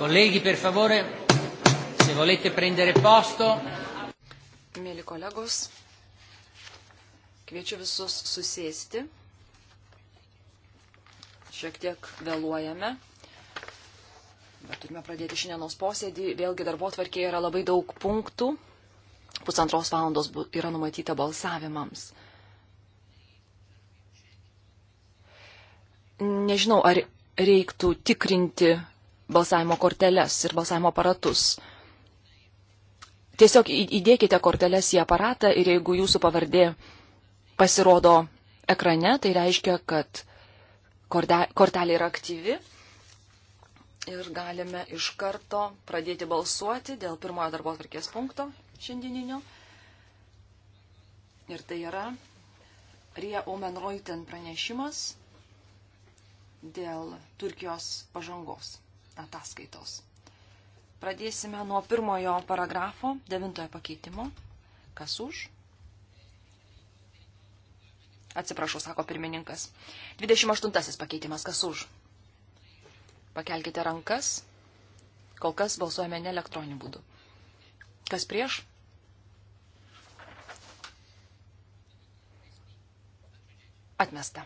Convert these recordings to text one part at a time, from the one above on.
Colleghi, per favore, se volete prendere posto. Mėly kolegos, kviečiu visus susėsti. Šiek tiek vėluojame, bet turime pradėti šiandienos posėdį. Vėlgi darbo tvarkėje yra labai daug punktų. Pusantros valandos yra numatyta balsavimams. Nežinau, ar reiktų tikrinti balsavimo korteles ir balsavimo aparatus. Tiesiog įdėkite korteles į aparatą ir jeigu jūsų pavardė pasirodo ekrane, tai reiškia, kad kortelė yra aktyvi ir galime iš karto pradėti balsuoti dėl pirmojo darbo atvarkės punkto šiandieninio. Ir tai yra Rie Omenroiten pranešimas dėl Turkijos pažangos ataskaitos. Pradėsime nuo pirmojo paragrafo, devintojo pakeitimo. Kas už? Atsiprašau, sako pirmininkas. 28 pakeitimas. Kas už? Pakelkite rankas. Kol kas balsuojame ne elektroniniu būdu. Kas prieš? Atmesta.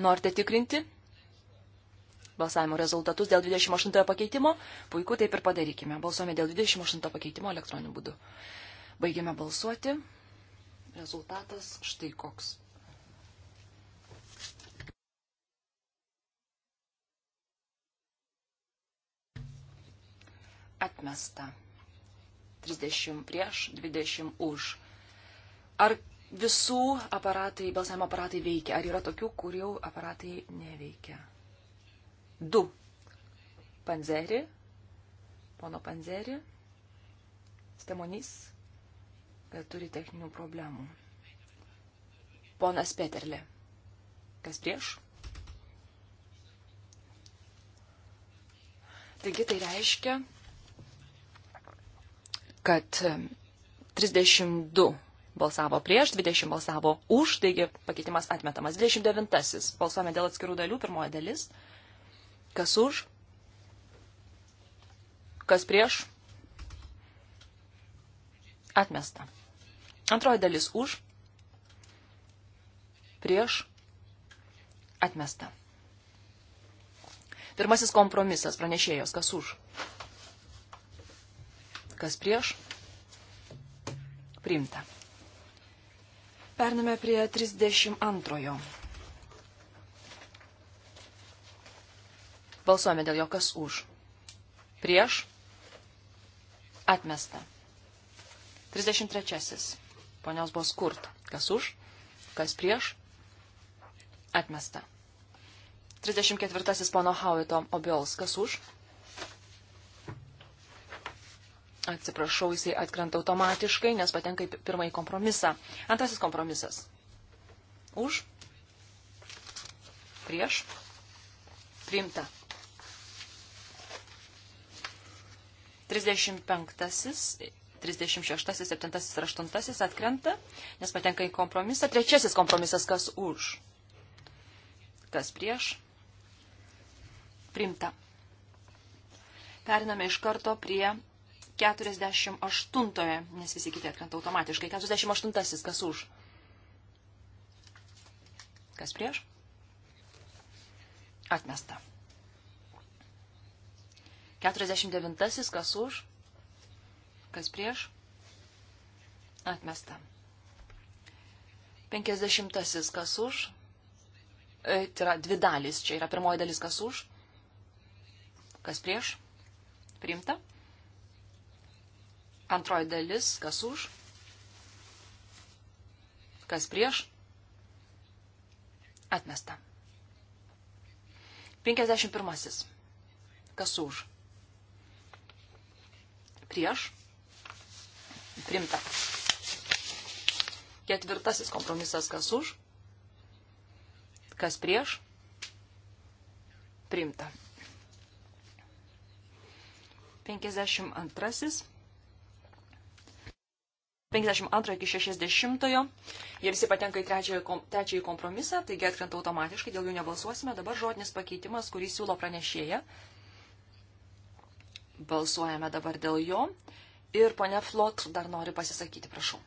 Norite tikrinti balsavimo rezultatus dėl 28 pakeitimo? Puiku, taip ir padarykime. Balsuome dėl 28 pakeitimo elektroniniu būdu. Baigiame balsuoti. Rezultatas štai koks. Atmesta. 30 prieš, 20 už. Ar visų aparatai, balsavimo aparatai veikia? Ar yra tokių, kurių aparatai neveikia? Du. Panzeri, pono Panzeri, Stemonys turi techninių problemų. Ponas Peterlė. Kas prieš? Taigi tai reiškia, kad 32 balsavo prieš, 20 balsavo už, taigi pakeitimas atmetamas. 29. Balsuojame dėl atskirų dalių, pirmoji dalis. Kas už? Kas prieš? Atmesta. Antroji dalis už, prieš, atmesta. Pirmasis kompromisas pranešėjos, kas už, kas prieš, priimta. Pername prie 32. Balsuojame dėl jo, kas už. Prieš. Atmesta. 33. Ponios buvo skurt. Kas už, kas prieš. Atmesta. 34. Pono Hauito Obiols. Kas už, Atsiprašau, jisai atkrenta automatiškai, nes patenka į pirmąjį kompromisą. Antrasis kompromisas. Už. Prieš. Priimta. 35, 36, 7 ir 8 atkrenta, nes patenka į kompromisą. Trečiasis kompromisas, kas už. Kas prieš. Priimta. Periname iš karto prie 48, nes visi kiti atkrenta automatiškai. 48, kas už? Kas prieš? Atmesta. 49, kas už? Kas prieš? Atmesta. 50, kas už? E, tai yra dvi dalis, čia yra pirmoji dalis, kas už? Kas prieš? Priimta. Antroji dalis, kas už, kas prieš, atmesta. 51. Kas už, prieš, primta. Ketvirtasis kompromisas, kas už, kas prieš, primta. 52. 52 iki 60, jie visi patenka į trečiąjį kompromisą, taigi atkrenta automatiškai, dėl jų nebalsuosime. Dabar žodinis pakeitimas, kurį siūlo pranešėja. Balsuojame dabar dėl jo. Ir ponia Flot dar nori pasisakyti, prašau.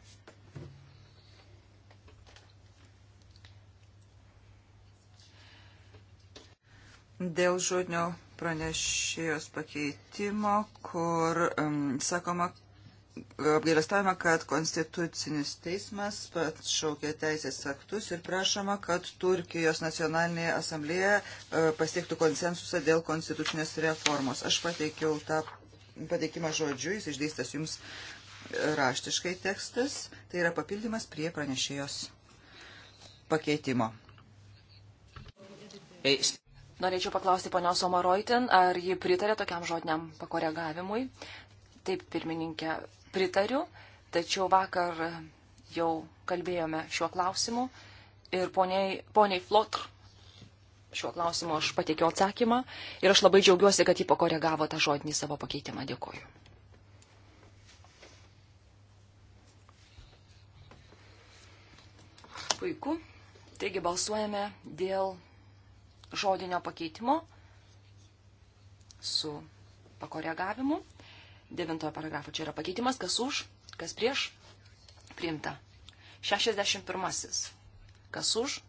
Dėl žodinio pranešėjos pakeitimo, kur um, sakoma, apgailestavimą, kad Konstitucinis teismas atšaukė teisės aktus ir prašoma, kad Turkijos nacionalinėje asamblėje e, pasiektų konsensusą dėl konstitucinės reformos. Aš pateikiau tą pateikimą žodžiu, jis išdėstas jums raštiškai tekstas, tai yra papildymas prie pranešėjos pakeitimo. Eis. Norėčiau paklausti ponios Omaroitin, ar ji pritarė tokiam žodiniam pakoregavimui. Taip, pirmininkė, pritariu, tačiau vakar jau kalbėjome šiuo klausimu ir poniai, poniai Flotr šiuo klausimu aš pateikiau atsakymą ir aš labai džiaugiuosi, kad jį pakoregavo tą žodinį savo pakeitimą. Dėkoju. Puiku. Taigi balsuojame dėl žodinio pakeitimo su pakoregavimu devintojo paragrafo. Čia yra pakeitimas, kas už, kas prieš, priimta. 61. Kas už,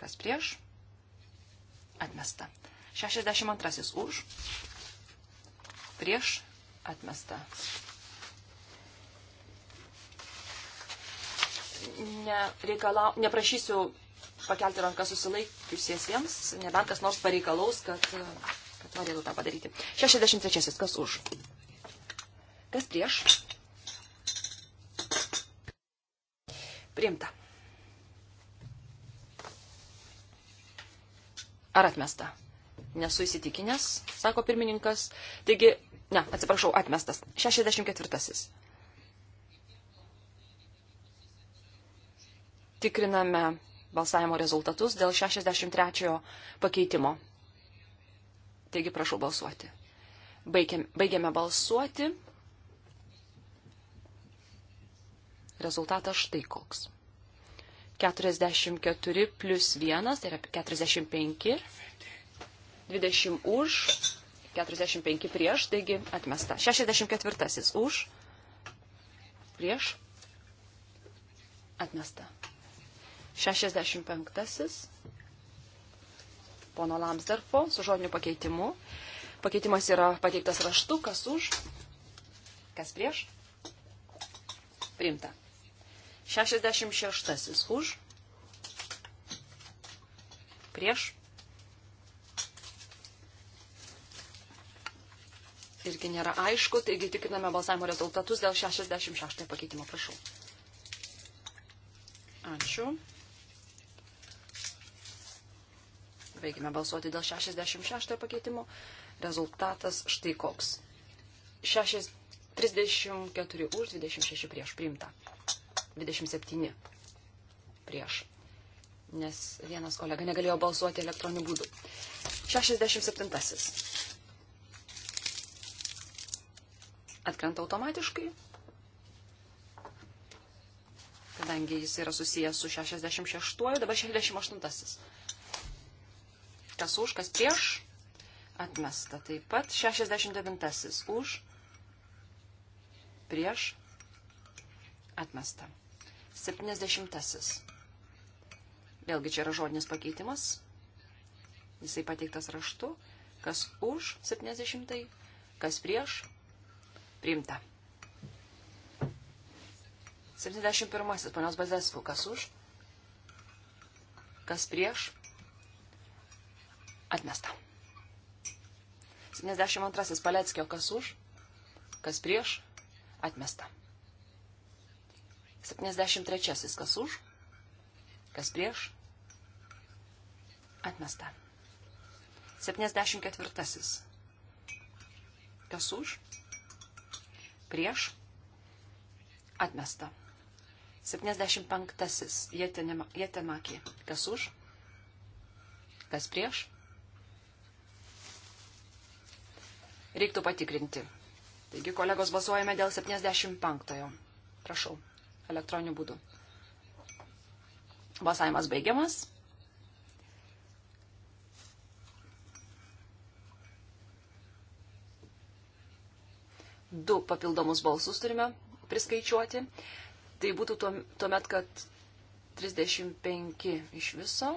kas prieš, atmesta. 62. Už, prieš, atmesta. Nereikalau, neprašysiu pakelti rankas susilaikiusiesiems, nebent kas nors pareikalaus, kad norėtų tą padaryti. 63. Kas už? Kas prieš? Priimta. Ar atmesta? Nesu įsitikinęs, sako pirmininkas. Taigi, ne, atsiprašau, atmestas. 64. Tikriname balsavimo rezultatus dėl 63 pakeitimo. Taigi prašau balsuoti. Baigiam, baigiame balsuoti. Rezultatas štai koks. 44 plus 1, tai yra 45. 20 už, 45 prieš, taigi atmesta. 64 už, prieš, atmesta. 65 pono Lamsdarfo su žodiniu pakeitimu. Pakeitimas yra pateiktas raštu, kas už, kas prieš. Priimta. 66 už, prieš. Irgi nėra aišku, taigi tikriname balsavimo rezultatus dėl 66 pakeitimo, prašau. Ačiū. Baigime balsuoti dėl 66 pakeitimo. Rezultatas štai koks. 6, 34 už, 26 prieš priimta. 27 prieš. Nes vienas kolega negalėjo balsuoti elektroniniu būdu. 67. Atkrenta automatiškai, kadangi jis yra susijęs su 66, dabar 68 kas už, kas prieš, atmesta. Taip pat 69 už, prieš, atmesta. 70. Vėlgi čia yra žodinis pakeitimas. Jisai pateiktas raštu. Kas už 70, kas prieš, priimta. 71. Panios Bazesku, kas už, kas prieš, Atmesta. 72. Paleckio kas už, kas prieš, atmesta. 73. kas už, kas prieš, atmesta. 74. kas už, prieš, atmesta. 75. Jėtemakė kas už, kas prieš, Reiktų patikrinti. Taigi, kolegos, balsuojame dėl 75-ojo. Prašau, elektroniniu būdu. Balsavimas baigiamas. Du papildomus balsus turime priskaičiuoti. Tai būtų tuomet, kad 35 iš viso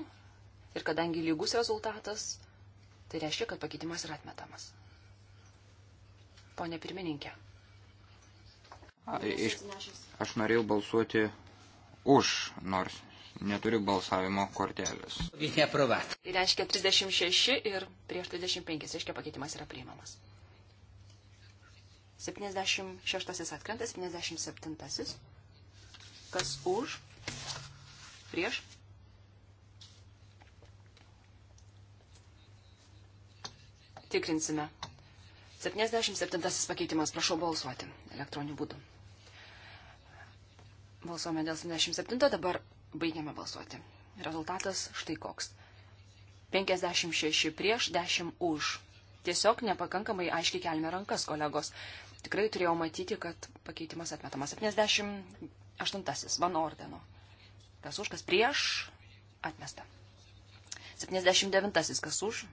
ir kadangi lygus rezultatas, tai reiškia, kad pakeitimas yra atmetamas ponė pirmininkė. A, iš, aš norėjau balsuoti už, nors neturiu balsavimo kortelės. Ir tai reiškia 36 ir prieš 35, reiškia pakeitimas yra priimamas. 76 atkrenta, 77. Kas už? Prieš? Tikrinsime. 77 pakeitimas, prašau balsuoti elektroniniu būdu. Balsuome dėl 77, dabar baigiame balsuoti. Rezultatas štai koks. 56 prieš, 10 už. Tiesiog nepakankamai aiškiai kelme rankas, kolegos. Tikrai turėjau matyti, kad pakeitimas atmetamas. 78. Van Ordeno. Kas už, kas prieš, atmesta. 79. Kas už,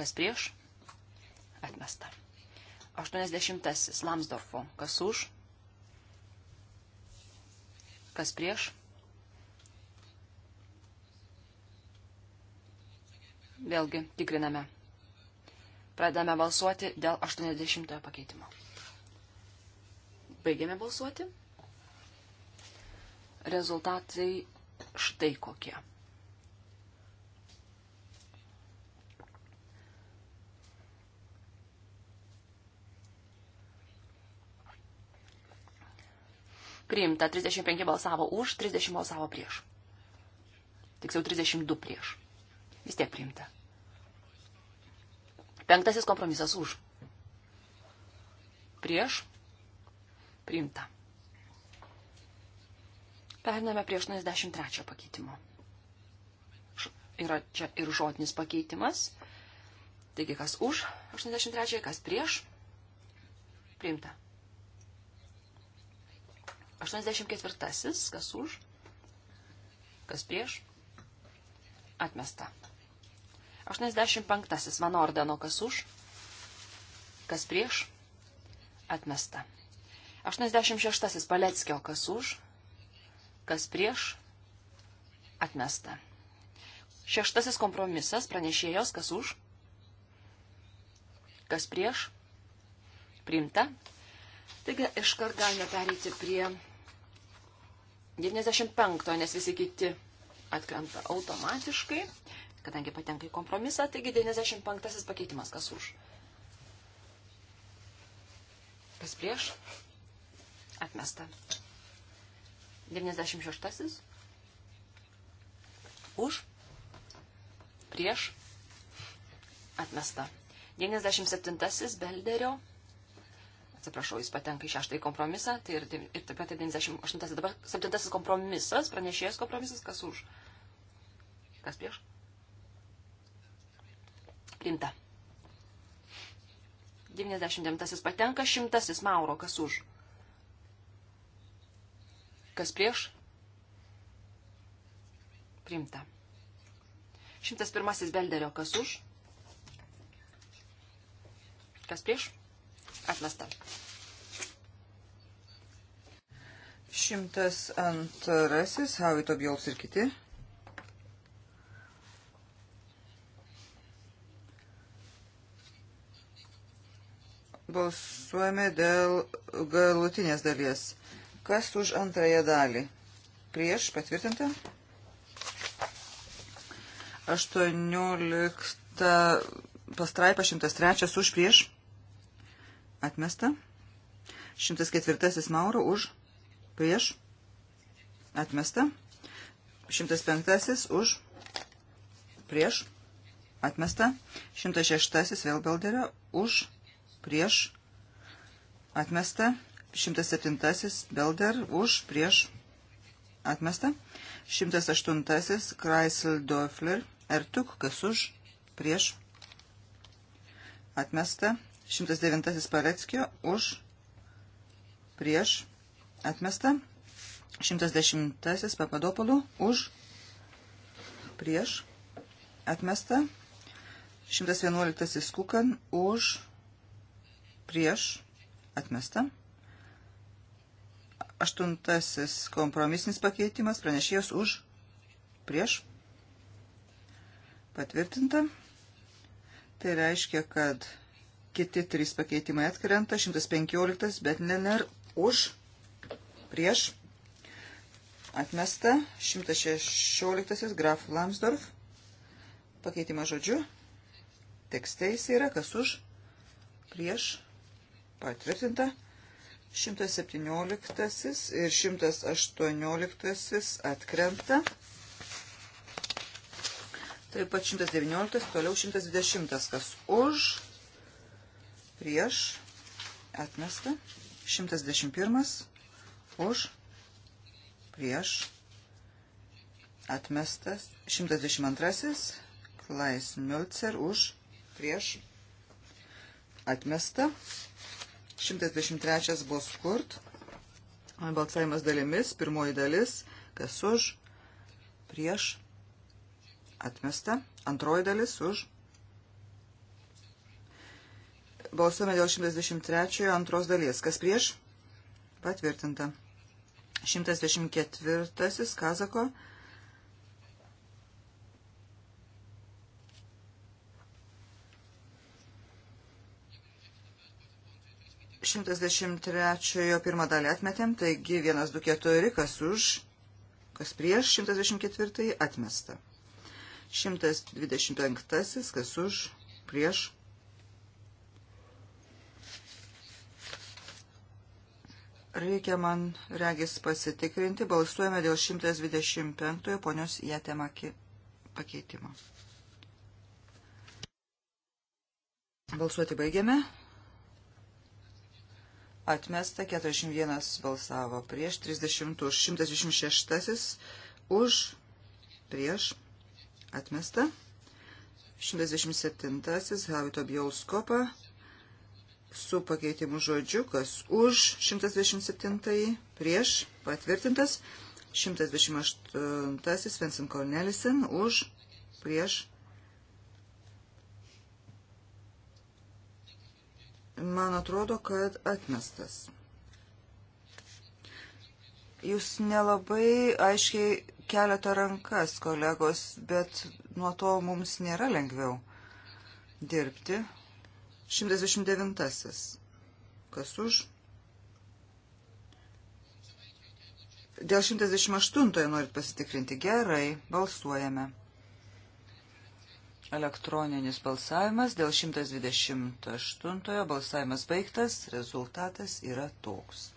kas prieš, Atmesta. 80. Lamsdorfo. Kas už? Kas prieš? Vėlgi tikriname. Pradame balsuoti dėl 80 pakeitimo. Baigėme balsuoti. Rezultatai štai kokie. Priimta 35 balsavo už, 30 balsavo prieš. Tiksliau 32 prieš. Vis tiek priimta. Penktasis kompromisas už. Prieš. Priimta. Periname prie 83 pakeitimo. Yra čia ir žodinis pakeitimas. Taigi, kas už 83, kas prieš. Priimta. 84. Kas už? Kas prieš? Atmesta. 85. Mano ordeno. Kas už? Kas prieš? Atmesta. 86. Paleckio. Kas už? Kas prieš? Atmesta. Šeštasis kompromisas pranešėjos, kas už, kas prieš, priimta. Taigi iškart galime pereiti prie 95, nes visi kiti atkrenta automatiškai, kadangi patenka į kompromisą, taigi 95 pakeitimas kas už. Kas prieš? Atmesta. 96. Už. Prieš. Atmesta. 97. Belderio atsiprašau, jis patenka į šeštąjį kompromisą, tai ir, ir taip pat ir 98. Dabar septintasis kompromisas, pranešėjas kompromisas, kas už? Kas prieš? Priimta. 99 patenka, 100 Mauro, kas už? Kas prieš? Priimta. 101 Belderio, kas už? Kas prieš? Atmesta. 102. Havito Bjols ir kiti. Balsuojame dėl galutinės dalies. Kas už antrąją dalį? Prieš patvirtinta. 18 pastraipa 103 už prieš. Atmesta. 104 Mauro už. Prieš. Atmesta. 105 už. Prieš. Atmesta. 106 vėl Belderio už. Prieš. Atmesta. 107 Belder už. Prieš. Atmesta. 108 Kreisel Doeffler. Ertuk kas už. Prieš. Atmesta. 109 Paleckio už prieš atmestą. 110 Papadopolų už prieš atmestą. 111 Kukan už prieš atmestą. Aštuntasis kompromisinis pakeitimas pranešėjos už prieš patvirtinta. Tai reiškia, kad Kiti trys pakeitimai atkrenta. 115 Betnener už, prieš, atmesta. 116 Graf Lamsdorf. Pakeitimas žodžiu. Tekste jis yra, kas už, prieš, patvirtinta. 117 ir 118 atkrenta. Taip pat 119, toliau 120, kas už, prieš, atmesta. 111 už, prieš, atmestas. 122 Klais Milcer už, prieš, atmesta. 123 Boskurt, balsavimas dalimis, pirmoji dalis, kas už, prieš, atmesta. Antroji dalis už, prieš Balsuojame dėl 123 antros dalies. Kas prieš? Patvirtinta. 124 Kazako. Šimtas dešimt trečiojo pirmą dalį atmetėm, taigi vienas, du, keturi, kas už, kas prieš, šimtas dešimt ketvirtąjį atmesta. Šimtas dvidešimt penktasis, kas už, prieš, Reikia man regis pasitikrinti. Balsuojame dėl 125 ponios Jatemaki pakeitimo. Balsuoti baigiame. Atmesta 41 balsavo prieš, 30 už, 126 už, prieš, atmesta. 127 Havito Bjauskopa su pakeitimu žodžiu, kas už 127 prieš patvirtintas, 128 Vincent Cornelisen už prieš. Man atrodo, kad atmestas. Jūs nelabai aiškiai keletą rankas, kolegos, bet nuo to mums nėra lengviau dirbti. 129. Kas už? Dėl 128 norit pasitikrinti. Gerai, balsuojame. Elektroninis balsavimas dėl 128 balsavimas baigtas, rezultatas yra toks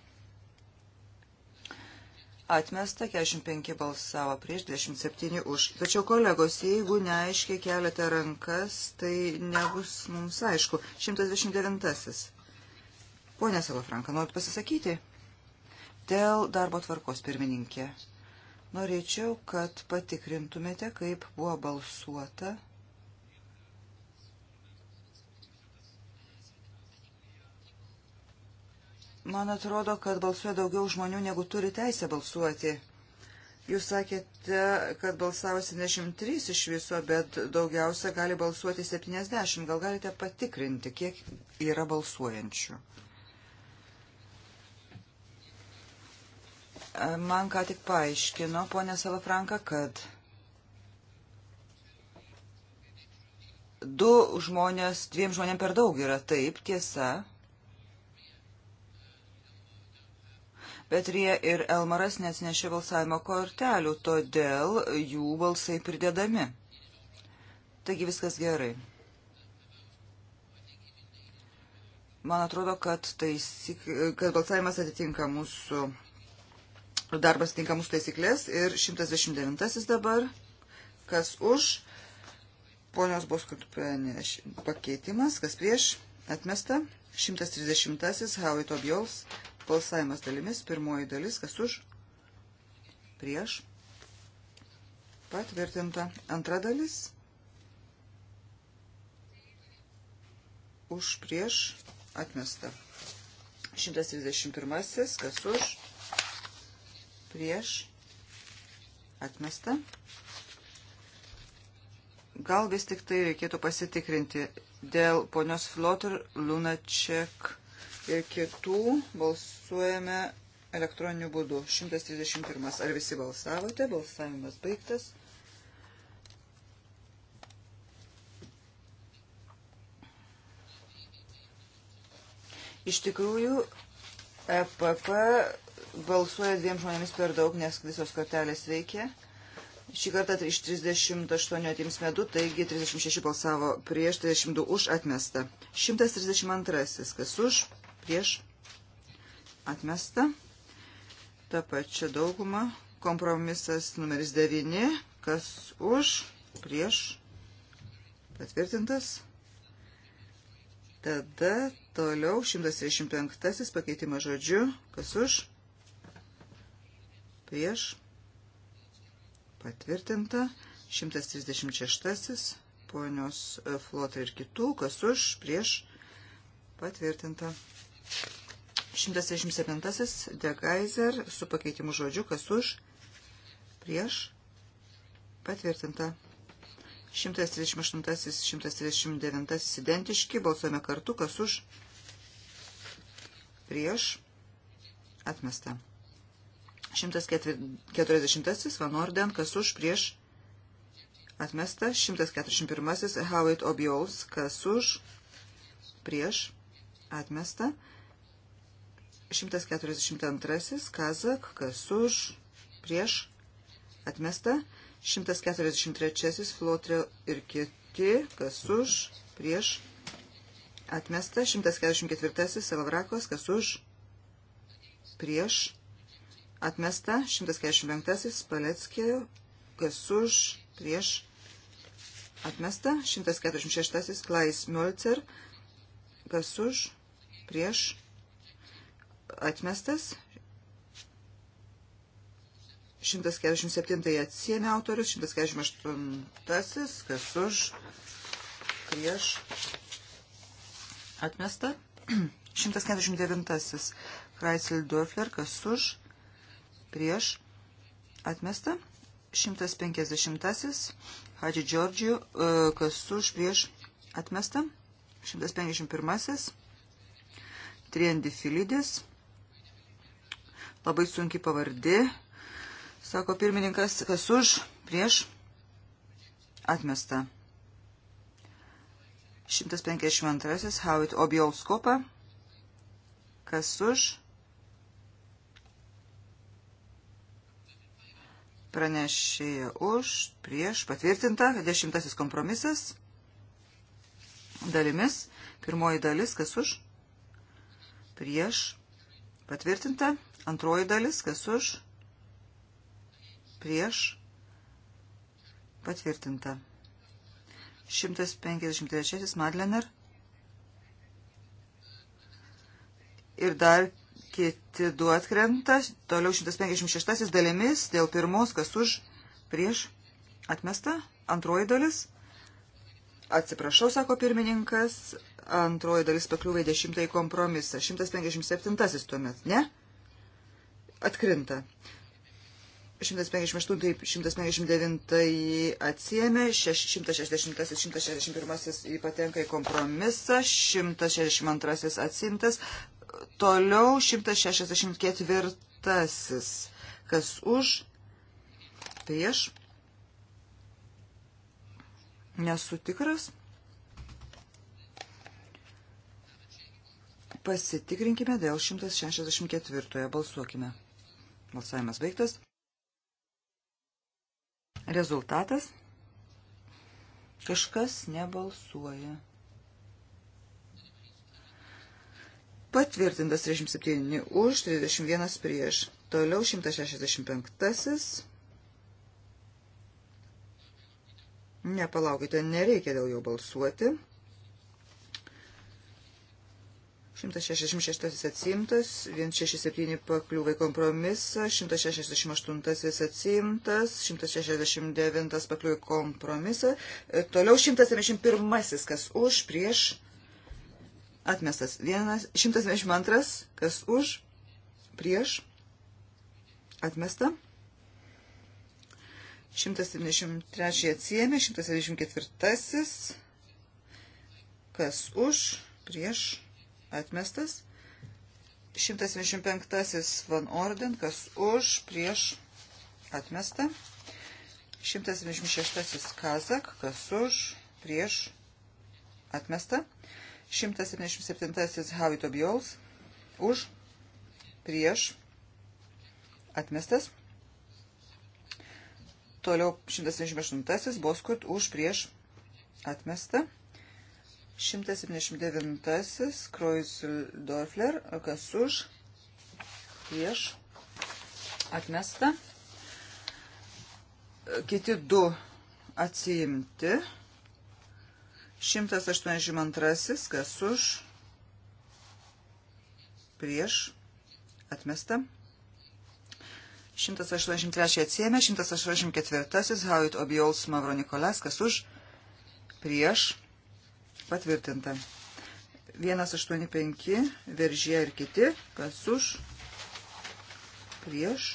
atmesta, 45 balsavo prieš, 27 už. Tačiau, kolegos, jeigu neaiškiai keliate rankas, tai nebus mums aišku. 129. Pone Salafranka, norit pasisakyti? Dėl darbo tvarkos pirmininkė. Norėčiau, kad patikrintumėte, kaip buvo balsuota Man atrodo, kad balsuoja daugiau žmonių, negu turi teisę balsuoti. Jūs sakėte, kad balsavo 73 iš viso, bet daugiausia gali balsuoti 70. Gal galite patikrinti, kiek yra balsuojančių? E, man ką tik paaiškino ponė Salafranka, kad du žmonės, dviem žmonėm per daug yra taip, tiesa, Petrija ir Elmaras neatsinešė balsavimo kortelių, todėl jų balsai pridedami. Taigi viskas gerai. Man atrodo, kad, taisyk, kad balsavimas atitinka mūsų, darbas atitinka mūsų taisyklės ir 119 dabar, kas už, ponios Boskut pakeitimas, kas prieš, atmesta, 130 Howito Bjols, Balsavimas dalimis. Pirmoji dalis. Kas už? Prieš. Patvirtinta. Antra dalis. Už prieš. Atmesta. 131. Kas už? Prieš. Atmesta. Gal vis tik tai reikėtų pasitikrinti dėl ponios Flotter Lunaček ir kitų balsuojame elektroniniu būdu. 131. Ar visi balsavote? Balsavimas baigtas. Iš tikrųjų, EPP balsuoja dviem žmonėmis per daug, nes visos kortelės veikia. Šį kartą iš 38 atimsime 2, taigi 36 balsavo prieš, 32 už atmestą. 132, kas už, prieš atmesta. Ta pačia dauguma. Kompromisas numeris 9. Kas už, prieš patvirtintas. Tada toliau 135 pakeitimas žodžiu. Kas už, prieš patvirtinta. 136 ponios flotą ir kitų, kas už, prieš patvirtinta. 167 Degaiser su pakeitimu žodžiu, kas už, prieš, patvirtinta. 138-139 identiški, balsuojame kartu, kas už, prieš, atmesta. 140 Vanorden, kas už, prieš, atmesta. 141 Howitt Obiols, kas už, prieš, atmesta. 142 Kazak, kas už, prieš, atmesta. 143 Flotre ir kiti, kas už, prieš, atmesta. 144 Salavrakos, kas už, prieš, atmesta. 145 Paleckio, kas už, prieš, atmesta. 146 Klais Mölcer, kas už, prieš, atmesta atmestas. 147 atsiemė autorius, 148 kas už, prieš, atmesta. 149 Kreisel Dörfler kas už, prieš, atmesta. 150 Hadži Džordžių e, kas už, prieš, atmesta. 151 Triendifilidis labai sunki pavardi, sako pirmininkas, kas už, prieš, atmesta. 152. Howit Obiolskopa, kas už, pranešėja už, prieš, patvirtinta, dešimtasis kompromisas, dalimis, pirmoji dalis, kas už, prieš, patvirtinta, Antroji dalis, kas už, prieš, patvirtinta. 153 Madlener ir dar kiti du atkrenta, toliau 156 dalimis, dėl pirmos, kas už, prieš, atmesta, antroji dalis, atsiprašau, sako pirmininkas, antroji dalis pakliūvė į dešimtąjį kompromisą, 157 tuomet, ne? Ne? atkrinta. 158-159 atsiemė, 160-161 įpatenka į kompromisą, 162 atsimtas, toliau 164, kas už, prieš, nesu tikras. Pasitikrinkime dėl 164, balsuokime. Balsavimas baigtas. Rezultatas. Kažkas nebalsuoja. Patvirtintas 37 už, 31 prieš. Toliau 165. Nepalaukite, nereikia dėl jo balsuoti. 166 atsimtas, 167 pakliūva į kompromisą, 168 atsimtas, 169 pakliūva į kompromisą, e, toliau 171 kas už, prieš, atmestas, 172 kas už, prieš, atmesta, 173 atsiemė, 174 kas už, prieš, atmestas. 175 Van Orden, kas už, prieš, atmesta. 176 Kazak, kas už, prieš, atmesta. 177 Havito Bjols, už, prieš, atmestas. Toliau 178 Boskut, už, prieš, atmesta. 179. Kreuzldorfler. Kas už? Prieš. Atmesta. Kiti du atsiimti. 182. Kas už? Prieš. Atmesta. 183 atsiemė, 184 Hauit Obiols Mavro Nikolas, kas už, prieš, Patvirtinta. 185, veržė ir kiti, kas už, prieš,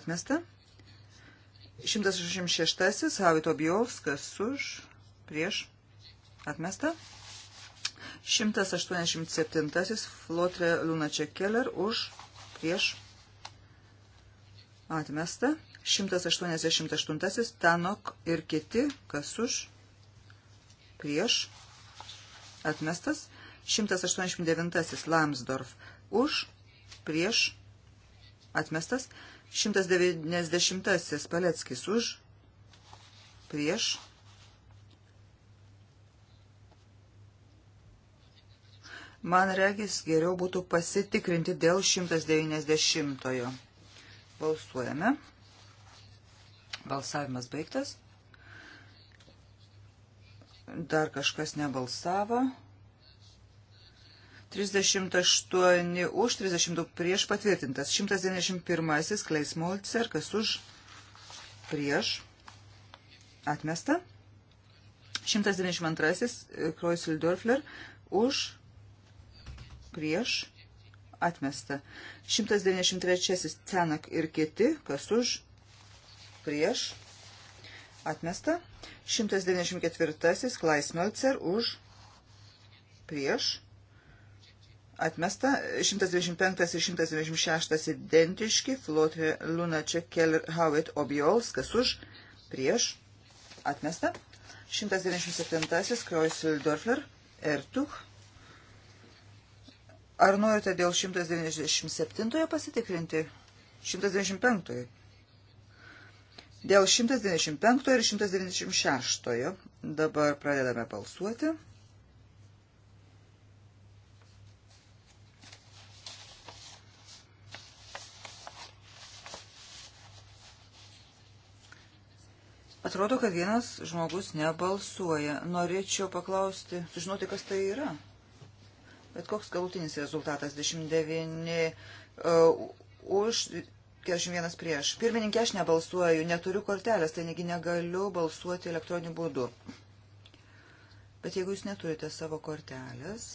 atmesta. 166, Havito Bjols, kas už, prieš, atmesta. 187, Flotre Lunačia Keller, už, prieš, atmesta. 188, Tanok ir kiti, kas už, prieš prieš, atmestas. 189 Lamsdorf už, prieš, atmestas. 190 Paleckis už, prieš. Man regis geriau būtų pasitikrinti dėl 190. -ojo. Balsuojame. Balsavimas baigtas. Dar kažkas nebalsavo. 38 už, 32 prieš patvirtintas. 191 Kleismolcer, kas už prieš atmesta. 192 e, Kreuzildorfler už prieš atmesta. 193 Cenak ir kiti, kas už prieš atmesta. 194 Klaismelcer už prieš atmesta. 125 ir 126 identiški. Flotė Lunaček Keller Howitt Obiols, kas už prieš atmesta. 197 Kreuzildorfler Ertuch. Ar norite dėl 197 pasitikrinti? 195. Dėl 195 ir 196 dabar pradedame balsuoti. Atrodo, kad vienas žmogus nebalsuoja. Norėčiau paklausti, sužinoti, kas tai yra. Bet koks galutinis rezultatas? 29 uh, e, už, 41 prieš. Pirmininkė, aš nebalsuoju, neturiu kortelės, tai negi negaliu balsuoti elektroniniu būdu. Bet jeigu jūs neturite savo kortelės,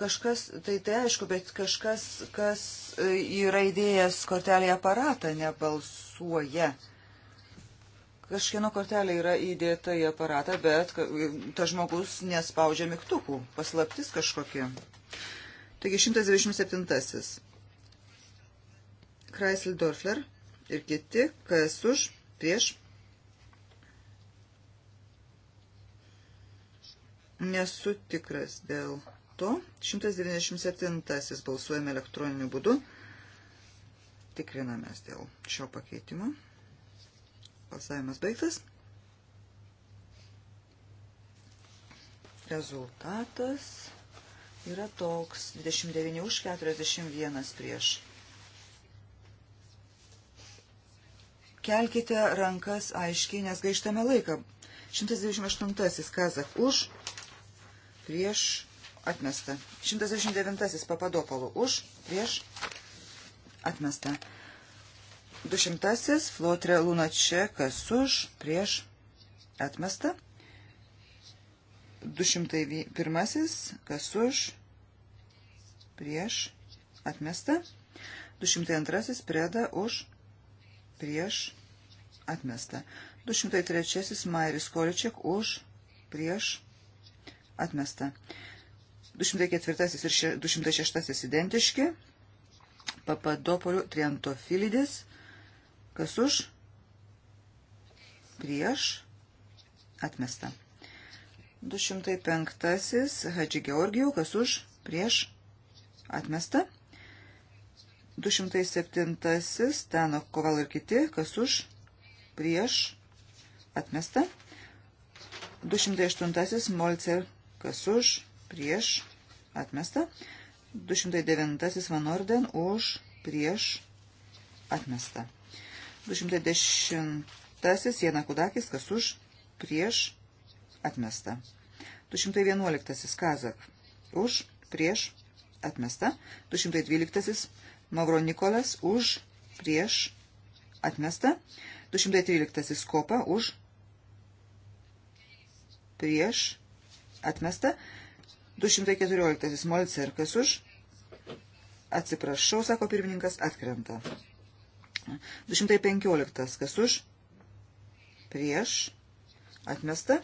kažkas, tai tai aišku, bet kažkas, kas e, yra įdėjęs kortelį aparatą, nebalsuoja. Kažkieno kortelė yra įdėta į aparatą, bet e, tas žmogus nespaudžia mygtukų. Paslaptis kažkokia. Taigi 127. Kreisel Dorfler ir kiti, kas už, prieš. Nesu tikras dėl to. 197 balsuojame elektroniniu būdu. Tikrinamės dėl šio pakeitimo. Balsavimas baigtas. Rezultatas yra toks 29 už 41 prieš. Kelkite rankas aiškiai, nes gaištame laiką. 128 Kazak už, prieš atmesta. 129 Papadopolų už, prieš atmesta. 200 Flotre Lunačekas už, prieš atmesta. 201 kas už, prieš atmesta. 202 Preda už, prieš atmesta. 203 Mairis Količiak už, prieš, atmesta. 204 ir 206 identiški. Papadopolių triantofilidės. Kas už? Prieš. Atmesta. 205 Hadži Georgijų. Kas už? Prieš. Atmesta. 207 Stano Koval ir kiti. Kas už? Prieš prieš atmesta. 208 Molcer kas už prieš atmesta. 209 Vanorden už prieš atmesta. 210 Jena Kudakis kas už prieš atmesta. 211 Kazak už prieš atmesta. 212 Mavro Nikolas už prieš atmesta. 213 kopa už prieš atmesta. 214 Molcer kas už atsiprašau, sako pirmininkas, atkrenta. 215 kas už prieš atmesta.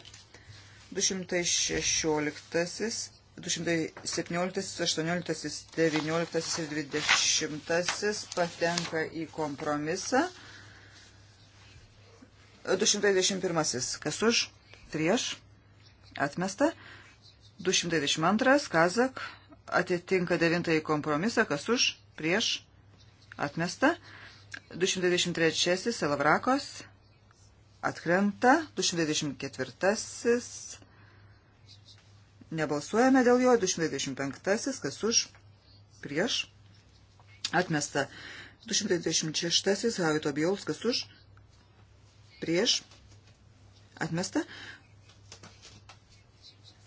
216 217, 18, 19 ir 20 patenka į kompromisą. 221. Kas už? Prieš. Atmesta. 222. Kazak. Atitinka devintąjį kompromisą. Kas už? Prieš. Atmesta. 223. Selavrakos. Atkrenta. 224. Nebalsuojame dėl jo. 225. Kas už? Prieš. Atmesta. 226. Havito Bielskas už prieš, atmesta.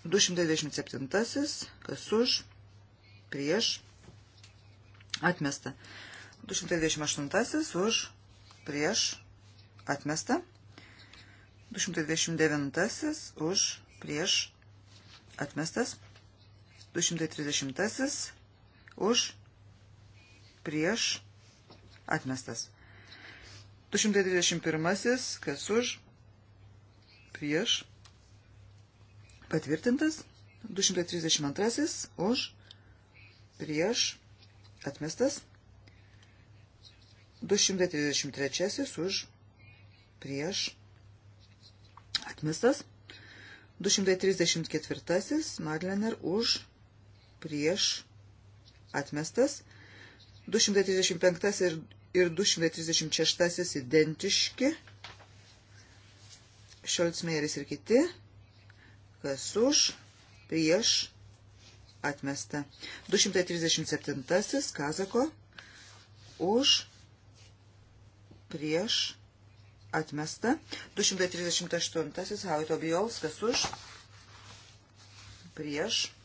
227, kas už, prieš, atmesta. 228, už, prieš, atmesta. 229, už, prieš, atmestas. 230, už, prieš, atmestas. 221. Kas už? Prieš. Patvirtintas. 232. Už. Prieš. Atmestas. 233. Už. Prieš. Atmestas. 234. Madlener už. Prieš. Atmestas. 235 ir ir 236 identiški. Šolcmėris ir kiti. Kas už, prieš, atmesta. 237 Kazako. Už, prieš, atmesta. 238 Hauto Bijols. Kas už, prieš, atmesta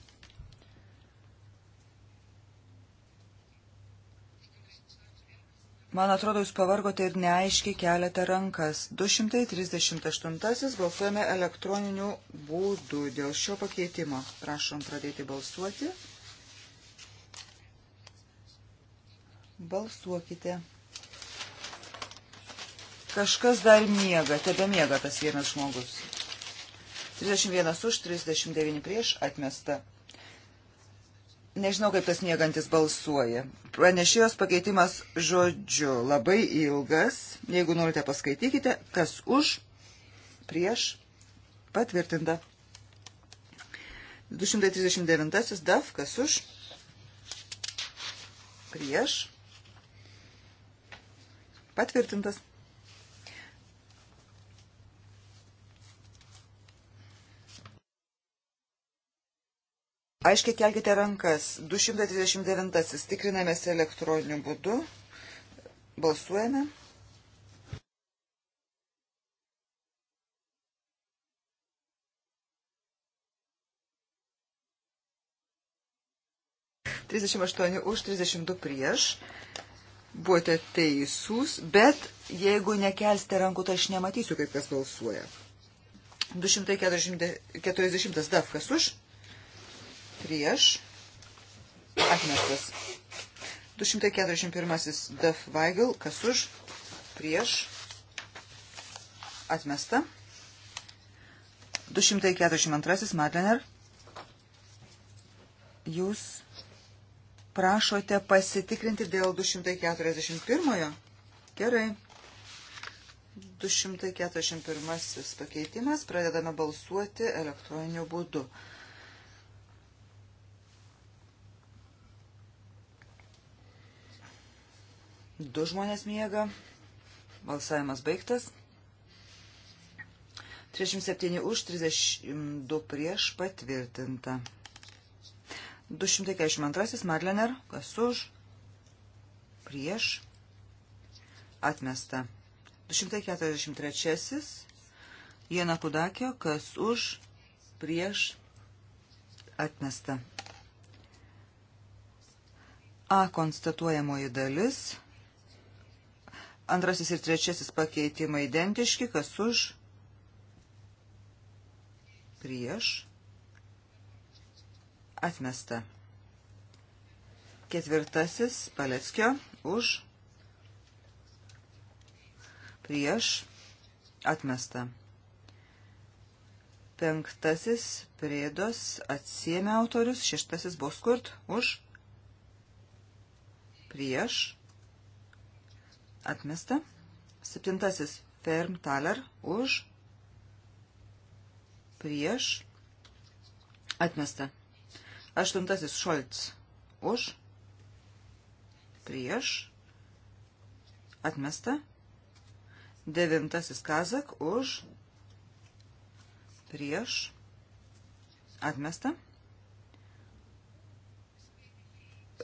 Man atrodo, jūs pavargote ir neaiškiai keliate rankas. 238 balsuojame elektroniniu būdu dėl šio pakeitimo. Prašom pradėti balsuoti. Balsuokite. Kažkas dar miega, tebe miega tas vienas žmogus. 31 už, 39 prieš atmesta. Nežinau, kaip tas miegantis balsuoja. Pranešėjos pakeitimas žodžiu labai ilgas. Jeigu norite, paskaitykite, kas už, prieš, patvirtinta. 239 DAF, kas už, prieš, patvirtintas. Aiškiai kelkite rankas. 239. Tikrinamės elektroniniu būdu. Balsuojame. Trisdešimt aštuoni už, trisdešimt du prieš. Buvote teisūs, bet jeigu nekelsite rankų, tai aš nematysiu, kaip kas balsuoja. 240 daf, kas už? prieš, atmestas. 241 Def Weigel, kas už, prieš, atmesta. 242 Madlener, jūs prašote pasitikrinti dėl 241. Gerai. 241 pakeitimas, pradedame balsuoti elektroniniu būdu. 241. Du žmonės miega. Balsavimas baigtas. 37 už, 32 prieš patvirtinta. 242 Marlener, kas už, prieš, atmesta. 243 Jena Kudakio, kas už, prieš, atmesta. A konstatuojamoji dalis Antrasis ir trečiasis pakeitimai identiški, kas už, prieš, atmesta. Ketvirtasis Paleckio už, prieš, atmesta. Penktasis Prėdos atsiemė autorius, šeštasis Boskurt už, prieš, atmesta atmesta. Septintasis Ferm Taler už prieš atmesta. Aštuntasis Šolts už prieš atmesta. Devintasis Kazak už prieš atmesta.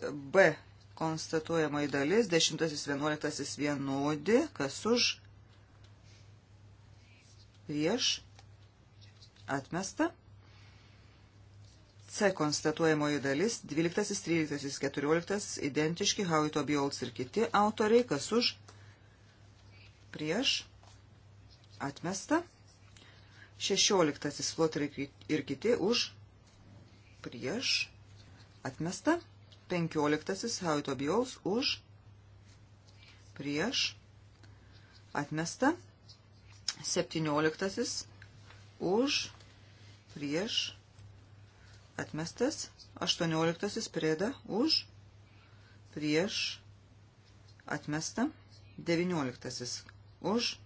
B konstatuojama į dalis, 10-11 vienodi, kas už, prieš, atmesta. C konstatuojamoji dalis 12, 13, 14 identiški Hauito Bjolts ir kiti autoriai, kas už prieš atmesta. 16 Flotter ir kiti už prieš atmesta. 15 Hauito Bijaus už prieš atmesta. 17 už prieš atmestas. 18 prėda už prieš atmesta. 19 už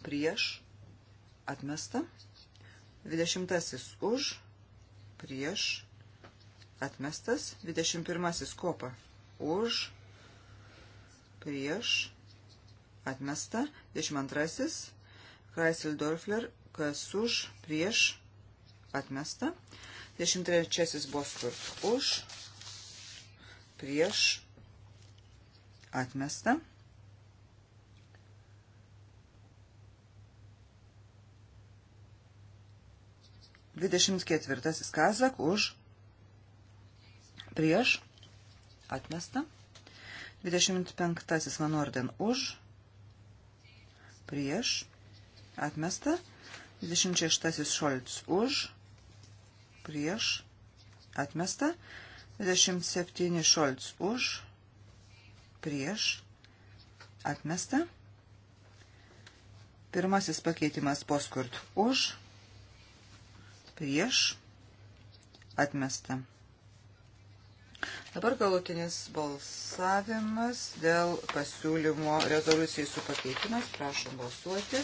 prieš atmesta. 20 už prieš atmesta atmestas. 21 kopa už, prieš, atmesta. 22 Kreisildorfler, kas už, prieš, atmesta. 23 Boskur už, prieš, atmesta. Dvidešimt ketvirtasis kazak už prieš, atmesta. 25 Van Orden už, prieš, atmesta. 26 Šolc už, prieš, atmesta. 27 Šolc už, prieš, atmesta. Pirmasis pakeitimas poskurt už, prieš, atmesta. Dabar galutinis balsavimas dėl pasiūlymo rezoliucijai su pakeitimais. Prašom balsuoti.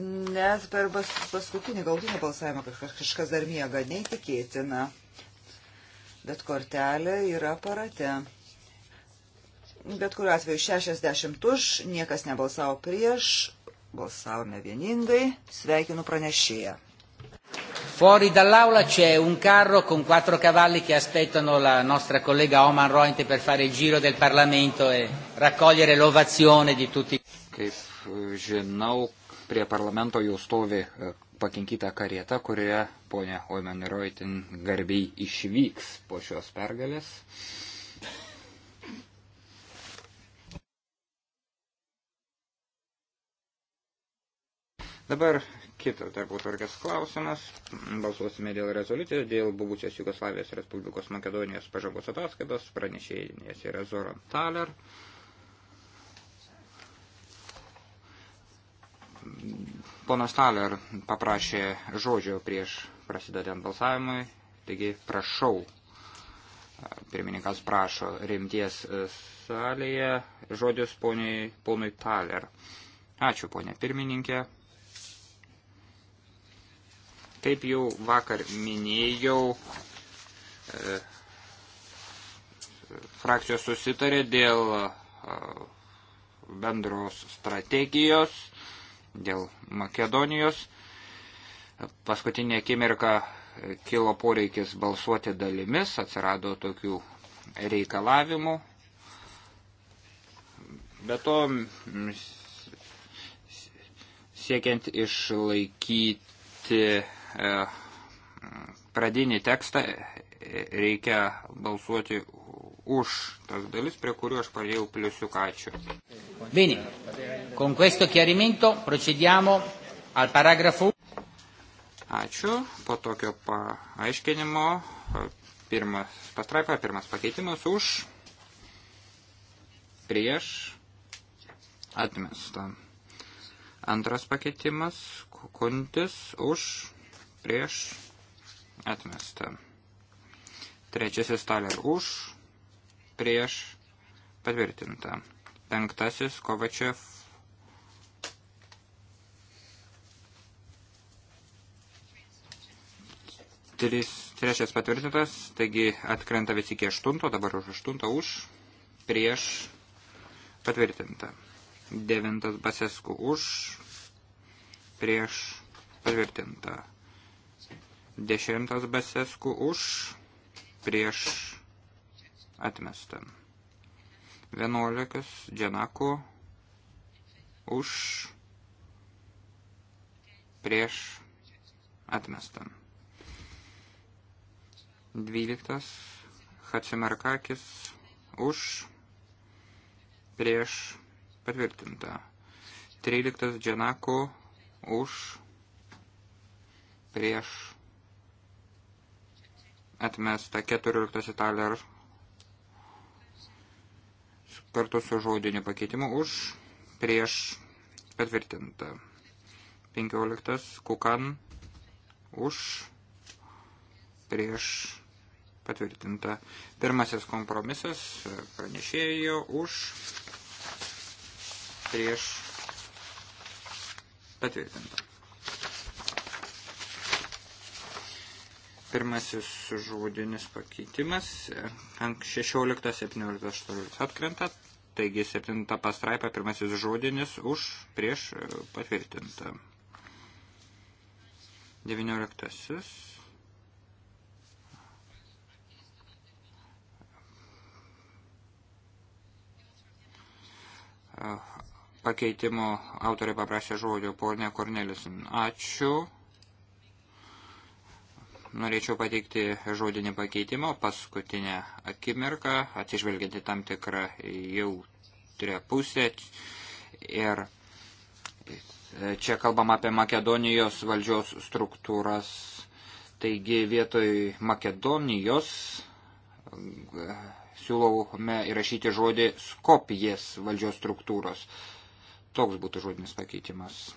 nes per paskutinį galutinį balsavimą kažkas, kažkas dar miega, neįtikėtina. Bet kortelė yra parate. Bet kuriuo atveju 60 už, niekas nebalsavo prieš, balsavome vieningai, sveikinu pranešėją. Fuori dall'aula c'è un carro con quattro cavalli che aspettano la nostra collega Oman Rointe per fare il giro del Parlamento e raccogliere l'ovazione di tutti. Kaip eh, žinau, prie parlamento jau stovi e, pakinkyta karieta, kurioje ponia Oimenroitin garbiai išvyks po šios pergalės. Dabar kitas tarputvarkės klausimas. Balsuosime dėl rezoliucijos, dėl buvusios Jugoslavijos Respublikos Makedonijos pažangos ataskaitos, pranešėjas yra Zoran Taler. Ponas Taler paprašė žodžio prieš prasidedant balsavimui, taigi prašau, pirmininkas prašo rimties salėje, žodis poniai, ponui Taler. Ačiū, ponė pirmininkė. Kaip jau vakar minėjau, e, frakcijos susitarė dėl e, bendros strategijos dėl Makedonijos. Paskutinė akimirka kilo poreikis balsuoti dalimis, atsirado tokių reikalavimų. Be to, siekiant išlaikyti e, pradinį tekstą, e, reikia balsuoti už tas dalis, prie kurių aš padėjau pliusiuką. Ačiū. Bene, con questo chiarimento procediamo al paragrafu. Ačiū, po tokio paaiškinimo, pirmas pastraipa, pirmas pakeitimas už, prieš, atmesta. Antras pakeitimas, kuntis, už, prieš, atmesta. Trečiasis taler už, prieš patvirtinta. Penktasis Kovačev. Tris, trečias patvirtintas, taigi atkrenta visi iki aštunto, dabar už aštunto už, prieš patvirtinta. Devintas Basesku už, prieš patvirtinta. Dešimtas Basesku už, prieš atmesta. 11 Dženako už prieš atmestą. 12 Hatsimarkakis už prieš patvirtintą. 13 Dženako už prieš atmestą. 14 Italia kartu su žodiniu pakeitimu už prieš patvirtinta. 15 kukan už prieš patvirtinta. Pirmasis kompromisas pranešėjo už prieš patvirtinta. Pirmasis žodinis pakeitimas. 16, 17, 18 atkrenta. Taigi 7 pastraipa, pirmasis žodinis už prieš e, patvirtintą. 19. E, pakeitimo autoriai paprašė žodžio ponė Kornelisin. Ačiū norėčiau pateikti žodinį pakeitimą paskutinę akimirką, atsižvelgiant į tam tikrą jautrę pusę. Ir čia kalbam apie Makedonijos valdžios struktūras. Taigi vietoj Makedonijos siūlome įrašyti žodį Skopijas valdžios struktūros. Toks būtų žodinis pakeitimas.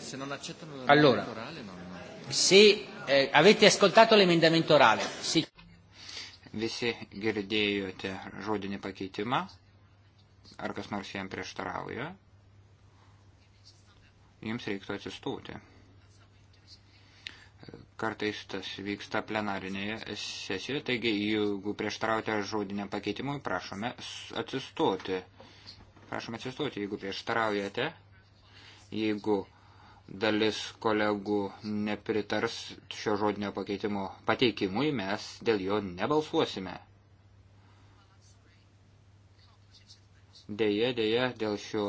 Se non accettano allora, elettorale, non... Se eh, avete ascoltato l'emendamento orale. Si... Visi girdėjote žodinį pakeitimą. Ar kas nors jam prieštarauja? Jums reiktų atsistūti. Kartais tas vyksta plenarinėje sesijoje, taigi jeigu prieštaraujate žodiniam pakeitimui, prašome atsistoti. Prašome atsistoti, jeigu prieštaraujate. Jeigu uh, dalis kolegų nepritars šio žodinio pakeitimo pateikimui, mes dėl jo nebalsuosime. Deja, deja, dėl šio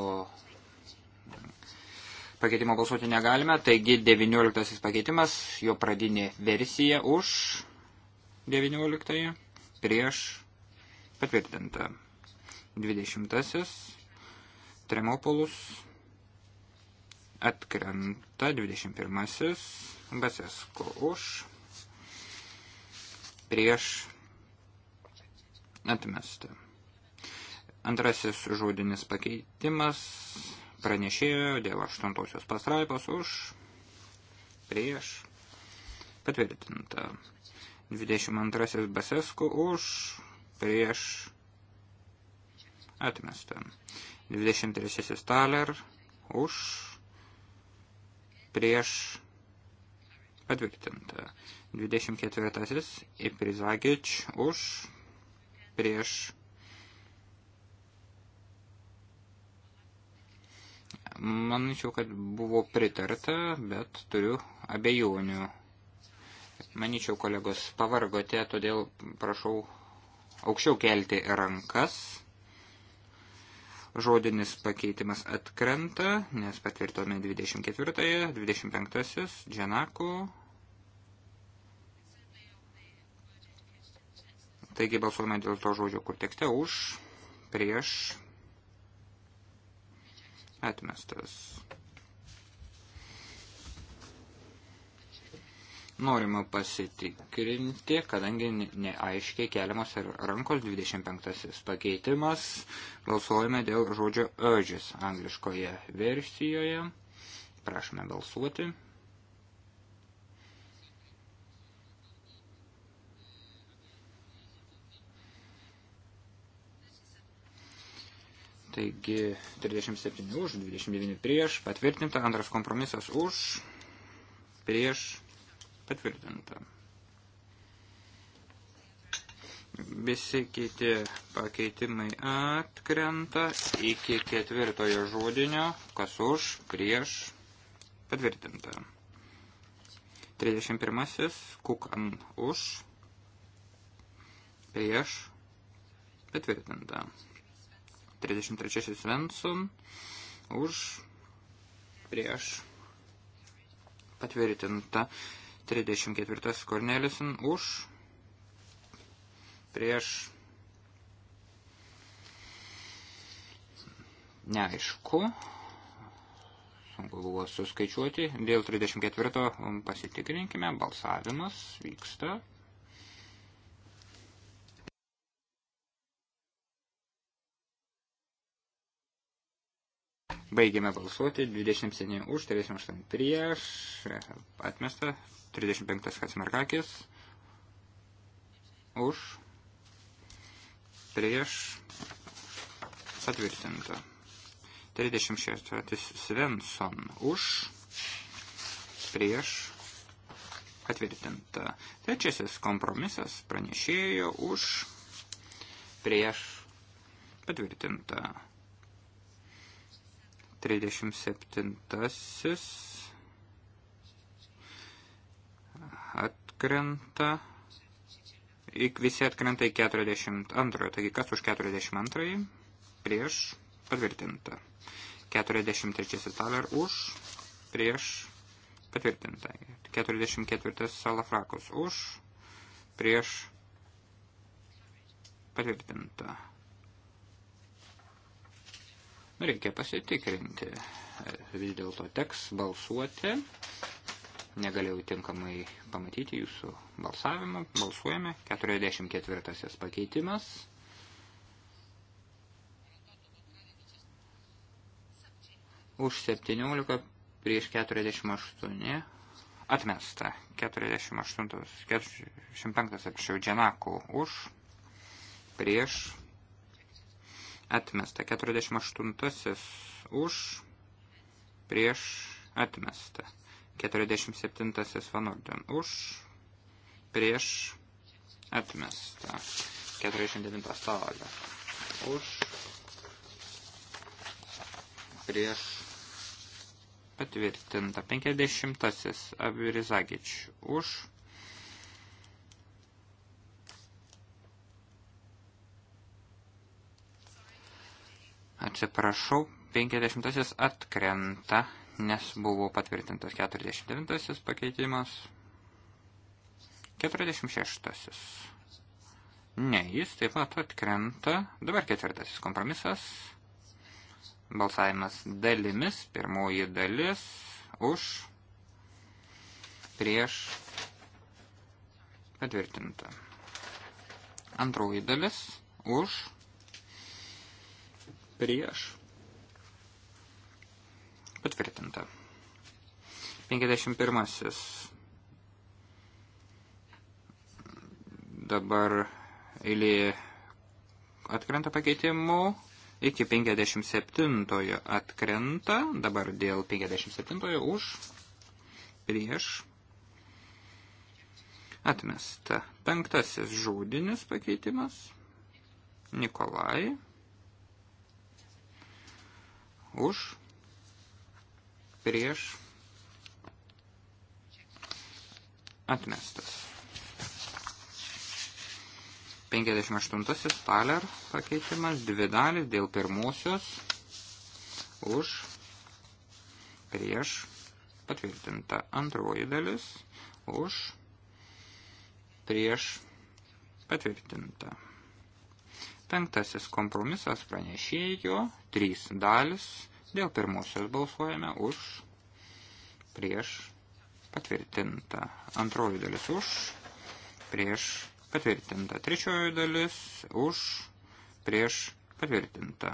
pakeitimo balsuoti negalime, taigi 19 pakeitimas, jo pradinė versija už 19, prieš patvirtinta 20, Tremopolus atkrenta 21 Basesko už prieš atmestą. Antrasis žodinis pakeitimas pranešėjo dėl aštuntosios pastraipos už prieš patvirtinta. 22 Basesko už prieš atmestą. 23 Taler už prieš patvirtinta. 24. Iprizagič už prieš Manyčiau, kad buvo pritarta, bet turiu abejonių. Manyčiau, kolegos, pavargote, todėl prašau aukščiau kelti rankas žodinis pakeitimas atkrenta, nes patvirtome 24, 25, Dženaku. Taigi balsuojame dėl to žodžio, kur tekste už, prieš, atmestas. norima pasitikrinti, kadangi neaiškiai keliamas ir rankos 25 pakeitimas, balsuojame dėl žodžio urges angliškoje versijoje. Prašome balsuoti. Taigi 37 už, 29 prieš, patvirtinta, antras kompromisas už, prieš, Patvirtinta. Visi kiti pakeitimai atkrenta iki ketvirtojo žodinio, kas už, prieš, patvirtinta. 31. Kukan už, prieš, patvirtinta. 33. Svensson už, prieš, patvirtinta. 34 Kornelisin už, prieš, neaišku, sunku buvo suskaičiuoti, dėl 34 um, pasitikrinkime, balsavimas vyksta. Baigėme balsuoti, 27 už, 38 prieš, atmesta, 35 Hatsimarkakis už prieš patvirtinta. 36 Svensson už prieš patvirtinta. Trečiasis kompromisas pranešėjo už prieš patvirtinta. 37 atkrenta, visi atkrenta į 42, taigi kas už 42, prieš, patvirtinta. 43 taler už, prieš, patvirtinta. 44 salafrakus už, prieš, patvirtinta. Nu, reikia pasitikrinti vis dėlto teks balsuoti negalėjau tinkamai pamatyti jūsų balsavimą. Balsuojame. 44 pakeitimas. Už 17 prieš 48 atmesta. 48, 45 apšiau Dženakų už prieš atmesta. 48 už prieš atmesta. 47 Van Orden už, prieš atmesta. 49 Stalio už, prieš patvirtinta. 50 Abirizagič už, Atsiprašau, 50 atkrenta nes buvo patvirtintas 49 pakeitimas. 46. Ne, jis taip pat atkrenta. Dabar ketvirtasis kompromisas. Balsavimas dalimis. Pirmoji dalis už prieš patvirtinta. Antroji dalis už prieš Patvirtinta. 51. Dabar eilė atkrenta pakeitimų. Iki 57 atkrenta. Dabar dėl 57 už. Prieš. Atmesta. Penktasis žodinis pakeitimas. Nikolai. Už prieš atmestas. 58 taler pakeitimas, dvi dalis dėl pirmosios už prieš patvirtinta antroji dalis už prieš patvirtinta. Penktasis kompromisas pranešėjo, trys dalis Dėl pirmosios balsuojame už, prieš, patvirtinta. Antroji dalis už, prieš, patvirtinta. Trečioji dalis už, prieš, patvirtinta.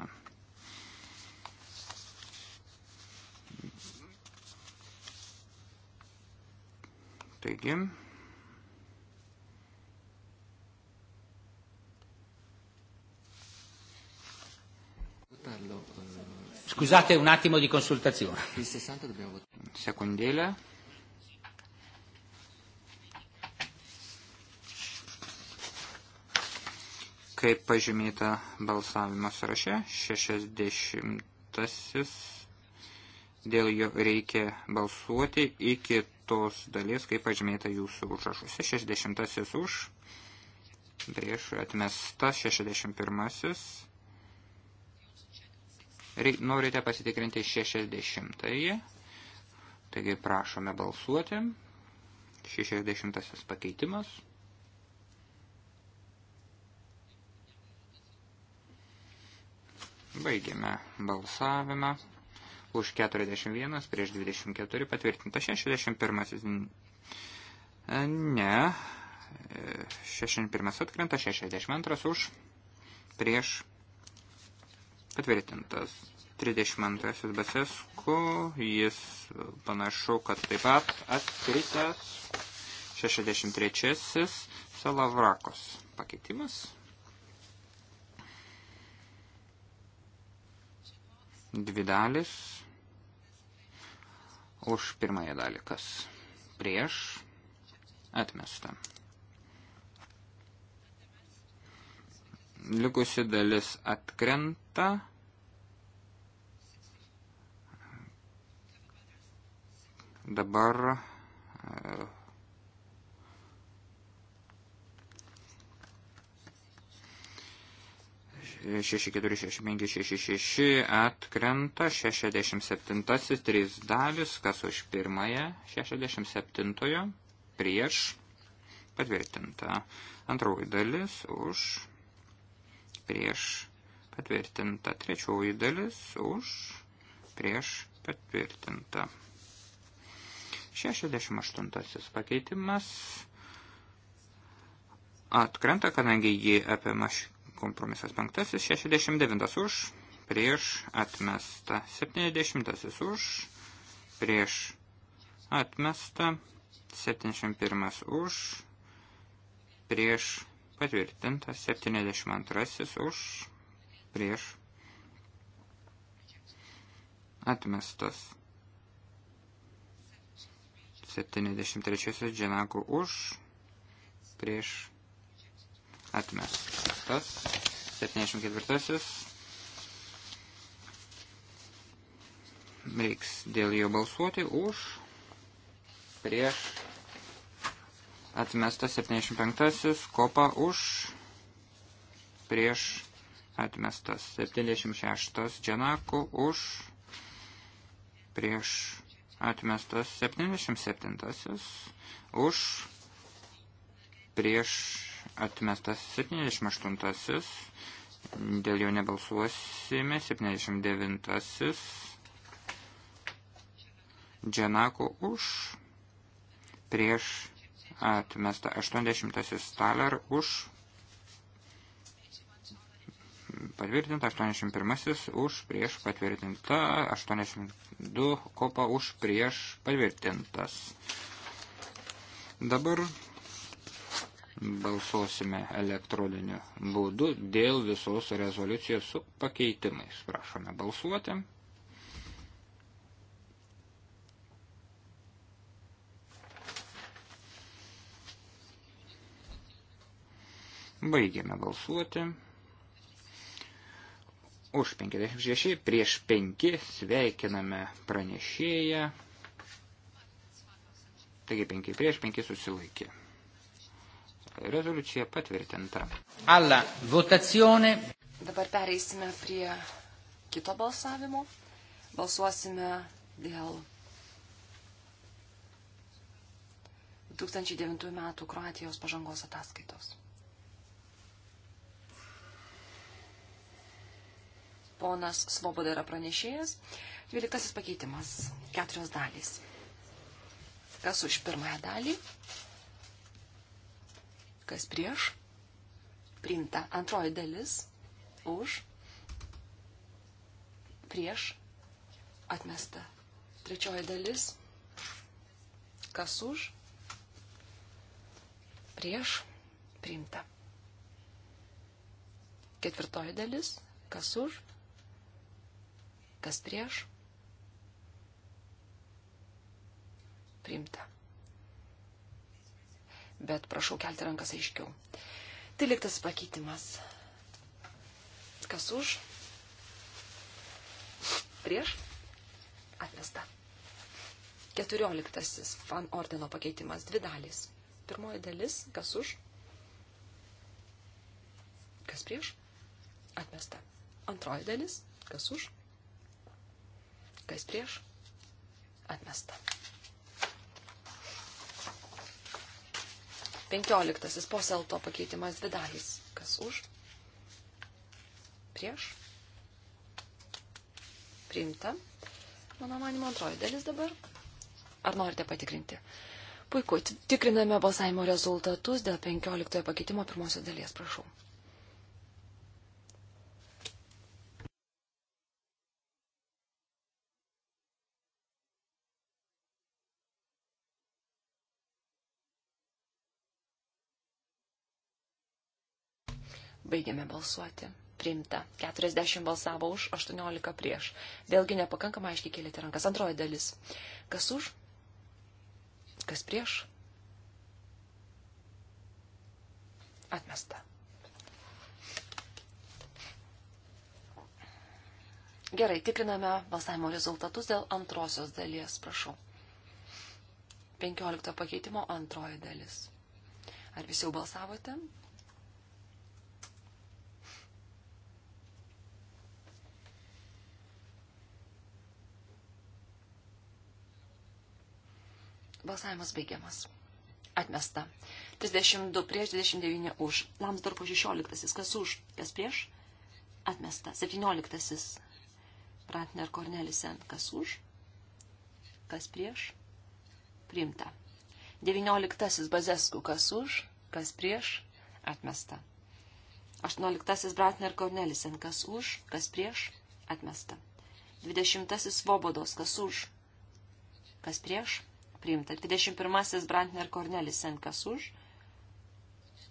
Taigi, parlo Scusate un attimo di consultazione. Il 60 dobbiamo votare. Secondela. Kaip pažymėta balsavimo sąraše, 60 dėl jo reikia balsuoti iki tos dalies, kaip pažymėta jūsų užrašuose. 60 už, prieš atmesta 61 Reik, norite pasitikrinti 60-ąjį. Taigi prašome balsuoti. 60-asis pakeitimas. Baigėme balsavimą. Už 41 prieš 24 patvirtinta 61. Ne. 61 atkrenta, 62 už prieš Patvirtintas 32 Basesku, jis e, panašu, kad taip pat atskritęs 63 Salavrakos pakeitimas. Dvi dalis už pirmąją dalį, kas prieš atmesta. Likusi dalis atkrenta atmesta. Dabar e, šeši keturi šeši penki šeši šeši atkrenta šešiasdešimt septintasis trys dalis, kas už pirmąją šešiasdešimt septintojo prieš patvirtinta antroji dalis už prieš patvirtinta. Trečioji dalis už, prieš patvirtinta. 68 pakeitimas atkrenta, kadangi jį apima kompromisas 5, 69 už, prieš atmesta, 70 už, prieš atmesta, 71 už, prieš patvirtinta, 72 už, prieš atmestas. 73 dženakų už prieš atmestas. 74 reiks dėl jo balsuoti už prieš atmestas 75 kopa už prieš atmestas. 76 Džanaku už prieš atmestas. 77 už prieš atmestas. 78 dėl jo nebalsuosime. 79 Džanaku už prieš atmestą. 80 Staler už patvirtinta, 81 už prieš patvirtinta, 82 kopa už prieš patvirtintas. Dabar balsuosime elektroniniu būdu dėl visos rezoliucijos su pakeitimais. Prašome balsuoti. Baigėme balsuoti už 56, prieš 5 sveikiname pranešėją. Taigi 5 prieš 5 susilaikė. Rezoliucija patvirtinta. Alla votazione. Dabar pereisime prie kito balsavimo. Balsuosime dėl 2009 metų Kroatijos pažangos ataskaitos. Ponas Svoboda yra pranešėjas. 12 pakeitimas. Keturios dalys. Kas už pirmąją dalį? Kas prieš? Priimta. Antroji dalis. Už. Prieš. Atmesta. Trečioji dalis. Kas už? Prieš. Priimta. Ketvirtoji dalis. Kas už? Kas prieš? Priimta. Bet prašau kelti rankas aiškiau. Tai liktas pakeitimas. Kas už? Prieš? Atmesta. Keturioliktasis fan ordino pakeitimas. Dvi dalys. Pirmoji dalis. Kas už? Kas prieš? Atmesta. Antroji dalis. Kas už? Kas prieš? Atmesta. 15. Poselto pakeitimas dvi dalys. Kas už? Prieš? Priimta. Mano manimo antroji dalis dabar. Ar norite patikrinti? Puiku, tikriname balsavimo rezultatus dėl 15 pakeitimo pirmosios dalies, prašau. Baigiame balsuoti. Priimta. 40 balsavo už, 18 prieš. Vėlgi nepakankamai aiškiai kėlėte rankas. Antroji dalis. Kas už? Kas prieš? Atmesta. Gerai, tikriname balsavimo rezultatus dėl antrosios dalies, prašau. 15 pakeitimo antroji dalis. Ar visi jau balsavote? Balsavimas baigiamas. Atmesta. 32 prieš 29 už. Lamsdorfo 16. Kas už? Kas prieš? Atmesta. 17. Brantner Kornelisen. Kas už? Kas prieš? Primta. 19. Bazesku. Kas už? Kas prieš? Atmesta. 18. Brantner Kornelisen. Kas už? Kas prieš? Atmesta. 20. Svobodos. Kas už? Kas prieš? priimta. 21. Brantner Kornelis N. Kas už,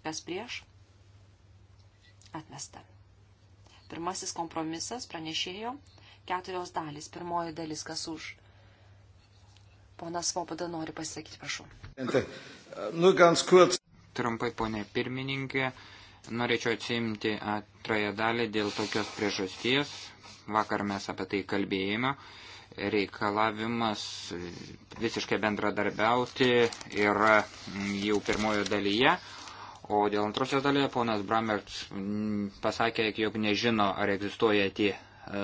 kas prieš, atmesta. Pirmasis kompromisas pranešėjo keturios dalys. Pirmoji dalis kas už. Ponas Svoboda nori pasisakyti, prašau. Nu, ganz kurz. Trumpai, ponė pirmininkė, norėčiau atsiimti antrąją dalį dėl tokios priežasties. Vakar mes apie tai kalbėjome. Uh, reikalavimas visiškai bendradarbiauti yra jau pirmojo dalyje, o dėl antrosios dalyje ponas Bramert pasakė, jog nežino, ar egzistuoja tie e,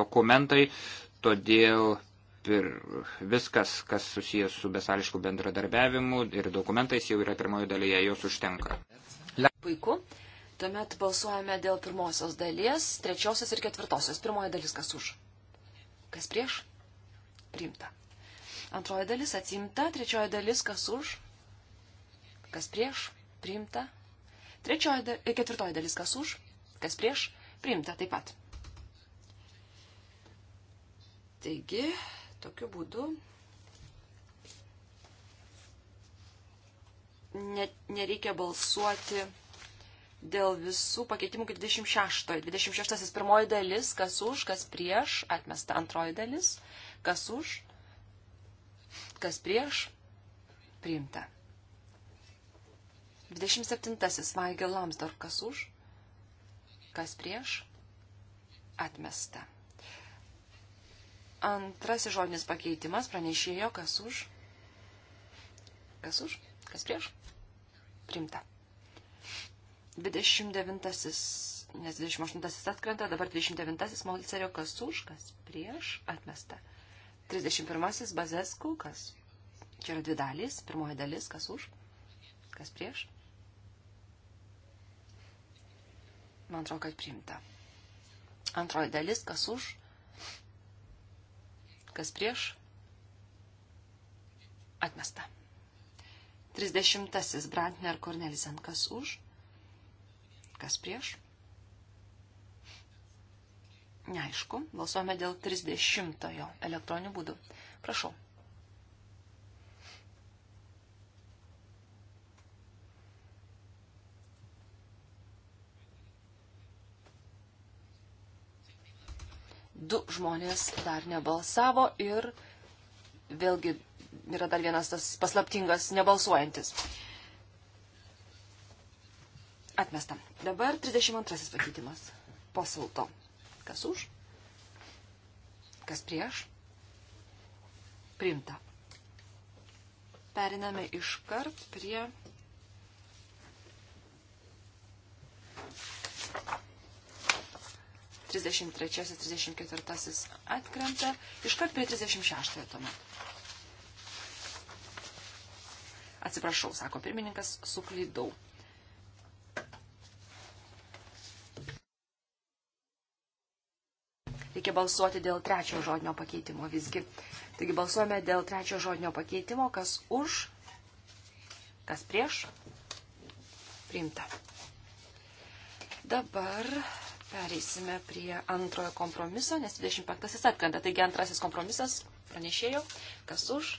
dokumentai, todėl ir viskas, kas susijęs su besališku bendradarbiavimu ir dokumentais jau yra pirmojo dalyje, jos užtenka. Puiku. Tuomet balsuojame dėl pirmosios dalies, trečiosios ir ketvirtosios. Pirmoji dalis kas už? Kas prieš? Priimta. Antroji dalis atsimta, trečioji dalis kas už, kas prieš, priimta. Trečioji da, ir e, ketvirtoji dalis kas už, kas prieš, priimta taip pat. Taigi, tokiu būdu net nereikia balsuoti dėl visų pakeitimų iki 26. 26 pirmoji dalis, kas už, kas prieš, atmesta antroji dalis, kas už, kas prieš, priimta. 27. Vaigel Lamsdorf, kas už, kas prieš, atmesta. Antrasis žodinis pakeitimas pranešėjo, kas už, kas už, kas prieš, priimta. 29, nes 28 atkrenta, dabar 29 Malcerio kas už, kas prieš atmesta. 31 bazės kulkas. Čia yra dvi dalys. Pirmoji dalis, kas už, kas prieš. Man atrodo, kad priimta. Antroji dalis, kas už, kas prieš, atmesta. 30. Brantner Kornelis ant kas už, Kas prieš? Neaišku. Balsuojame dėl 30-ojo elektroninių būdų. Prašau. Du žmonės dar nebalsavo ir vėlgi yra dar vienas tas paslaptingas nebalsuojantis. Atmesta. Dabar 32 pakeitimas. Posalto. Kas už? Kas prieš? Primta. Periname iškart prie trisdešimt trečiasis, trisdešimt ketvirtasis atkrenta, iškart prie trisdešimt šeštojo tuomet. Atsiprašau, sako pirmininkas, suklydau. reikia balsuoti dėl trečio žodinio pakeitimo visgi. Taigi balsuojame dėl trečio žodinio pakeitimo, kas už, kas prieš. Priimta. Dabar pereisime prie antrojo kompromiso, nes 25-asis atkrenta. Taigi antrasis kompromisas pranešėjo, kas už,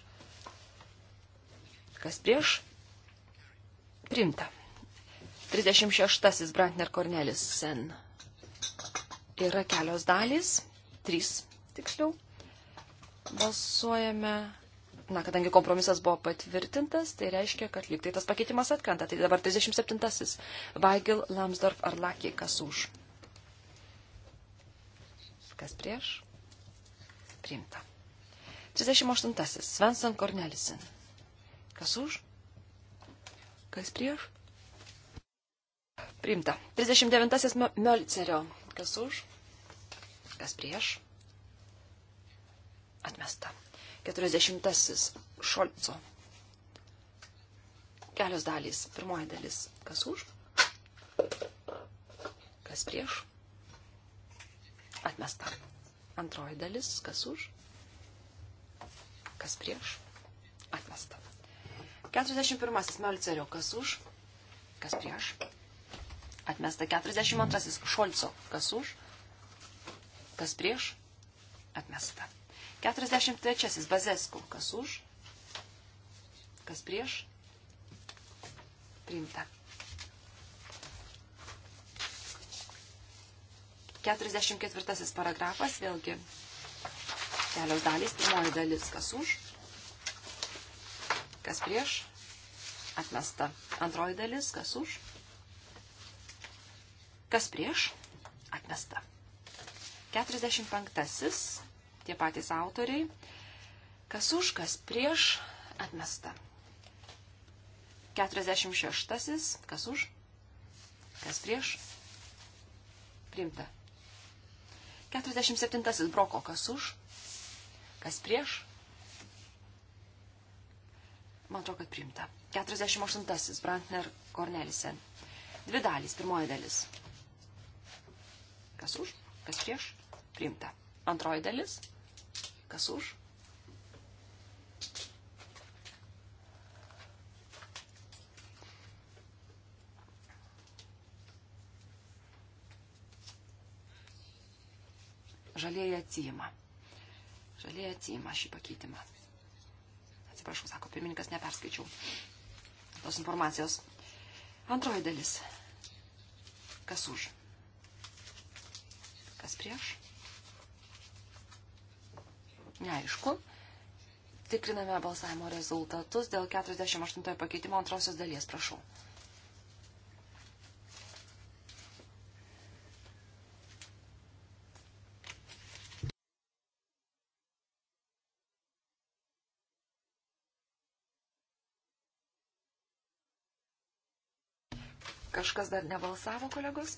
kas prieš. Priimta. 36-asis Brantner Kornelis Sen. Yra kelios dalys. 3 tiksliau. Balsuojame. Na, kadangi kompromisas buvo patvirtintas, tai reiškia, kad liktai tas pakeitimas atkrenta. Tai dabar 37-asis. Vaigil, Lamsdorf ar Lakiai, kas už? Kas prieš? Priimta. 38-asis. Svensson Kornelisin. Kas už? Kas prieš? Priimta. 39-asis Mölcerio. Kas už? kas prieš, atmesta. 40 Šolco. Kelios dalys. Pirmoji dalis, kas už, kas prieš, atmesta. Antroji dalis, kas už, kas prieš, atmesta. 41 Melcerio, kas už, kas prieš, atmesta. 42 Šolco, kas už, Kas prieš? Atmesta. 43. Bazesku. Kas už? Kas prieš? Priimta. 44 paragrafas, vėlgi kelios dalys, pirmoji dalis kas už, kas prieš, atmesta. Antroji dalis kas už, kas prieš, atmesta. 45. Tie patys autoriai. Kas už, kas prieš atmesta. 46. Kas už, kas prieš priimta. 47. Broko kas už, kas prieš. Man atrodo, kad priimta. 48. Brantner Kornelisen. Dvi dalys. Pirmoji dalis. Kas už, kas prieš. Priimta. Antroji dalis. Kas už? Žalieji atsijima. Žalieji atsijima šį pakeitimą. Atsiprašau, sako pirmininkas, neperskaičiau tos informacijos. Antroji dalis. Kas už? Kas prieš? Neaišku. Tikriname balsavimo rezultatus dėl 48 pakeitimo antrosios dalies, prašau. Kažkas dar nebalsavo, kolegos?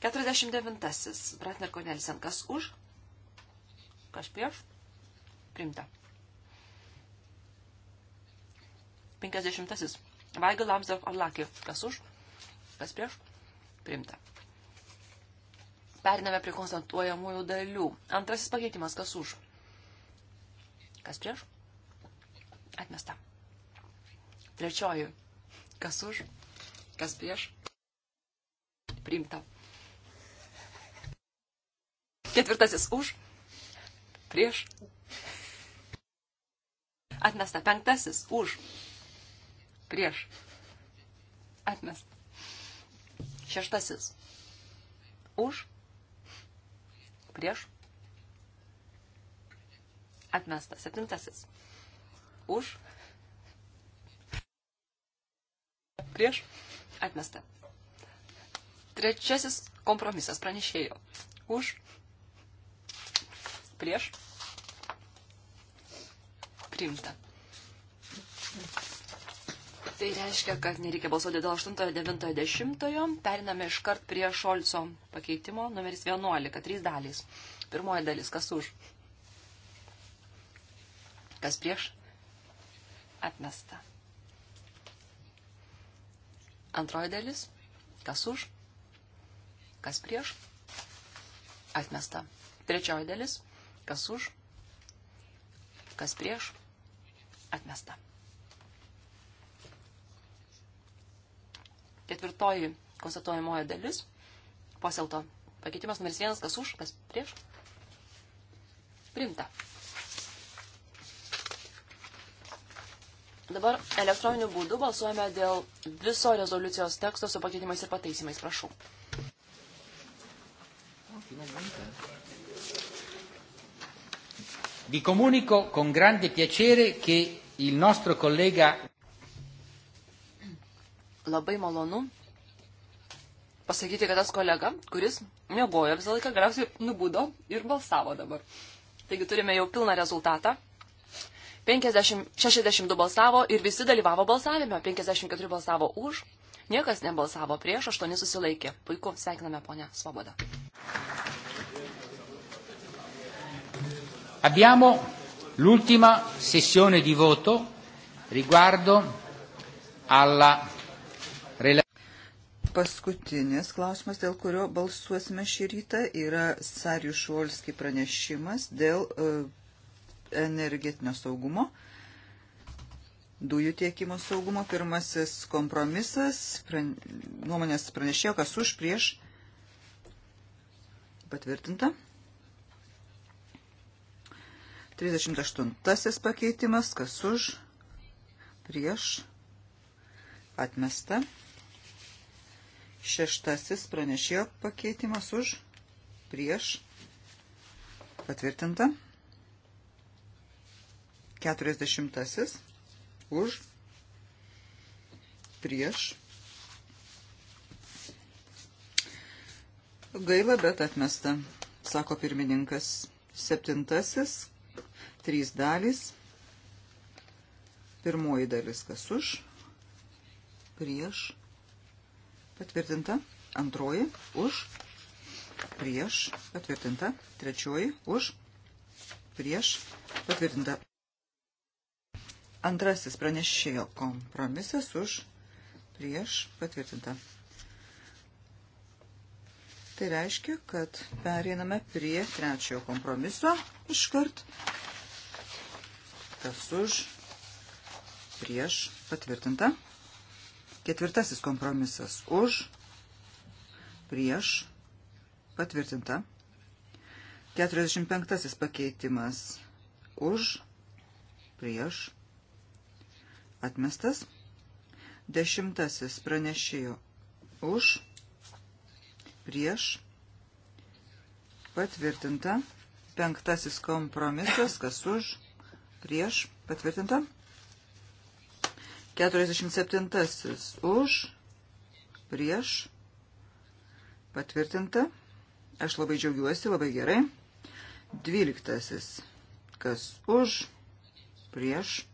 49. Bratner Konelisen, kas už? Kas prieš? Primta. 50. Vaigel Lamsdorf Arlaki, kas už? Kas prieš? Primta. Periname prie konstatuojamųjų dalių. Antrasis pakeitimas, kas už? Kas prieš? Atmesta. Trečioji. Kas už? Kas prieš? Priimta. Ketvirtasis už. Prieš. Atmesta. Penktasis už. Prieš. Atmesta. Šeštasis. Už. Prieš. Atmesta. Septintasis. Už. Prieš. Atmesta. Trečiasis kompromisas pranešėjo. Už prieš, priimta. Tai reiškia, kad nereikia balsuoti dėl 8, 9, 10. Periname iškart prie Šolco pakeitimo numeris 11, 3 dalys. Pirmoji dalis, kas už? Kas prieš? Atmesta. Antroji dalis, kas už? Kas prieš? Atmesta. Trečioji dalis, Kas už? Kas prieš? Atmesta. Ketvirtoji konstatuojamoji dalis. Poselto pakeitimas numeris vienas. Kas už? Kas prieš? Primta. Dabar elektroniniu būdu balsuojame dėl viso rezoliucijos teksto su pakeitimais ir pataisimais. Prašau. O, Vi comunico con grande piacere che il nostro collega. Labai malonu pasakyti, kad tas kolega, kuris mėgojo visą laiką, galiausiai nubudo ir balsavo dabar. Taigi turime jau pilną rezultatą. 50, 62 balsavo ir visi dalyvavo balsavime. 54 balsavo už, niekas nebalsavo prieš, 8 susilaikė. Puiku, sveikiname ponę Svobodą. Abbiamo l'ultima sessione di voto riguardo alla relazione. Paskutinis klausimas, dėl kurio balsuosime šį rytą, yra Sarių Šuolski pranešimas dėl e, energetinio saugumo, dujų tiekimo saugumo. Pirmasis kompromisas, pran, nuomonės pranešėjo, kas už prieš patvirtinta. 38 pakeitimas, kas už, prieš, atmesta. Šeštasis pranešėjo pakeitimas už, prieš, patvirtinta. Keturiasdešimtasis už, prieš. Gaila, bet atmesta, sako pirmininkas. Septintasis Trys dalys. Pirmoji dalis kas už, prieš, patvirtinta. Antroji už, prieš, patvirtinta. Trečioji už, prieš, patvirtinta. Antrasis pranešėjo kompromisas už, prieš, patvirtinta. Tai reiškia, kad pereiname prie trečiojo kompromiso iškart. kart Kas už? Prieš. Patvirtinta. Ketvirtasis kompromisas. Už. Prieš. Patvirtinta. 45 pakeitimas. Už. Prieš. Atmestas. Dešimtasis pranešėjo. Už. Prieš. Patvirtinta. Penktasis kompromisas. Kas už? Prieš prieš patvirtinta. 47 už prieš patvirtinta. Aš labai džiaugiuosi, labai gerai. 12 kas už prieš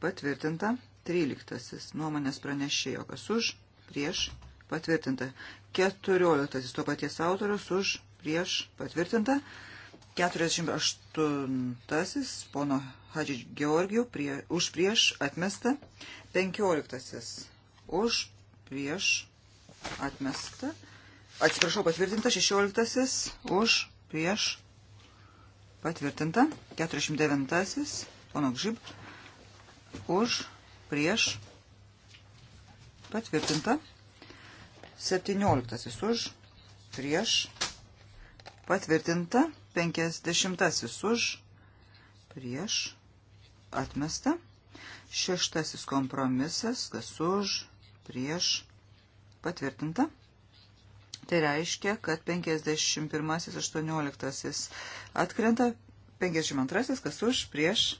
patvirtinta. 13 nuomonės pranešėjo kas už prieš patvirtinta. 14 to paties autorius už prieš patvirtinta. 48. Pono Hadži Georgijų prie, už prieš atmesta. 15. Už prieš atmesta. Atsiprašau, patvirtinta. 16. Už prieš patvirtinta. 49. Pono Gžib. Už prieš patvirtinta. 17. Už prieš patvirtinta. Penkiasdešimtasis už, prieš, atmesta. Šeštasis kompromisas, kas už, prieš, patvirtinta. Tai reiškia, kad 51-18 atkrenta, 52 kas už, prieš,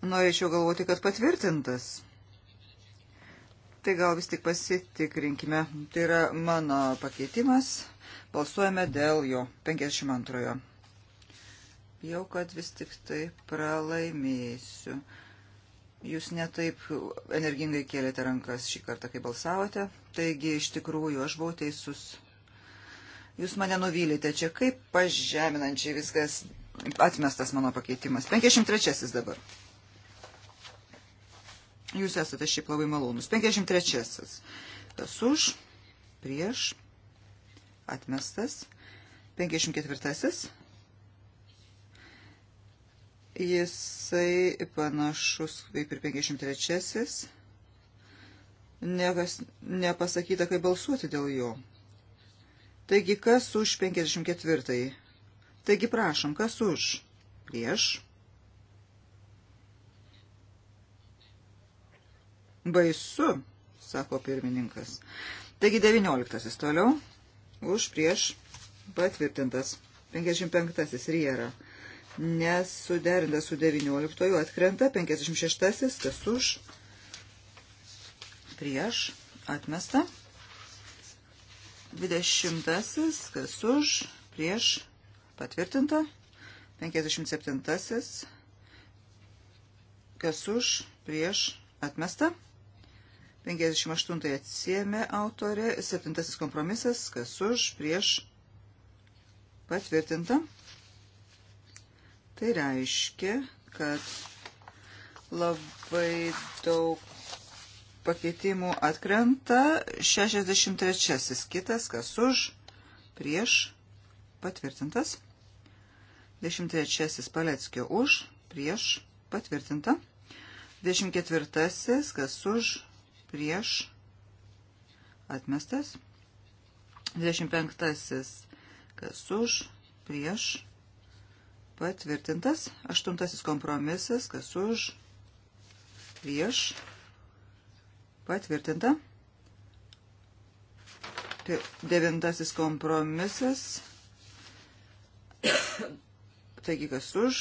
Norėčiau galvoti, kad patvirtintas. Tai gal vis tik pasitikrinkime. Tai yra mano pakeitimas. Balsuojame dėl jo 52. Jau kad vis tik tai pralaimėsiu. Jūs netaip energingai kėlėte rankas šį kartą, kai balsavote. Taigi, iš tikrųjų, aš buvau teisus. Jūs mane nuvylėte čia, kaip pažeminančiai viskas atmestas mano pakeitimas. 53 dabar. Jūs esate šiaip labai malonus. 53. Kas už, prieš, atmestas. 54. Jisai panašus kaip ir 53. Niekas nepasakyta, kaip balsuoti dėl jo. Taigi, kas už 54? Taigi, prašom, kas už? Prieš Baisu, sako pirmininkas. Taigi 19 toliau. Už prieš patvirtintas. 55 riera. Nesuderinta su 19 atkrenta. 56 kas už. Prieš atmesta. 20 kas už. Prieš patvirtinta. 57 kas už. Prieš atmesta. 58 atsiemė autorė, 7 kompromisas, kas už, prieš, patvirtinta. Tai reiškia, kad labai daug pakeitimų atkrenta. 63 kitas, kas už, prieš, patvirtintas. 23 Paleckio už, prieš, patvirtinta. 24 kas už, prieš atmestas. 25. Kas už, prieš patvirtintas. 8. Kompromisas, kas už, prieš patvirtinta. 9. Kompromisas. Taigi, kas už,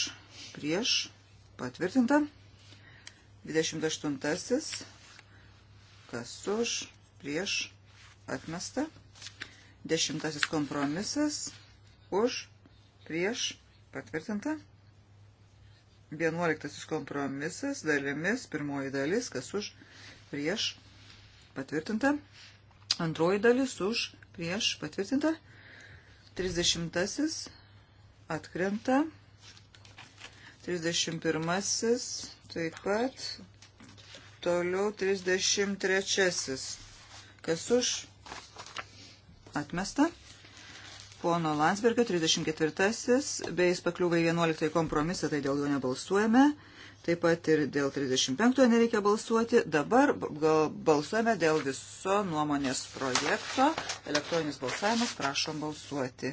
prieš patvirtinta. 28 kas už, prieš, atmesta. Dešimtasis kompromisas, už, prieš, patvirtinta. Vienuoliktasis kompromisas, dalimis, pirmoji dalis, kas už, prieš, patvirtinta. Antroji dalis, už, prieš, patvirtinta. Trisdešimtasis, atkrenta. Trisdešimt pirmasis, taip pat, Toliau 33. Kas už? Atmesta. Pono Landsbergio 34. Beis pakliūva į 11 kompromisą, tai dėl jo nebalsuojame. Taip pat ir dėl 35 nereikia balsuoti. Dabar balsuojame dėl viso nuomonės projekto. Elektroninis balsavimas, prašom balsuoti.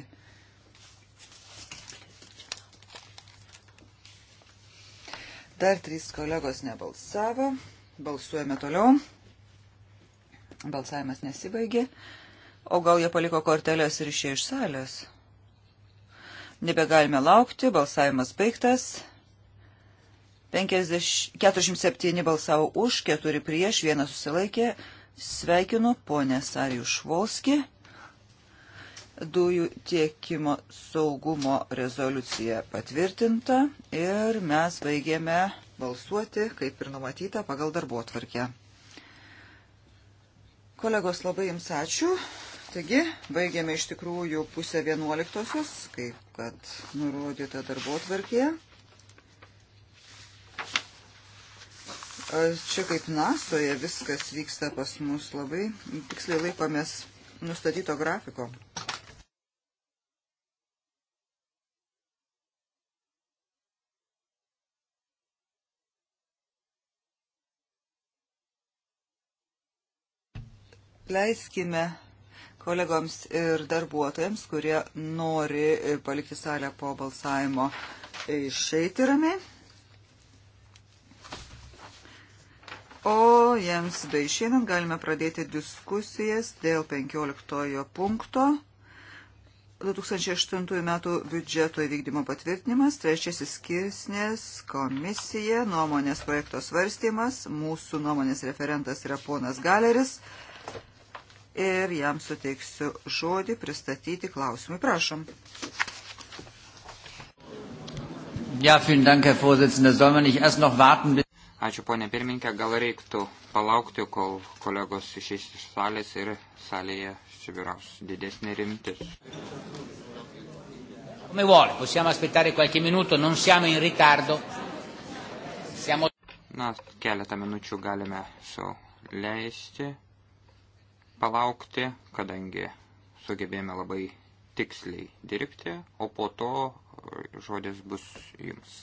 Dar trys kolegos nebalsavo. Balsuojame toliau. Balsavimas nesibaigė. O gal jie paliko kortelės ir išėjo iš salės? Nebegalime laukti, balsavimas baigtas. 50, 47 balsavo už, 4 prieš, 1 susilaikė. Sveikinu ponę Sarijų Švolskį. Dujų tiekimo saugumo rezoliucija patvirtinta ir mes baigėme balsuoti, kaip ir numatyta, pagal darbo atvarkę. Kolegos, labai jums ačiū. Taigi, baigėme iš tikrųjų pusę vienuoliktosios, kaip kad nurodyta darbo atvarkėje. Čia kaip nasoje viskas vyksta pas mus labai tiksliai laikomės nustatyto grafiko. Leiskime kolegoms ir darbuotojams, kurie nori palikti salę po balsavimo, išeiti ramiai. O jiems beišėnant galime pradėti diskusijas dėl 15 punkto. 2008 metų biudžeto įvykdymo patvirtinimas, trečiasis skirsnės, komisija, nuomonės projekto svarstymas, mūsų nuomonės referentas yra ponas Galeris ir jam suteiksiu žodį pristatyti klausimui. Prašom. Ja, vielen Dank, Herr Vorsitzender. Soll man nicht erst noch warten, bis... Ačiū, ponė pirmininkė, gal reiktų palaukti, kol kolegos išeis iš salės ir salėje siviraus didesnė rimtis. Come vuole, possiamo aspettare qualche minuto, non siamo in ritardo. Siamo... Na, keletą minučių galime sau leisti palaukti, kadangi sugebėjome labai tiksliai dirbti, o po to žodis bus jums.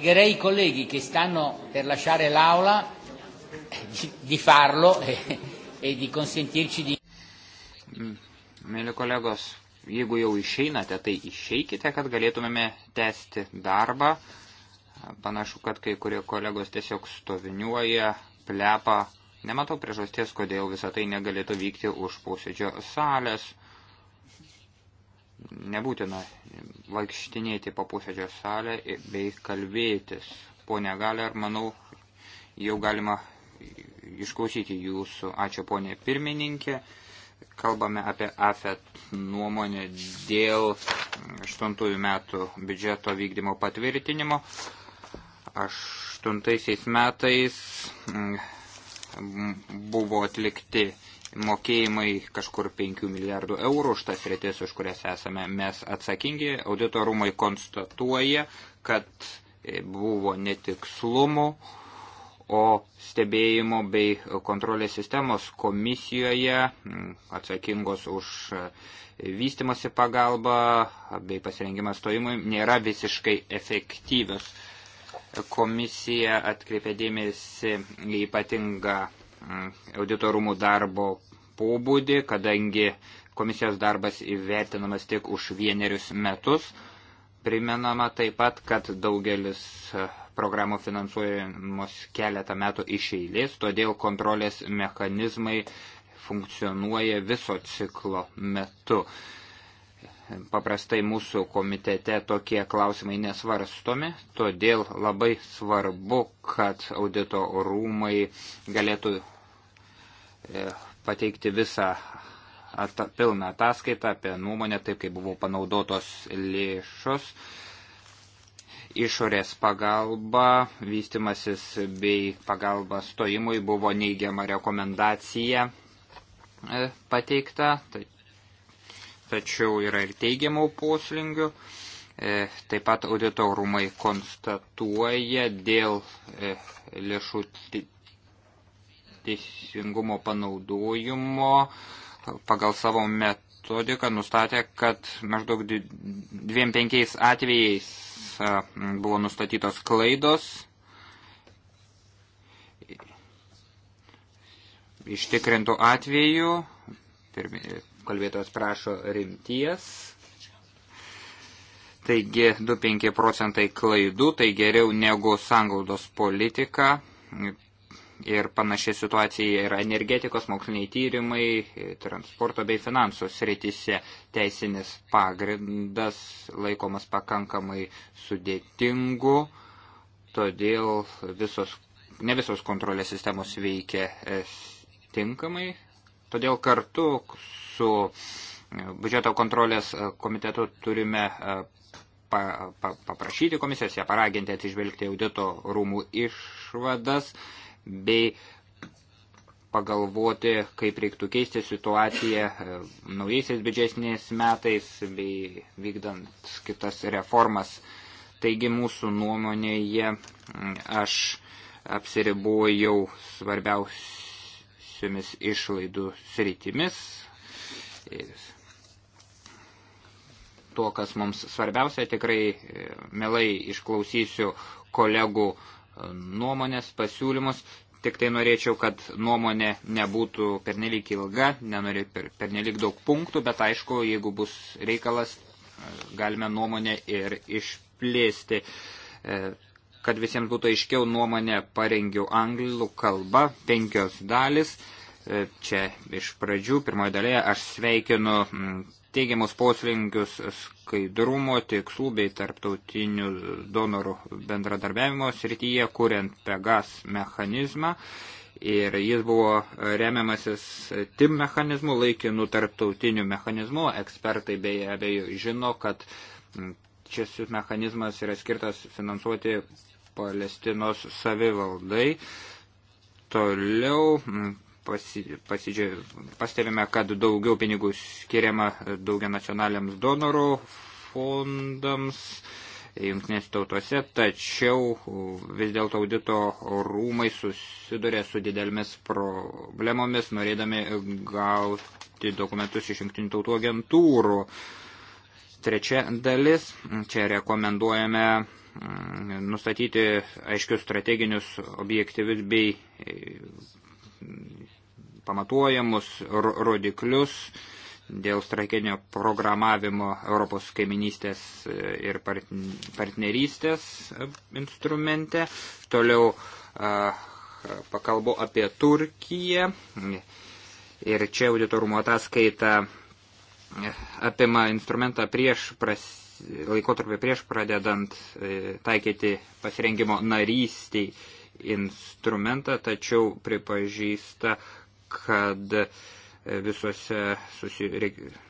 Pregherei i colleghi che stanno per lasciare l'aula eh, di farlo e, e di consentirci di. Mm, mėly kolegos, jeigu jau išeinate, tai išeikite, kad galėtumėme tęsti darbą. Panašu, kad kai kurie kolegos tiesiog stoviniuoja, plepa. Nematau priežasties, kodėl visą tai negalėtų vykti už posėdžio salės nebūtina vaikštinėti po posėdžio salę bei kalbėtis. Pone Galer, manau, jau galima išklausyti jūsų. Ačiū, ponė pirmininkė. Kalbame apie AFET nuomonę dėl 8 metų biudžeto vykdymo patvirtinimo. 8 metais mm, buvo atlikti mokėjimai kažkur 5 milijardų eurų už tas rytis, už kurias esame mes atsakingi. Auditorumai konstatuoja, kad e, buvo netikslumų, o stebėjimo bei kontrolės sistemos komisijoje atsakingos už e, vystimosi pagalbą bei pasirengimą stojimui nėra visiškai efektyvios. Komisija atkreipė dėmesį į ypatingą auditorumų darbo pobūdį, kadangi komisijos darbas įvertinamas tik už vienerius metus. Primenama taip pat, kad daugelis programų finansuojamos keletą metų iš eilės, todėl kontrolės mechanizmai funkcionuoja viso ciklo metu paprastai mūsų komitete tokie klausimai nesvarstomi, todėl labai svarbu, kad audito rūmai galėtų e, pateikti visą ata, pilną ataskaitą apie nuomonę, taip kaip buvo panaudotos lėšos, išorės pagalba, vystimasis bei pagalba stojimui buvo neigiama rekomendacija e, pateikta. Tai tačiau yra ir teigiamų poslingių. E, taip pat audito rūmai konstatuoja dėl e, lėšų teisingumo panaudojimo pagal savo metodiką nustatė, kad maždaug 2-5 atvejais e, buvo nustatytos klaidos. Ištikrintų atvejų kalbėtojas prašo rimties. Taigi 2-5 procentai klaidų, tai geriau negu sanglaudos politika. Ir panašiai situacija yra energetikos, moksliniai tyrimai, transporto bei finansų sritise teisinis pagrindas laikomas pakankamai sudėtingu, todėl visos, ne visos kontrolės sistemos veikia e, tinkamai, Todėl kartu su e, biudžeto kontrolės e, komitetu turime e, pa, pa, paprašyti komisijos, ją paraginti atsižvelgti audito rūmų išvadas bei pagalvoti, kaip reiktų keisti situaciją naujaisiais biudžetiniais metais bei vykdant kitas reformas. Taigi mūsų nuomonėje aš apsiribojau svarbiausiomis išlaidų sritimis, tuo, kas mums svarbiausia. Tikrai e, melai išklausysiu kolegų e, nuomonės, pasiūlymus. Tik tai norėčiau, kad nuomonė nebūtų pernelyg ilga, nenoriu per, pernelyg daug punktų, bet aišku, jeigu bus reikalas, e, galime nuomonę ir išplėsti. Kad visiems būtų aiškiau, nuomonę parengiau anglų kalba, penkios dalis čia iš pradžių, pirmoje dalyje, aš sveikinu mm, teigiamus poslinkius skaidrumo tikslų bei tarptautinių donorų bendradarbiavimo srityje, kuriant Pegas mechanizmą. Ir jis buvo remiamasis TIM mechanizmu, laikinų tarptautinių mechanizmų. Ekspertai beje abejo žino, kad mm, šis mechanizmas yra skirtas finansuoti Palestinos savivaldai. Toliau mm, pasi, pasidžia, pastebime, kad daugiau pinigų skiriama daugia nacionaliams donorų fondams jungtinės tautose, tačiau vis dėlto audito rūmai susiduria su didelėmis problemomis, norėdami gauti dokumentus iš jungtinių tautų agentūrų. Trečia dalis, čia rekomenduojame mm, nustatyti aiškius strateginius objektyvius bei pamatuojamus rodiklius dėl strateginio programavimo Europos kaiminystės e, ir partnerystės e, instrumente. Toliau e, pakalbu apie Turkiją ir čia auditorumo ataskaita apima instrumentą prieš pras, laikotarpį prieš pradedant taikyti pasirengimo narystiai instrumentą, tačiau pripažįsta, kad visose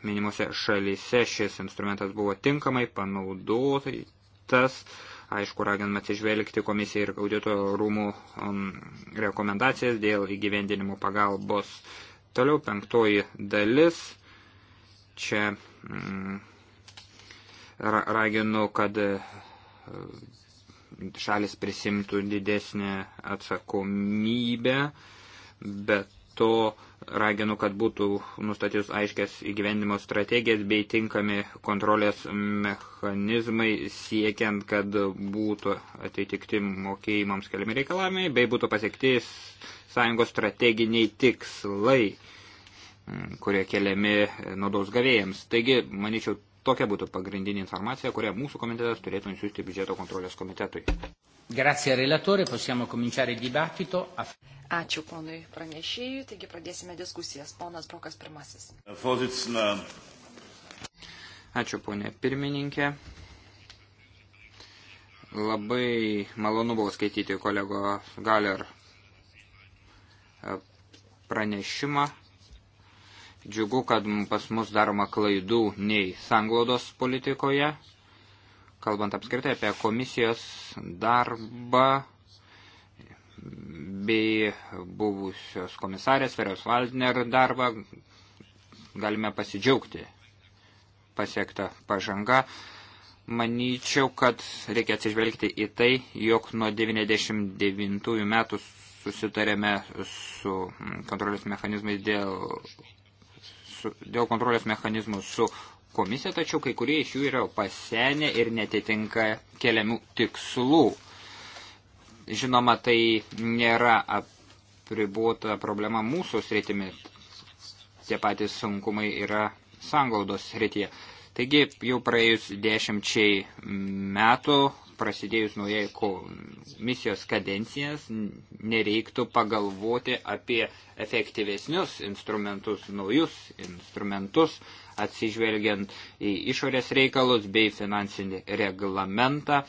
minimuose šalyse šis instrumentas buvo tinkamai panaudotas. Aišku, raginam atsižvelgti komisiją ir audito rūmų um, rekomendacijas dėl įgyvendinimo pagalbos. Toliau penktoji dalis. Čia mm, ra raginu, kad šalis prisimtų didesnį atsakomybę, bet to raginu, kad būtų nustatyus aiškės įgyvendimo strategijas bei tinkami kontrolės mechanizmai siekiant, kad būtų atitikti mokėjimams keliami reikalavimai bei būtų pasiekti sąjungos strateginiai tikslai kurie keliami naudos gavėjams. Taigi, manyčiau, Tokia būtų pagrindinė informacija, kurią mūsų komitetas turėtų nusiųsti biudžeto kontrolės komitetui. Grazie, relatore, possiamo cominciare il dibattito. Ačiū ponui pranešėjui, taigi pradėsime diskusijas. Ponas Brokas pirmasis. Ačiū ponė pirmininkė. Labai malonu buvo skaityti kolego Galer e, pranešimą Džiugu, kad pas mus daroma klaidų nei sanglaudos politikoje, kalbant apskritai apie komisijos darbą bei buvusios komisarės Verios Valdner darbą, galime pasidžiaugti pasiektą pažangą. Manyčiau, kad reikia atsižvelgti į tai, jog nuo 99 metų susitarėme su kontrolės mechanizmais dėl su, dėl kontrolės mechanizmų su komisija, tačiau kai kurie iš jų yra pasenę ir netitinka keliamių tikslų. Žinoma, tai nėra apribuota problema mūsų sritimi. Tie patys sunkumai yra sanglaudos srityje. Taigi jau praėjus dešimčiai metų prasidėjus naujai komisijos kadencijas nereiktų pagalvoti apie efektyvesnius instrumentus, naujus instrumentus, atsižvelgiant į išorės reikalus bei finansinį reglamentą.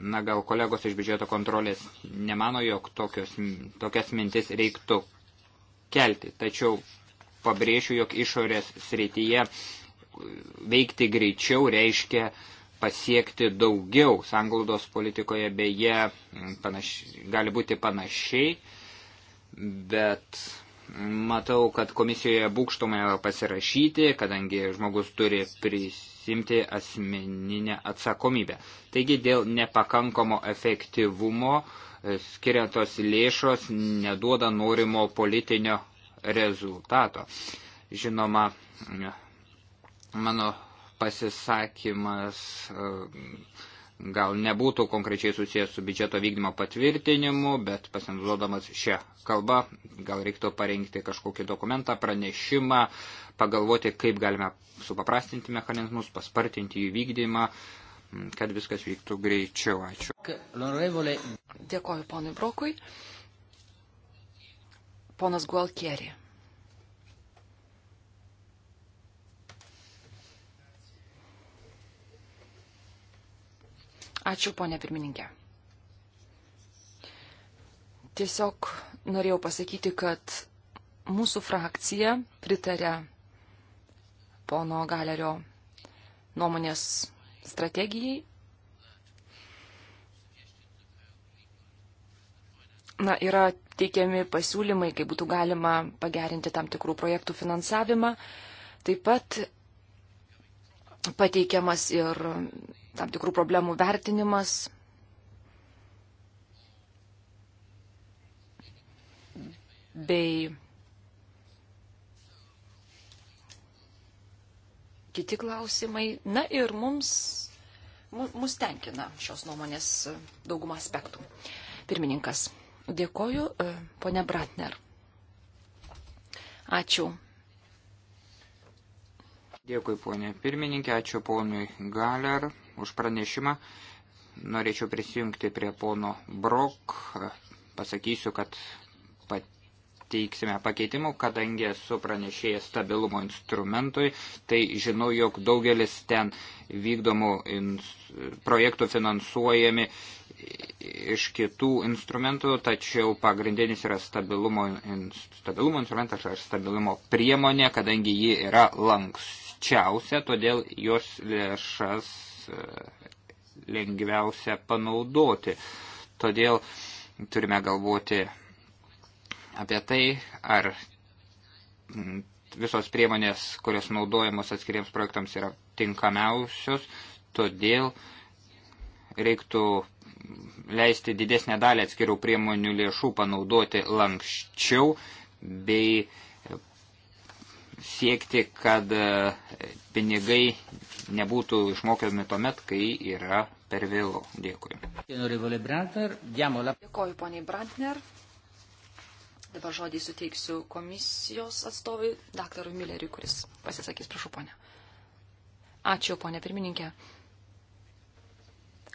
Na, gal kolegos iš biudžeto kontrolės nemano, jog tokios, tokias mintis reiktų kelti. Tačiau pabrėšiu, jog išorės srityje veikti greičiau reiškia uh, pasiekti daugiau. Sanglaudos politikoje beje panaš, gali būti panašiai, bet matau, kad komisijoje būkštumai pasirašyti, kadangi žmogus turi prisimti asmeninę atsakomybę. Taigi dėl nepakankamo efektyvumo e, skiriantos lėšos neduoda norimo politinio rezultato. Žinoma, mano pasisakymas e, gal nebūtų konkrečiai susijęs su biudžeto vykdymo patvirtinimu, bet pasinaudodamas šią kalbą, gal reiktų parengti kažkokį dokumentą, pranešimą, pagalvoti, kaip galime supaprastinti mechanizmus, paspartinti jų vykdymą, kad viskas vyktų greičiau. Ačiū. Dėkoju ponui Brokui. Ponas Gualkieri. Ačiū, ponė pirmininkė. Tiesiog norėjau pasakyti, kad mūsų frakcija pritarė pono Galerio nuomonės strategijai. Na, yra teikiami pasiūlymai, kaip būtų galima pagerinti tam tikrų projektų finansavimą. Taip pat pateikiamas ir tam tikrų problemų vertinimas. bei kiti klausimai. Na ir mums, mus tenkina šios nuomonės daugumą aspektų. Pirmininkas, dėkoju, e, ponia Bratner. Ačiū, Dėkui, ponė pirmininkė, ačiū ponui Galer už pranešimą. Norėčiau prisijungti prie pono Brok. Pasakysiu, kad pateiksime pakeitimų, kadangi esu pranešėjęs stabilumo instrumentui, tai žinau, jog daugelis ten vykdomų projektų finansuojami iš kitų instrumentų, tačiau pagrindinis yra stabilumo, stabilumo instrumentas ar stabilumo priemonė, kadangi ji yra lanks sparčiausia, todėl jos lėšas e, lengviausia panaudoti. Todėl turime galvoti apie tai, ar visos priemonės, kurios naudojamos atskiriems projektams yra tinkamiausios, todėl reiktų leisti didesnę dalį atskirų priemonių lėšų panaudoti lankščiau bei siekti, kad e, pinigai nebūtų išmokami tuomet, kai yra per vėlų. Dėkui. Dėkoju, poniai Brantner. Dabar žodį suteiksiu komisijos atstovui, daktarui Milleriui, kuris pasisakys, prašau, ponė. Ačiū, ponė pirmininkė.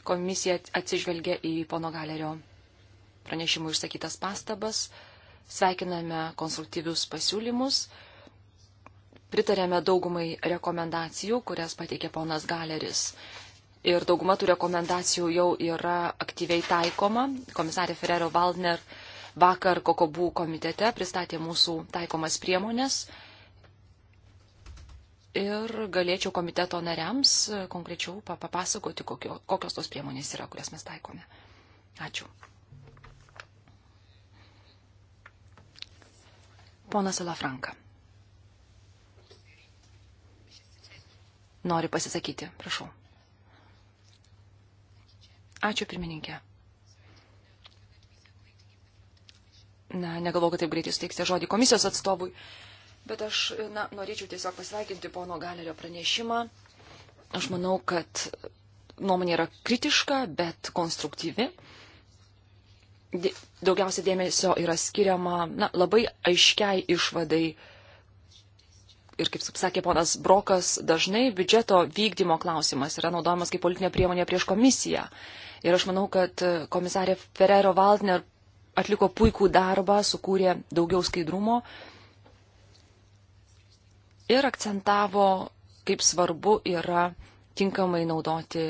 Komisija atsižvelgia į pono galerio pranešimų išsakytas pastabas. Sveikiname konstruktyvius pasiūlymus pritarėme daugumai rekomendacijų, kurias pateikė ponas Galeris. Ir dauguma tų rekomendacijų jau yra aktyviai taikoma. Komisarė Ferrero Waldner vakar Kokobų komitete pristatė mūsų taikomas priemonės. Ir galėčiau komiteto nariams konkrečiau papasakoti, kokio, kokios tos priemonės yra, kurias mes taikome. Ačiū. Ponas Elafranka. nori pasisakyti. Prašau. Ačiū, pirmininkė. Na, negalvoju, kad taip greitai suteiksite žodį komisijos atstovui, bet aš na, norėčiau tiesiog pasveikinti pono Galerio pranešimą. Aš manau, kad nuomonė yra kritiška, bet konstruktyvi. Daugiausia dėmesio yra skiriama na, labai aiškiai išvadai ir kaip sakė ponas Brokas, dažnai biudžeto vykdymo klausimas yra naudojamas kaip politinė priemonė prieš komisiją. Ir aš manau, kad e, komisarė Ferrero Waldner atliko puikų darbą, sukūrė daugiau skaidrumo ir akcentavo, kaip svarbu yra tinkamai naudoti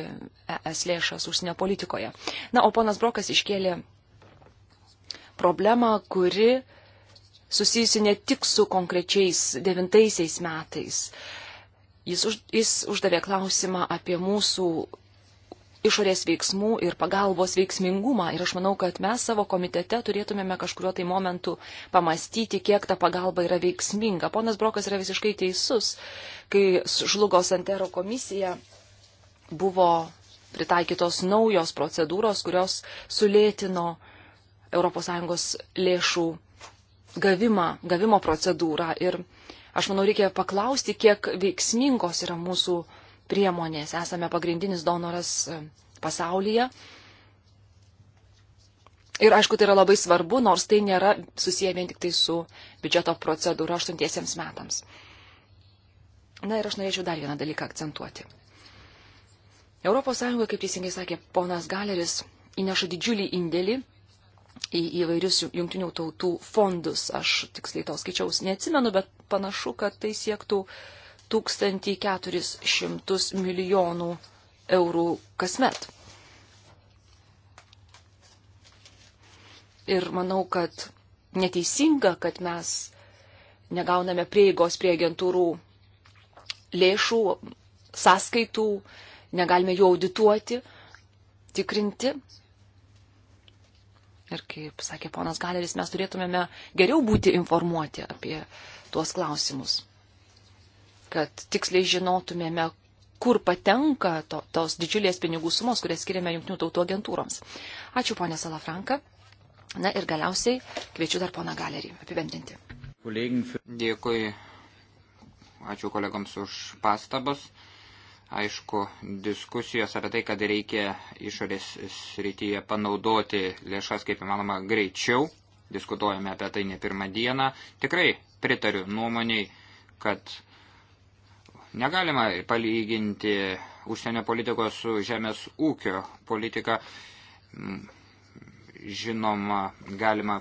ES lėšas užsienio politikoje. Na, o ponas Brokas iškėlė problemą, kuri susijusi ne tik su konkrečiais devintaisiais metais. Jis, už, jis uždavė klausimą apie mūsų išorės veiksmų ir pagalbos veiksmingumą. Ir aš manau, kad mes savo komitete turėtumėme kažkurio tai momentu pamastyti, kiek ta pagalba yra veiksminga. Ponas Brokas yra visiškai teisus, kai žlugo Santero komisija buvo pritaikytos naujos procedūros, kurios sulėtino ES lėšų gavimą, gavimo procedūrą. Ir aš manau, reikia paklausti, kiek veiksmingos yra mūsų priemonės. Esame pagrindinis donoras e, pasaulyje. Ir aišku, tai yra labai svarbu, nors tai nėra susiję vien tik tai su biudžeto procedūra aštuntiesiems metams. Na ir aš norėčiau dar vieną dalyką akcentuoti. ES, kaip teisingai sakė ponas Galeris, įneša didžiulį indėlį į įvairius jungtinių tautų fondus. Aš tiksliai to skaičiaus neatsimenu, bet panašu, kad tai siektų 1400 milijonų eurų kasmet. Ir manau, kad neteisinga, kad mes negauname prieigos prie agentūrų lėšų, sąskaitų, negalime jų audituoti, tikrinti. Ir kaip sakė ponas Galeris, mes turėtumėme geriau būti informuoti apie tuos klausimus, kad tiksliai žinotumėme, kur patenka to, tos didžiulės pinigų sumos, kurias skiriame Junktinių tautų agentūroms. Ačiū, ponė Salafranka. Na ir galiausiai kviečiu dar poną Galerį apibendrinti. Dėkui. Ačiū kolegams už pastabas aišku, diskusijos apie tai, kad reikia išorės srityje panaudoti lėšas kaip įmanoma greičiau. Diskutuojame apie tai ne pirmą dieną. Tikrai pritariu nuomoniai, kad negalima palyginti užsienio politikos su žemės ūkio politika. Mm, Žinoma, galima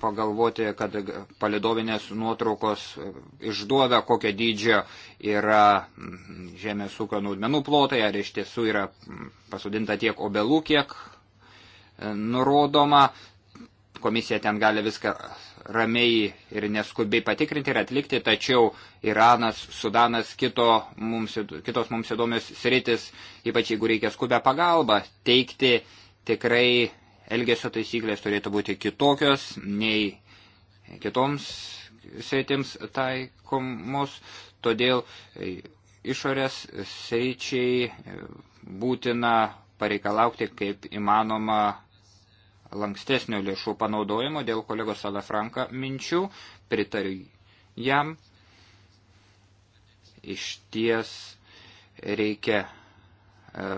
pagalvoti, kad palidovinės nuotraukos išduoda, kokio dydžio yra mm, žemės ūkio naudmenų plotai, ar iš tiesų yra mm, pasodinta tiek obelų, kiek e, nurodoma. Komisija ten gali viską ramiai ir neskubiai patikrinti ir atlikti, tačiau Iranas, Sudanas, kito mums, kitos mums įdomios sritis, ypač jeigu reikia skubę pagalbą, teikti tikrai elgesio taisyklės turėtų būti kitokios nei kitoms sritims taikomos, todėl e, išorės sričiai e, būtina pareikalaukti kaip įmanoma lankstesnio lėšų panaudojimo dėl kolegos Salafranka minčių, pritariu jam. Iš ties reikia e,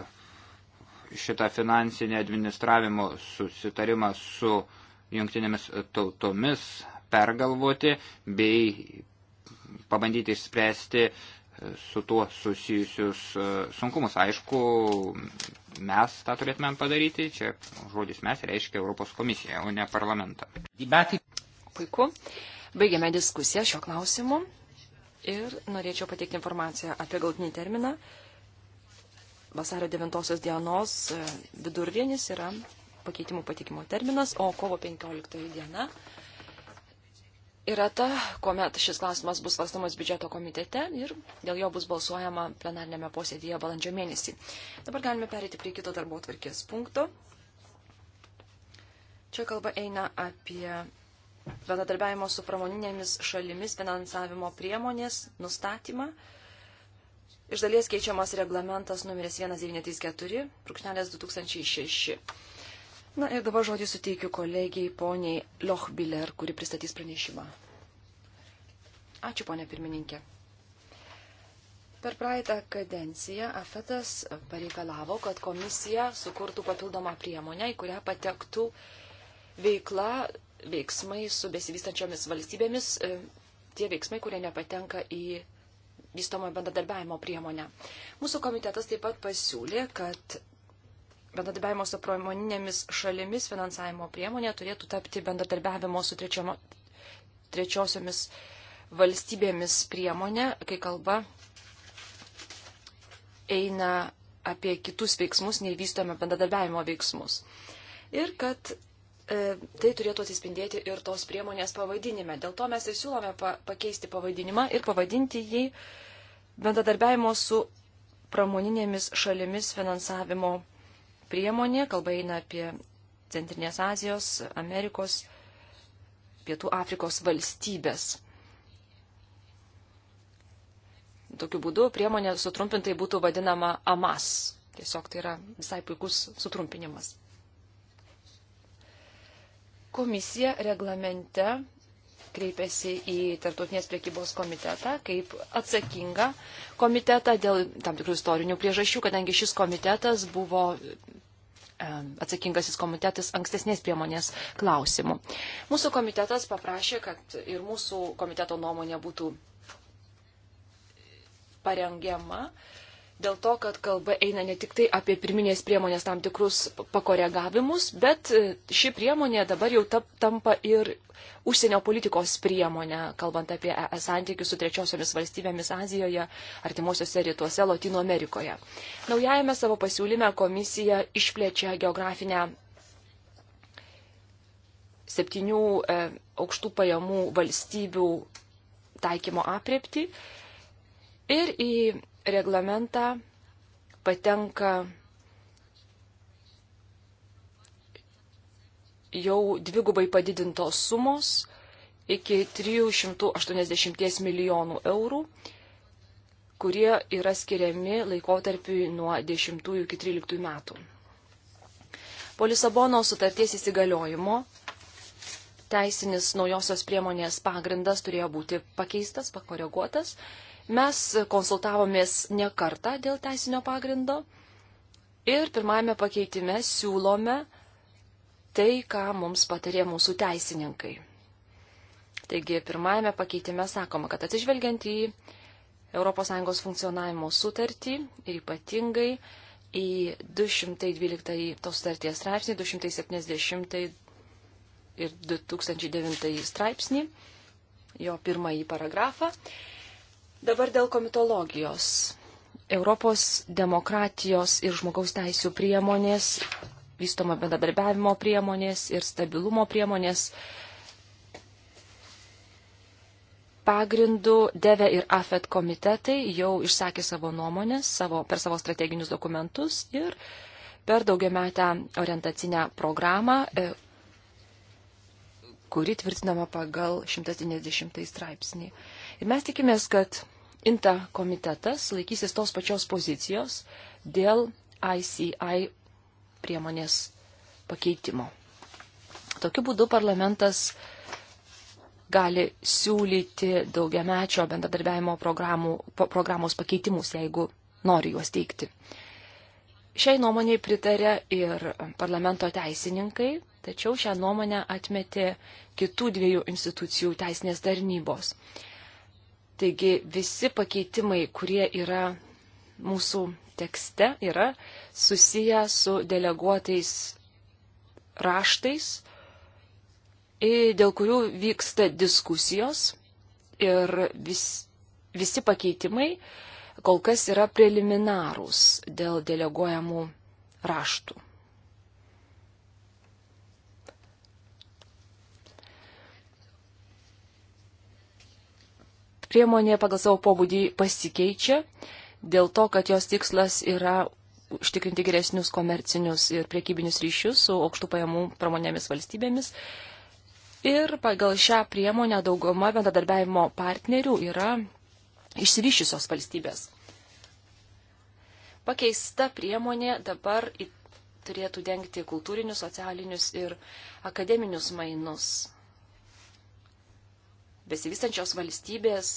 šitą finansinį administravimo susitarimą su jungtinėmis tautomis pergalvoti bei pabandyti išspręsti e, su tuo susijusius e, sunkumus. Aišku, mes tą turėtume padaryti, čia žodis mes reiškia Europos komisiją, o ne parlamentą. Puiku. Baigėme diskusiją šiuo klausimu ir norėčiau pateikti informaciją apie galtinį terminą vasario 9 dienos e, vidurdienis yra pakeitimų patikimo terminas, o kovo 15 diena yra ta, kuomet šis klausimas bus svarstamas biudžeto komitete ir dėl jo bus balsuojama plenarnėme posėdėje balandžio mėnesį. Dabar galime perėti prie kito darbo tvarkės punkto. Čia kalba eina apie bendradarbiavimo su pramoninėmis šalimis finansavimo priemonės nustatymą iš dalies keičiamas reglamentas numeris 1934-2006. Na ir dabar žodį suteikiu kolegijai poniai Lochbiller, kuri pristatys pranešimą. Ačiū, ponė pirmininkė. Per praeitą kadenciją AFETAS pareikalavo, kad komisija sukurtų papildomą priemonę, į kurią patektų veikla, veiksmai su besivystančiomis valstybėmis, e, tie veiksmai, kurie nepatenka į vystomo bendradarbiavimo priemonę. Mūsų komitetas taip pat pasiūlė, kad bendradarbiavimo su pramoninėmis šalimis finansavimo priemonė turėtų tapti bendradarbiavimo su trečiomo, trečiosiomis valstybėmis priemonė, kai kalba eina apie kitus veiksmus, nei vystome bendradarbiavimo veiksmus. Ir kad e, tai turėtų atsispindėti ir tos priemonės pavadinime. Dėl to mes ir siūlome pa pakeisti pavadinimą ir pavadinti jį e, bendradarbiavimo su pramoninėmis šalimis finansavimo priemonė, kalba eina apie Centrinės Azijos, Amerikos, Pietų Afrikos valstybės. Tokiu būdu priemonė sutrumpintai būtų vadinama AMAS. Tiesiog tai yra visai puikus sutrumpinimas. Komisija reglamente kreipėsi į Tartutinės priekybos komitetą kaip atsakingą komitetą dėl tam tikrų istorinių priežasčių, kadangi šis komitetas buvo atsakingasis komitetas ankstesnės priemonės klausimų. Mūsų komitetas paprašė, kad ir mūsų komiteto nuomonė būtų parengiama. Uh, dėl to, kad kalba eina ne tik tai apie pirminės priemonės tam tikrus pakoregavimus, bet e, ši priemonė dabar jau tap, tampa ir užsienio politikos priemonė, kalbant apie ES e santykius su trečiosiomis valstybėmis Azijoje, artimuosiuose rytuose, Latino Amerikoje. Naujajame savo pasiūlyme komisija išplečia geografinę septynių e, aukštų pajamų valstybių taikymo apriepti ir į reglamentą patenka jau dvigubai padidintos sumos iki 380 milijonų eurų, kurie yra skiriami laikotarpiui nuo 10 iki 13 metų. Po Lisabono sutarties įsigaliojimo teisinis naujosios priemonės pagrindas turėjo būti pakeistas, pakoreguotas Mes konsultavomės ne kartą dėl teisinio pagrindo ir pirmajame pakeitime siūlome tai, ką mums patarė mūsų teisininkai. Taigi, pirmajame pakeitime sakoma, kad atsižvelgiant į ES funkcionavimo sutartį ir ypatingai į 212 tos sutarties straipsnį, 270 ir 2009 straipsnį, jo pirmąjį paragrafą, Dabar dėl komitologijos. Europos demokratijos ir žmogaus teisų priemonės, vystoma bendradarbiavimo priemonės ir stabilumo priemonės pagrindu DEVE ir AFET komitetai jau išsakė savo nuomonės savo, per savo strateginius dokumentus ir per daugiametę orientacinę programą, e, kuri tvirtinama pagal 190 straipsnį. Ir mes tikimės, kad INTA komitetas laikysis tos pačios pozicijos dėl ICI priemonės pakeitimo. Tokiu būdu parlamentas gali siūlyti daugiamečio bendradarbiavimo programos pakeitimus, jeigu nori juos teikti. Šiai nuomonėje pritarė ir parlamento teisininkai, tačiau šią nuomonę atmetė kitų dviejų institucijų teisinės tarnybos. Taigi visi pakeitimai, kurie yra mūsų tekste, yra susiję su deleguotais raštais, dėl kurių vyksta diskusijos ir vis, visi pakeitimai kol kas yra preliminarūs dėl deleguojamų raštų. priemonė pagal savo pobūdį pasikeičia dėl to, kad jos tikslas yra užtikrinti geresnius komercinius ir priekybinius ryšius su aukštų pajamų pramonėmis valstybėmis. Ir pagal šią priemonę dauguma bendradarbiavimo partnerių yra išsivyščiusios valstybės. Pakeista priemonė dabar turėtų dengti kultūrinius, socialinius ir akademinius mainus besivystančios valstybės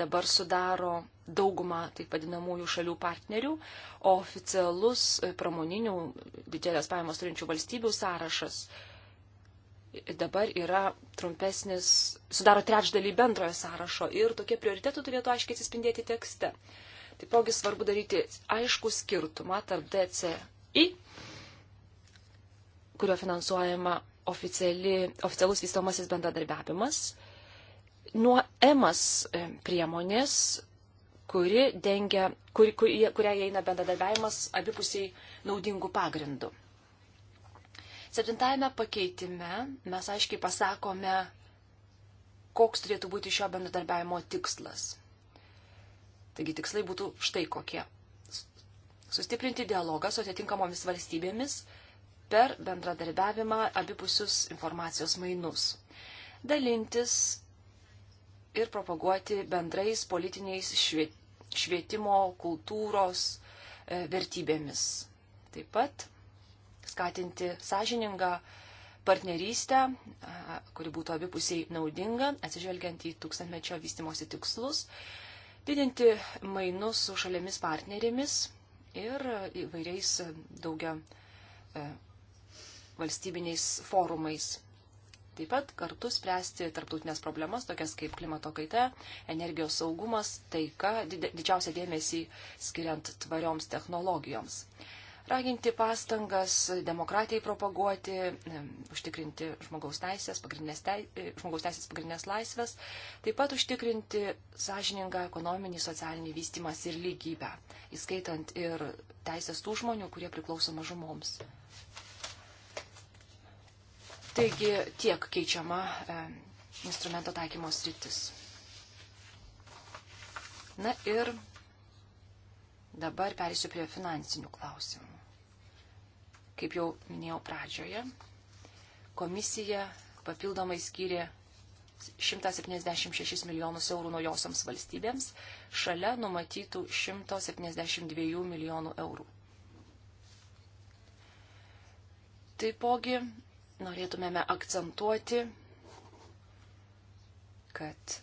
dabar sudaro daugumą taip vadinamųjų šalių partnerių, o oficialus e, pramoninių didelės pajamos turinčių valstybių sąrašas dabar yra trumpesnis, sudaro trečdalį bendrojo sąrašo ir tokie prioritetų turėtų aiškiai atsispindėti tekste. Taipogi svarbu daryti aišku skirtumą tarp DCI, kurio finansuojama oficiali, oficialus vystomasis bendradarbiavimas nuo EMAS e, priemonės, kuri dengia, kur, kur, kuria įeina bendradarbiavimas abipusiai naudingų pagrindų. Septintajame pakeitime mes aiškiai pasakome, koks turėtų būti šio bendradarbiavimo tikslas. Taigi tikslai būtų štai kokie. Sustiprinti dialogą su atitinkamomis valstybėmis per bendradarbiavimą abipusius informacijos mainus. Dalintis ir propaguoti bendrais politiniais švietimo, kultūros e, vertybėmis. Taip pat skatinti sąžiningą partnerystę, kuri būtų abipusiai naudinga, atsižvelgiant į tūkstantmečio vystimosi tikslus, didinti mainus su šalėmis partnerėmis ir įvairiais daugia e, valstybiniais forumais Taip pat kartu spręsti tarptautinės problemas, tokias kaip klimato kaita, energijos saugumas, taika, didžiausia dėmesį skiriant tvarioms technologijoms. Raginti pastangas demokratijai propaguoti, e, užtikrinti žmogaus teisės, pagrindinės, teisės, e, žmogaus teisės pagrindinės laisvės, taip pat užtikrinti sąžiningą ekonominį, socialinį vystimas ir lygybę, įskaitant ir teisės tų žmonių, kurie priklauso mažumoms. Taigi tiek keičiama e, instrumento taikymo sritis. Na ir dabar perėsiu prie finansinių klausimų. Kaip jau minėjau pradžioje, komisija papildomai skyrė 176 milijonus eurų naujosioms valstybėms, šalia numatytų 172 milijonų eurų. Taipogi norėtumėme akcentuoti, kad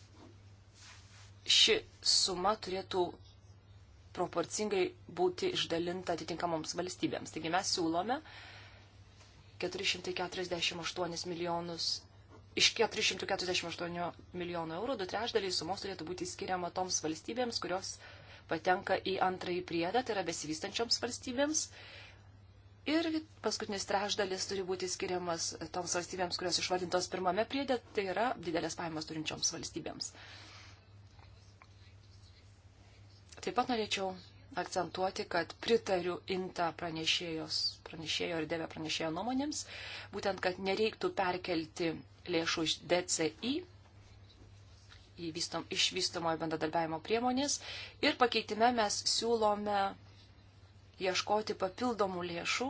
ši suma turėtų proporcingai būti išdalinta atitinkamoms valstybėms. Taigi mes siūlome 448 milijonus. Iš 448 milijonų eurų du trešdaliai sumos turėtų būti skiriama toms valstybėms, kurios patenka į antrąjį priedą, tai yra besivystančioms valstybėms. Ir paskutinis trešdalis turi būti skiriamas toms valstybėms, kurios išvadintos pirmame priedė, tai yra didelės pajamas turinčioms valstybėms. Taip pat norėčiau akcentuoti, kad pritariu INTA pranešėjos, pranešėjo ir dėvė pranešėjo nuomonėms, būtent, kad nereiktų perkelti lėšų iš DCI vystom, iš vystomojo bendradarbiavimo priemonės ir pakeitime mes siūlome ieškoti papildomų lėšų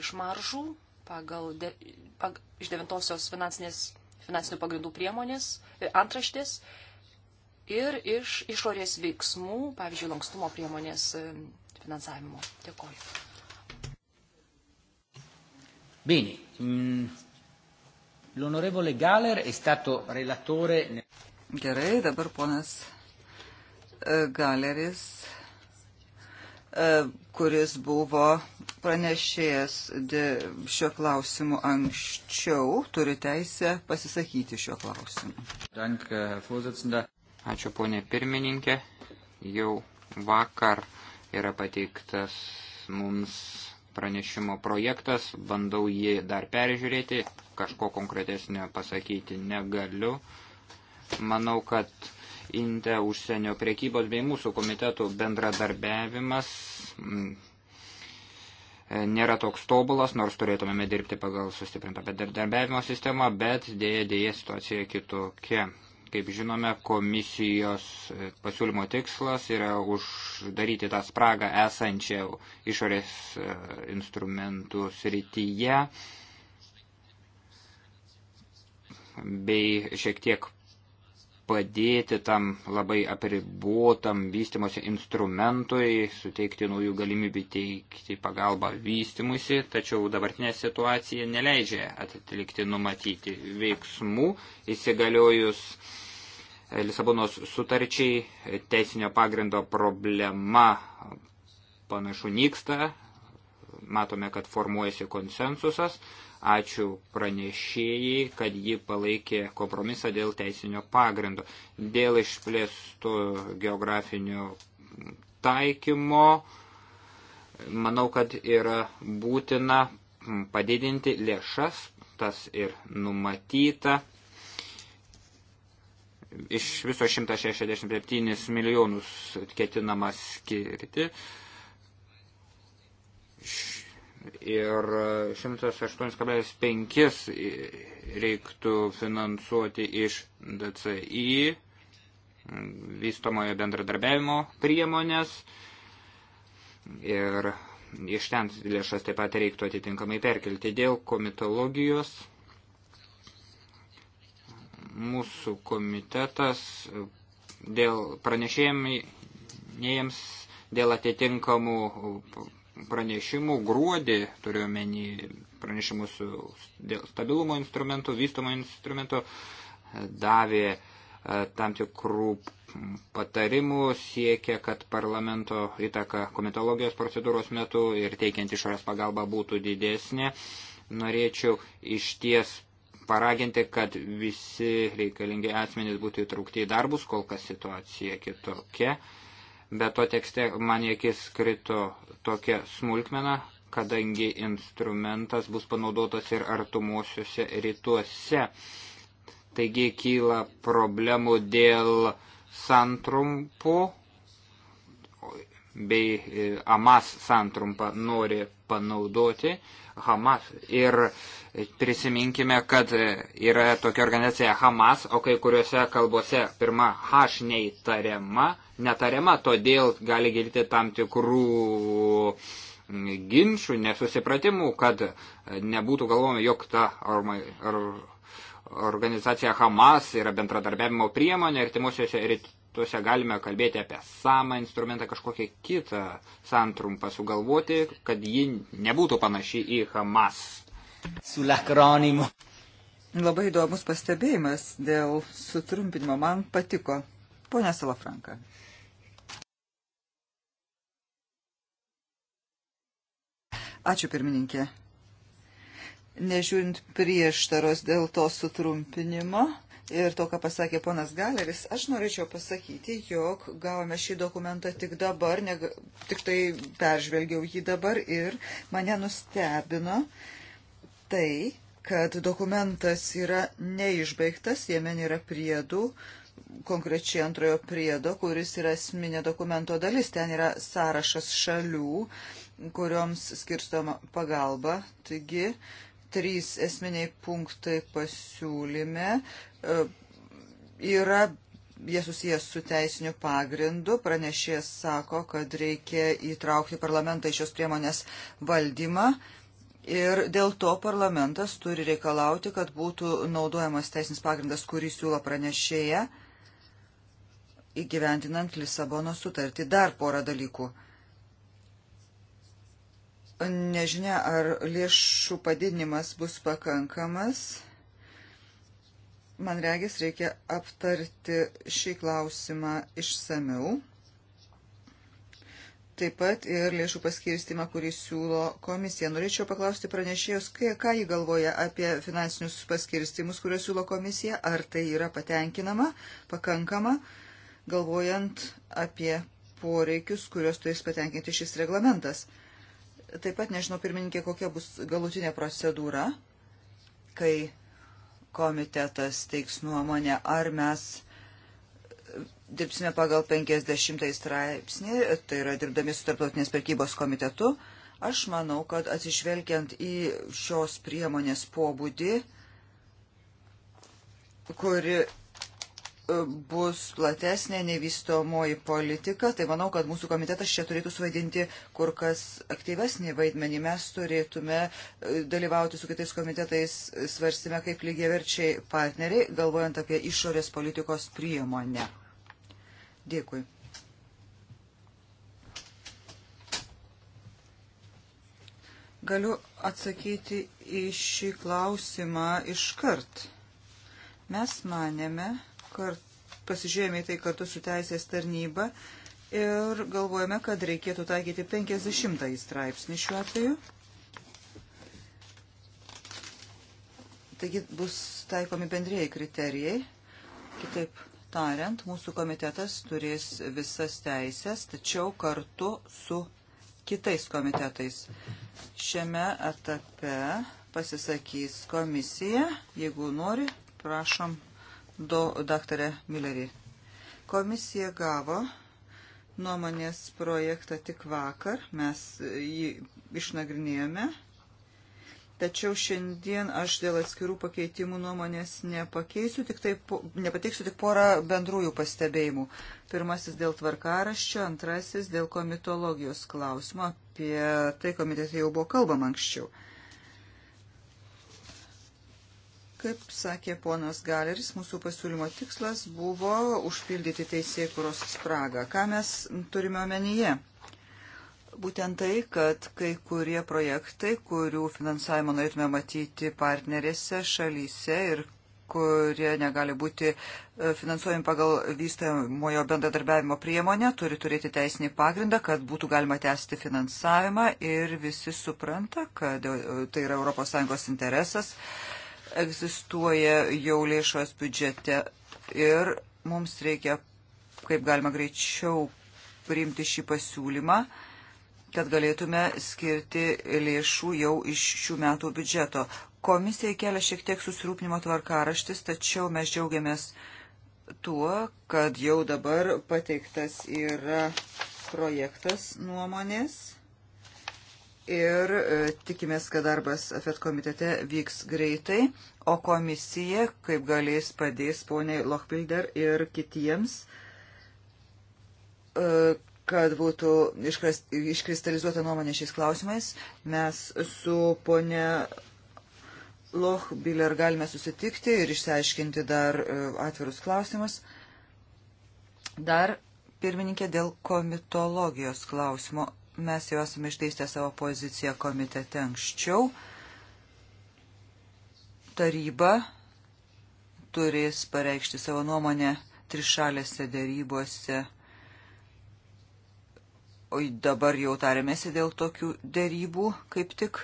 iš maržų pagal de, pag, iš devintosios finansinių pagrindų priemonės, e, antraštės ir iš išorės veiksmų, pavyzdžiui, lankstumo priemonės e, finansavimo. Dėkoju. Bene. Mm. L'onorevole Galer è stato relatore. Gerai, dabar ponas e, Galeris E, kuris buvo pranešėjęs šiuo klausimu anksčiau, turi teisę pasisakyti šiuo klausimu. E, Ačiū ponė pirmininkė. Jau vakar yra pateiktas mums pranešimo projektas, bandau jį dar peržiūrėti, kažko konkretesnio pasakyti negaliu. Manau, kad Inte užsienio priekybos bei mūsų komitetų bendradarbiavimas mm, e, nėra toks tobulas, nors turėtumėme dirbti pagal sustiprintą bendradarbiavimo sistemą, bet dėja dėja situacija kitokia. Kaip žinome, komisijos e, pasiūlymo tikslas yra uždaryti tą spragą esančią išorės e, instrumentų srityje bei šiek tiek padėti tam labai apribuotam vystimosi instrumentui, suteikti naujų galimybių teikti pagalbą vystimusi, tačiau dabartinė situacija neleidžia atlikti numatyti veiksmų įsigaliojus Lisabonos sutarčiai teisinio pagrindo problema panašu nyksta, matome, kad formuojasi konsensusas. Ačiū pranešėjai, kad ji palaikė kompromisą dėl teisinio pagrindo. Dėl išplėstų geografinių taikymo, manau, kad yra būtina padidinti lėšas, tas ir numatyta. Iš viso 167 milijonus ketinama skirti ir 108,5 reiktų finansuoti iš DCI vystomojo bendradarbiavimo priemonės ir iš ten lėšas taip pat reiktų atitinkamai perkelti dėl komitologijos. Mūsų komitetas dėl pranešėjams dėl atitinkamų pranešimų gruodį, turiu menį pranešimus dėl stabilumo instrumento, vystomo instrumento, davė e, tam tikrų patarimų, siekia, kad parlamento įtaka komitologijos procedūros metu ir teikiant išorės pagalbą būtų didesnė. Norėčiau iš ties paraginti, kad visi reikalingi asmenys būtų įtraukti į darbus, kol kas situacija kitokia bet to tekste man akis krito tokia smulkmena, kadangi instrumentas bus panaudotas ir artumuosiuose rytuose. Taigi kyla problemų dėl santrumpų bei e, Hamas santrumpą nori panaudoti. Hamas. Ir prisiminkime, kad e, yra tokia organizacija Hamas, o kai kuriuose kalbose pirma H neįtariama, netariama, todėl gali gilti tam tikrų ginčių, nesusipratimų, kad nebūtų galvojama, jog ta ar, ar, organizacija Hamas yra bendradarbiavimo priemonė, artimuosiuose rytuose galime kalbėti apie samą instrumentą, kažkokią kitą santrumpą sugalvoti, kad ji nebūtų panaši į Hamas. Sulakronimo. Labai įdomus pastebėjimas dėl sutrumpinimo man patiko. Pone Salafranka. Ačiū pirmininkė. Nežiūrint prieštaros dėl to sutrumpinimo ir to, ką pasakė ponas Galeris, aš norėčiau pasakyti, jog gavome šį dokumentą tik dabar, ne, tik tai peržvelgiau jį dabar ir mane nustebino tai, kad dokumentas yra neišbaigtas, jame nėra priedų, konkrečiai antrojo priedo, kuris yra esminė dokumento dalis. Ten yra sąrašas šalių, kurioms skirstoma pagalba. Taigi, trys esminiai punktai pasiūlyme e, yra jie susijęs su teisiniu pagrindu. Pranešėjas sako, kad reikia įtraukti parlamentą į šios priemonės valdymą. Ir dėl to parlamentas turi reikalauti, kad būtų naudojamas teisinis pagrindas, kurį siūlo pranešėja, įgyvendinant Lisabono sutartį. Dar porą dalykų. Nežinia, ar lėšų padidinimas bus pakankamas. Man regis, reikia aptarti šį klausimą išsameu. Taip pat ir lėšų paskirstimą, kurį siūlo komisija. Norėčiau paklausti pranešėjus, ką jį galvoja apie finansinius paskirstimus, kuriuos siūlo komisija, ar tai yra patenkinama, pakankama, galvojant apie poreikius, kuriuos turės patenkinti šis reglamentas. Taip pat nežinau, pirmininkė, kokia bus galutinė procedūra, kai komitetas teiks nuomonę, ar mes dirbsime pagal 50 straipsnį, tai yra dirbdami su tarptautinės prekybos komitetu. Aš manau, kad atsižvelgiant į šios priemonės pobūdį, kuri bus platesnė nevystomoji politika, tai manau, kad mūsų komitetas čia turėtų suvaidinti kur kas aktyvesnį vaidmenį. Mes turėtume e, dalyvauti su kitais komitetais, e, svarstime kaip lygiaverčiai partneriai, galvojant apie išorės politikos priemonę. Dėkui. Galiu atsakyti į šį klausimą iškart. Mes manėme, kart, pasižiūrėjome į tai kartu su teisės tarnyba ir galvojame, kad reikėtų taikyti 50 straipsnį šiuo atveju. Taigi bus taikomi bendrėjai kriterijai. Kitaip tariant, mūsų komitetas turės visas teisės, tačiau kartu su kitais komitetais. Šiame etape pasisakys komisija, jeigu nori, prašom do, daktarė Millerį. Komisija gavo nuomonės projektą tik vakar, mes e, jį išnagrinėjome, tačiau šiandien aš dėl atskirų pakeitimų nuomonės nepakeisiu, tik tai, nepateiksiu tik porą bendrųjų pastebėjimų. Pirmasis dėl tvarkaraščio, antrasis dėl komitologijos klausimo, apie tai komitete jau buvo kalbama anksčiau. Kaip sakė ponas Galeris, mūsų pasiūlymo tikslas buvo užpildyti teisėkuros spragą. Ką mes turime omenyje? Būtent tai, kad kai kurie projektai, kurių finansavimą norėtume matyti partnerėse, šalyse ir kurie negali būti e, finansuojami pagal vystojamojo bendradarbiavimo priemonę, turi turėti teisinį pagrindą, kad būtų galima tęsti finansavimą ir visi supranta, kad e, tai yra ES interesas egzistuoja jau lėšos biudžete ir mums reikia kaip galima greičiau priimti šį pasiūlymą, kad galėtume skirti lėšų jau iš šių metų biudžeto. Komisija kelia šiek tiek susirūpnimo tvarkaraštis, tačiau mes džiaugiamės tuo, kad jau dabar pateiktas yra projektas nuomonės ir e, tikimės, kad darbas FED komitete vyks greitai, o komisija, kaip galės, padės poniai Lochbilder ir kitiems, e, kad būtų iškristalizuota nuomonė šiais klausimais. Mes su ponia Lochbilder galime susitikti ir išsiaiškinti dar e, atvirus klausimus. Dar pirmininkė dėl komitologijos klausimo mes jau esame išteistę savo poziciją komitete anksčiau. Taryba turės pareikšti savo nuomonę trišalėse dėrybose. O dabar jau tarėmėsi dėl tokių dėrybų, kaip tik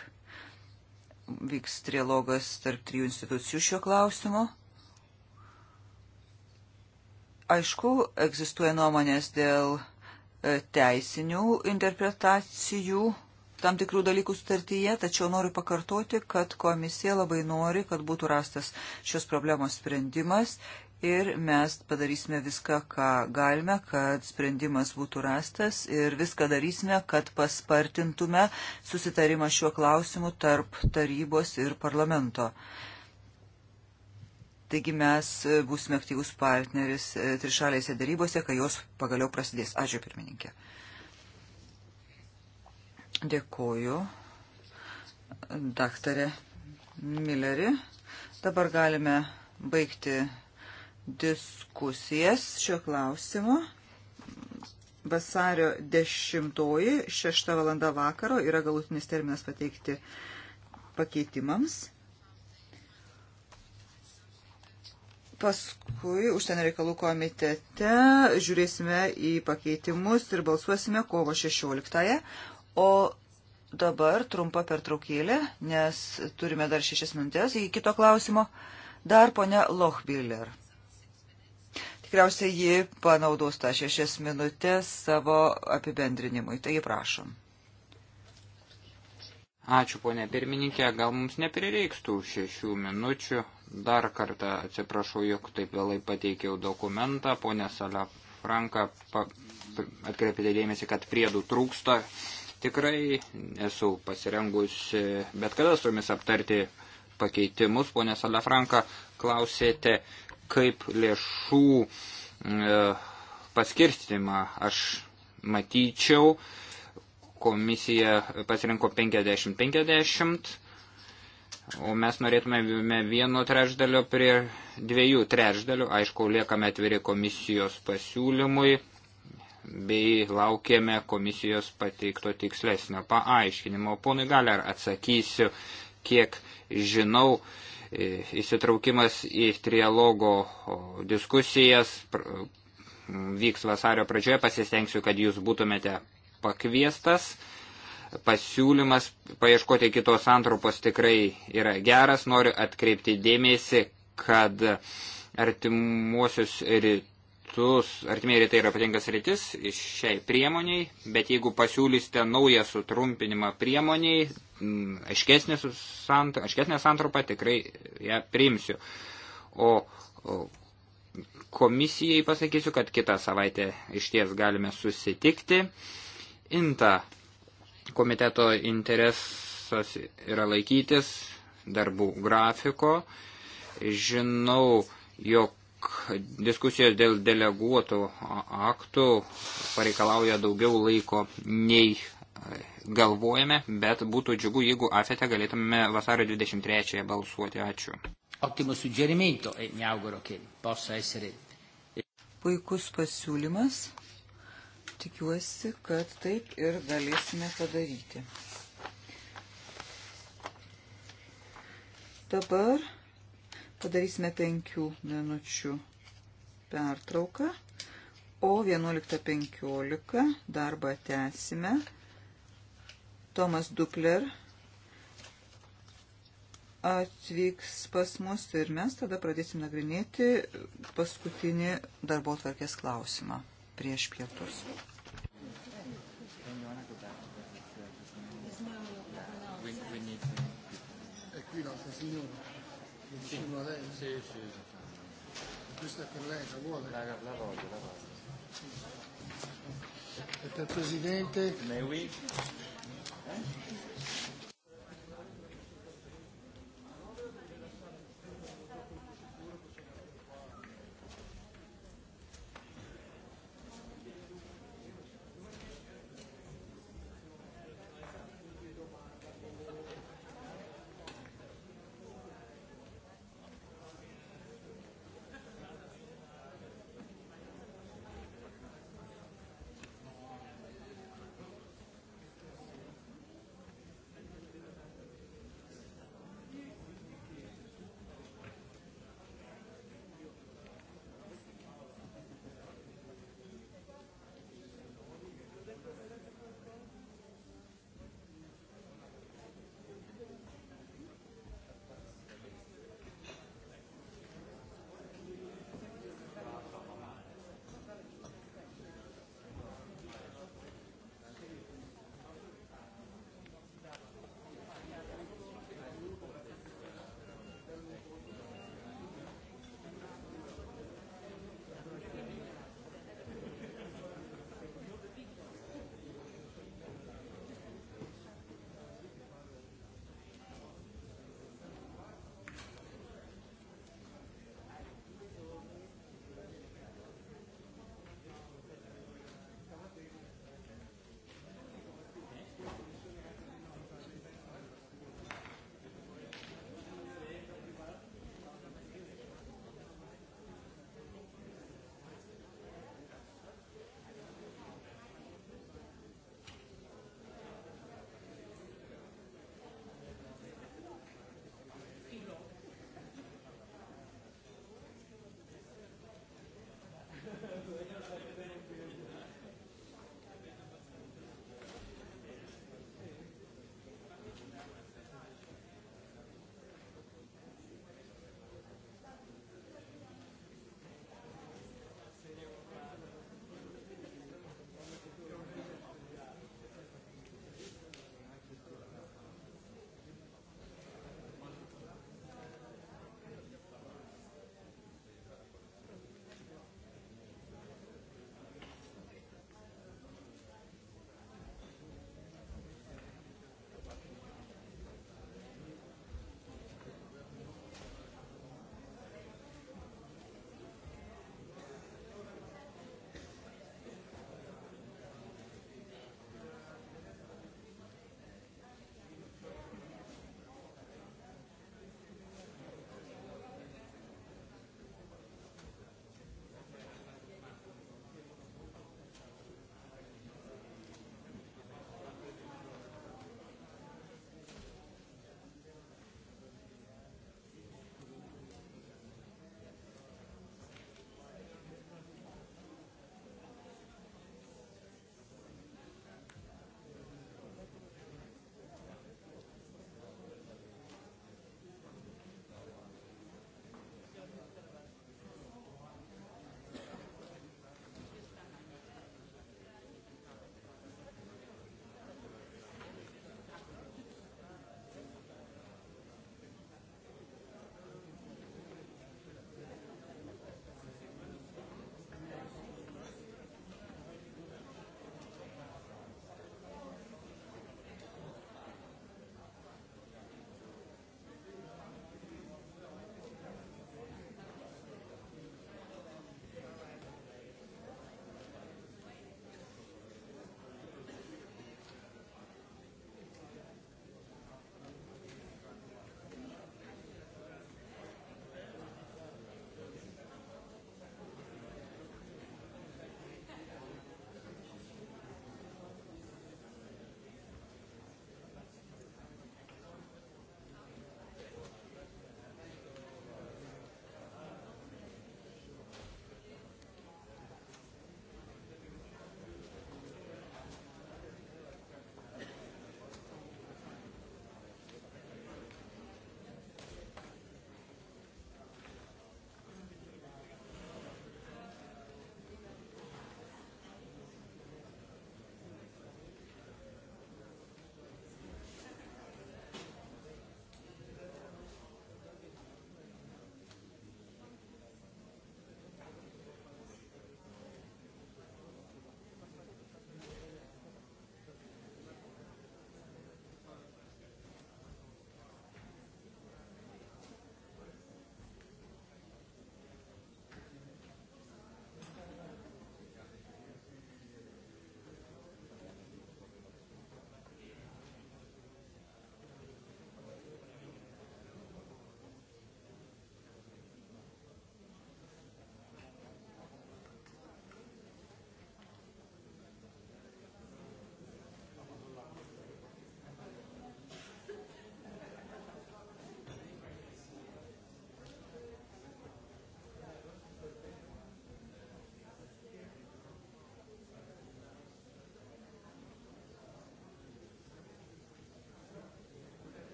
vyks trilogas tarp trijų institucijų šio klausimo. Aišku, egzistuoja nuomonės dėl E, teisinių interpretacijų tam tikrų dalykų sutartyje, tačiau noriu pakartoti, kad komisija labai nori, kad būtų rastas šios problemos sprendimas ir mes padarysime viską, ką galime, kad sprendimas būtų rastas ir viską darysime, kad paspartintume susitarimą šiuo klausimu tarp tarybos ir parlamento. Taigi mes e, būsime aktyvus partneris e, trišalėse darybose, kai jos pagaliau prasidės. Ačiū pirmininkė. Dėkuoju, daktarė Milleri. Dabar galime baigti diskusijas šio klausimo. Vasario 10, 6 val. vakaro yra galutinis terminas pateikti pakeitimams. Paskui užsienio reikalų komitete žiūrėsime į pakeitimus ir balsuosime kovo 16. O dabar trumpa pertraukėlė, nes turime dar šešias minutės iki kito klausimo. Dar ponia Lochbiller. Tikriausiai ji panaudos tą šešias minutės savo apibendrinimui. Taigi prašom. Ačiū, ponė pirmininkė, gal mums neprireikstų šešių minučių. Dar kartą atsiprašau, jog taip vėlai pateikiau dokumentą. Ponė Salia Franka, pa, atkreipite dėmesį, kad priedų trūksta. Tikrai esu pasirengusi bet kada su jumis aptarti pakeitimus. Ponė Salia Franka, klausėte, kaip lėšų e, paskirstimą aš matyčiau. E, komisija pasirinko 50-50, o mes norėtume vieno trečdalio prie dviejų trečdalių. Aišku, liekame atviri komisijos pasiūlymui bei laukėme komisijos pateikto tikslesnio paaiškinimo. Ponui Galer atsakysiu, kiek žinau, e, įsitraukimas į trialogo diskusijas vyks vasario pradžioje, pasistengsiu, kad jūs būtumėte pakviestas. Pasiūlymas paieškoti kitos santrupos tikrai yra geras. Noriu atkreipti dėmesį, kad artimuosius rytus, artimiai rytai yra patinkas rytis šiai priemoniai, bet jeigu pasiūlysite naują sutrumpinimą priemoniai, aiškesnė, sant, aiškesnė santrupa, tikrai ją priimsiu. O, o komisijai pasakysiu, kad kitą savaitę iš ties galime susitikti. Inta komiteto interesas yra laikytis darbų grafiko. Žinau, jog diskusijos dėl deleguotų aktų pareikalauja daugiau laiko nei e, galvojame, bet būtų džiugu, jeigu afete galėtume vasario 23 balsuoti. Ačiū. E Puikus pasiūlymas. Tikiuosi, kad taip ir galėsime padaryti. Dabar padarysime penkių minučių pertrauką, o 11.15 darbą tęsime. Tomas Dupler atvyks pas mus ir mes tada pradėsim nagrinėti paskutinį darbo tvarkės klausimą prieš pietus. We, we need... E qui l'altra signora, vicino a lei. Sì, sì. Questa è per lei, la vuole? La, la voglio, la voglio. Sì. Per il Presidente. May we? Eh?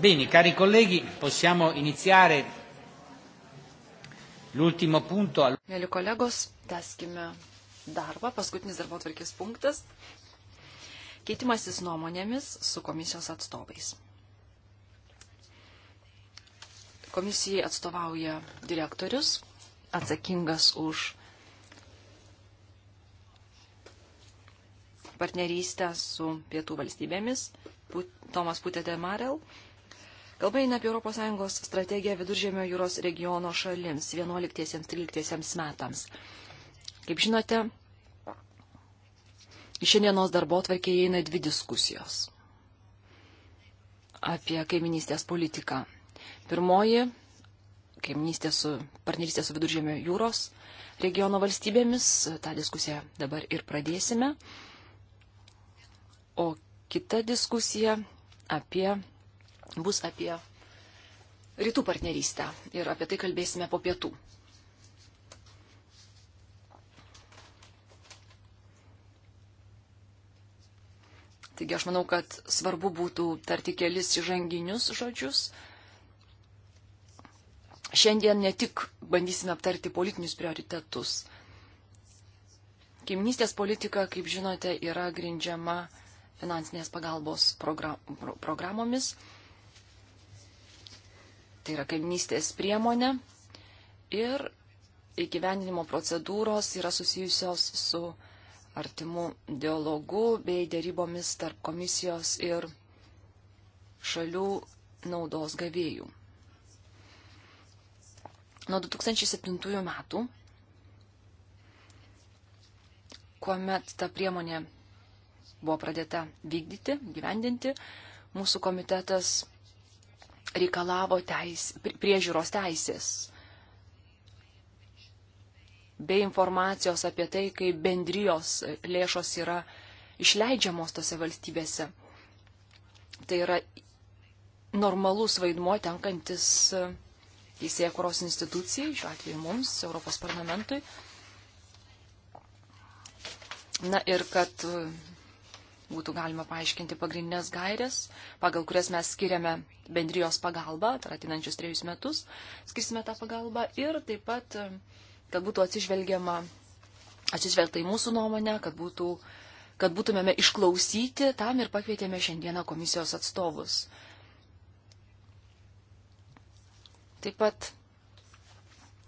Bene, cari colleghi, possiamo iniziare l'ultimo punto. Mėly kolegos, teskime darbą. Paskutinis darbo tvarkės punktas. Keitimasis nuomonėmis su komisijos atstovais. Komisijai atstovauja direktorius, atsakingas už partnerystę su pietų valstybėmis, Tomas Putė de Marel Kalba eina apie ES strategiją viduržėmio jūros regiono šalims 11-13 metams. Kaip žinote, į šiandienos darbo tvarkė įeina dvi diskusijos apie kaiminystės politiką. Pirmoji - kaiminystė su partnerystė su viduržėmio jūros regiono valstybėmis. Ta diskusija dabar ir pradėsime. O kita diskusija apie bus apie rytų partnerystę ir apie tai kalbėsime po pietų. Taigi aš manau, kad svarbu būtų tarti kelis įžanginius žodžius. Šiandien ne tik bandysime aptarti politinius prioritetus. Kaiminystės politika, kaip žinote, yra grindžiama finansinės pagalbos program, programomis. Program tai yra kaimynystės priemonė ir įgyvendinimo procedūros yra susijusios su artimu dialogu bei dėrybomis tarp komisijos ir šalių naudos gavėjų. Nuo 2007 metų, kuomet ta priemonė buvo pradėta vykdyti, gyvendinti, mūsų komitetas reikalavo teis, priežiūros teisės bei informacijos apie tai, kaip bendrijos lėšos yra išleidžiamos tose valstybėse. Tai yra normalus vaidmuo tenkantis teisėkuros institucijai, šiuo atveju mums, Europos parlamentui. Na ir kad būtų galima paaiškinti pagrindinės gairės, pagal kurias mes skiriame bendrijos pagalbą, tai atinančius trejus metus skirsime tą pagalbą ir taip pat, e, kad būtų atsižvelgiama, atsižvelgta į mūsų nuomonę, kad, būtų, kad būtumėme išklausyti, tam ir pakvietėme šiandieną komisijos atstovus. Taip pat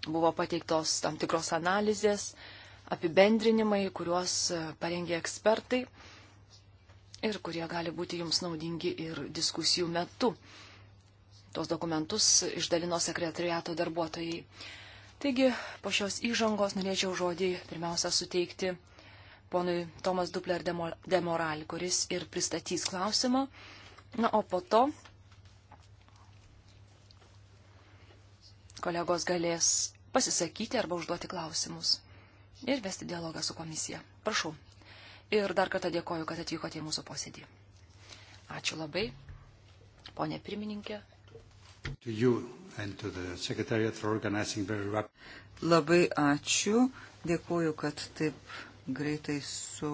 buvo pateiktos tam tikros analizės, apibendrinimai, kuriuos e, parengė ekspertai ir kurie gali būti jums naudingi ir diskusijų metu. Tuos dokumentus išdalino sekretariato darbuotojai. Taigi, po šios įžangos norėčiau žodį pirmiausia suteikti ponui Tomas Dupler de Moral, kuris ir pristatys klausimą. Na, o po to kolegos galės pasisakyti arba užduoti klausimus ir vesti dialogą su komisija. Prašau, ir dar kartą dėkoju, kad atvykote į mūsų posėdį. Ačiū labai, ponė pirmininkė. Labai ačiū, dėkoju, kad taip greitai su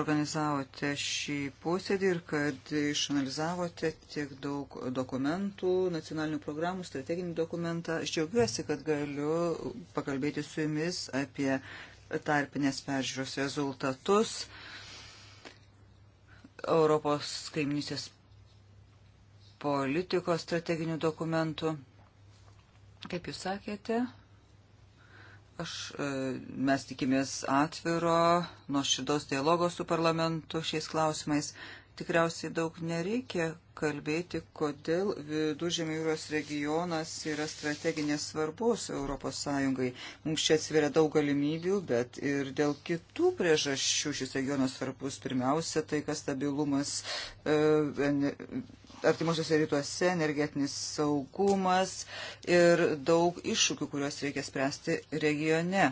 organizavote šį posėdį ir kad išanalizavote tiek daug dokumentų, nacionalinių programų, strateginį dokumentą. Aš džiaugiuosi, kad galiu pakalbėti su jumis apie tarpinės peržiūros rezultatus. Europos kaiminysės politikos strateginių dokumentų. Kaip jūs sakėte, aš, e, mes tikimės atviro, nuošidos dialogo su parlamentu šiais klausimais tikriausiai daug nereikia kalbėti, kodėl Viduržėmio jūros regionas yra strateginės svarbos ES. Mums čia atsveria daug galimybių, bet ir dėl kitų priežasčių šis regionas svarbus. Pirmiausia, tai kas stabilumas e, artimuosiuose rytuose, energetinis saugumas ir daug iššūkių, kuriuos reikia spręsti regione.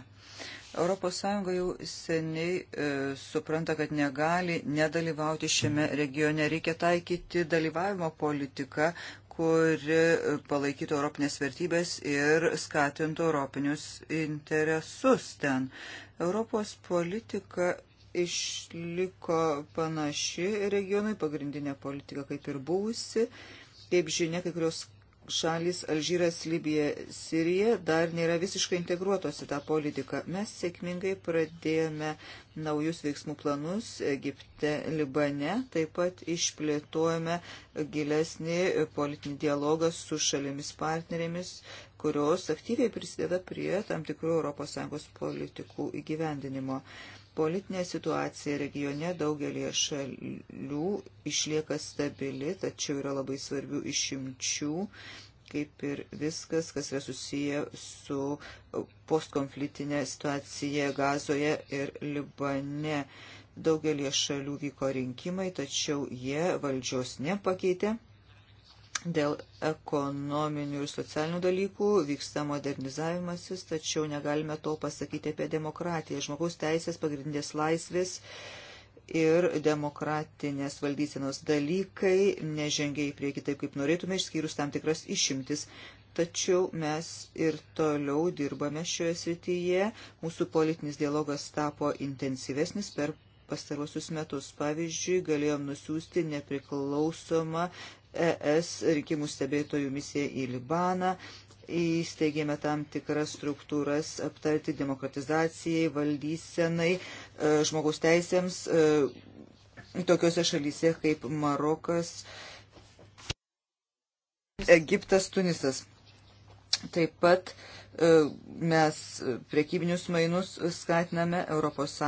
ES jau seniai e, supranta, kad negali nedalyvauti šiame regione. Reikia taikyti dalyvavimo politiką, kuri e, palaikytų europinės vertybės ir skatintų europinius interesus ten. Europos politika išliko panaši regionui, pagrindinė politika kaip ir buvusi. Kaip žinia, kai kurios šalis Alžyras, Libija, Sirija dar nėra visiškai integruotos į tą politiką. Mes sėkmingai pradėjome naujus veiksmų planus Egipte, Libane, taip pat išplėtojame gilesnį politinį dialogą su šalimis partnerėmis, kurios aktyviai prisideda prie tam tikrų ES politikų įgyvendinimo. Politinė situacija regione daugelie šalių išlieka stabili, tačiau yra labai svarbių išimčių, kaip ir viskas, kas yra susiję su postkonfliktinė situacija Gazoje ir Libane. Daugelie šalių vyko rinkimai, tačiau jie valdžios nepakeitė. Dėl ekonominių ir socialinių dalykų vyksta modernizavimasis, tačiau negalime to pasakyti apie demokratiją. Žmogaus teisės, pagrindinės laisvės ir demokratinės valdysenos dalykai nežengia į priekį taip, kaip norėtume, išskyrus tam tikras išimtis. Tačiau mes ir toliau dirbame šioje srityje. Mūsų politinis dialogas tapo intensyvesnis per pastarosius metus. Pavyzdžiui, galėjom nusiųsti nepriklausomą ES rinkimų stebėtojų misiją į Libaną. Įsteigėme tam tikras struktūras aptarti demokratizacijai, valdysenai, e, žmogaus teisėms e, tokiuose šalyse kaip Marokas, Egiptas, Tunisas. Taip pat e, mes priekybinius mainus skatiname, ES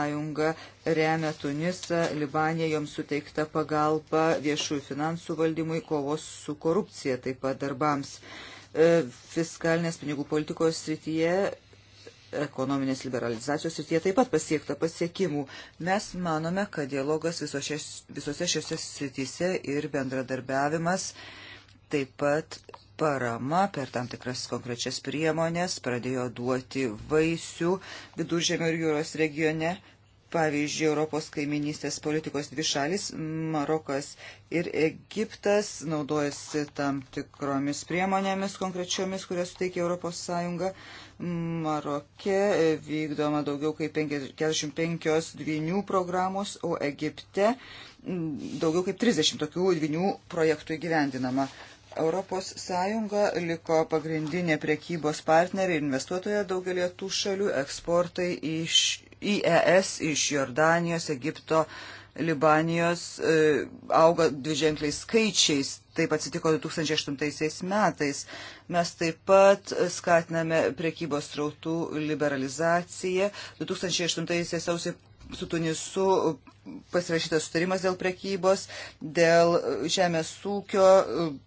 remia Tunisą, Libanė joms suteikta pagalba viešųjų finansų valdymui, kovos su korupcija taip pat darbams. E, fiskalinės pinigų politikos srityje ekonominės liberalizacijos ir tie taip pat pasiekta pasiekimų. Mes manome, kad dialogas visose šiose srityse ir bendradarbiavimas taip pat parama per tam tikras konkrečias priemonės pradėjo duoti vaisių viduržėmio ir jūros regione. Pavyzdžiui, Europos kaiminystės politikos dvi šalis - Marokas ir Egiptas - naudojasi tam tikromis priemonėmis konkrečiomis, kurias suteikia Europos Sąjunga. Maroke vykdoma daugiau kaip 45 dvinių programos, o Egipte daugiau kaip 30 tokių dvinių projektų įgyvendinama. Europos Sąjunga liko pagrindinė priekybos partnerė ir investuotoja daugelio tų šalių eksportai iš į ES iš Jordanijos, Egipto, Libanijos e, auga dviženkliais skaičiais. Taip atsitiko 2008 metais. Mes taip pat skatiname priekybos trautų liberalizaciją. 2008 sausio su Tunisu pasirašytas sutarimas dėl prekybos, dėl žemės ūkio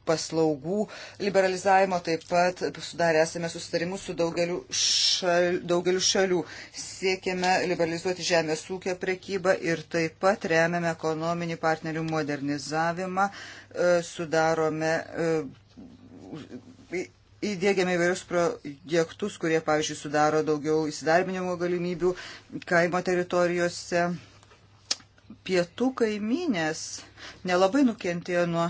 paslaugų liberalizavimo, taip pat sudarę esame susitarimus su daugeliu, šal, daugeliu šalių. Siekėme liberalizuoti žemės ūkio prekybą ir taip pat remiame ekonominį partnerių modernizavimą, e, sudarome e, įdėgiame įvairius projektus, kurie, pavyzdžiui, sudaro daugiau įsidarbinimo galimybių kaimo teritorijose. Pietų kaiminės nelabai nukentėjo nuo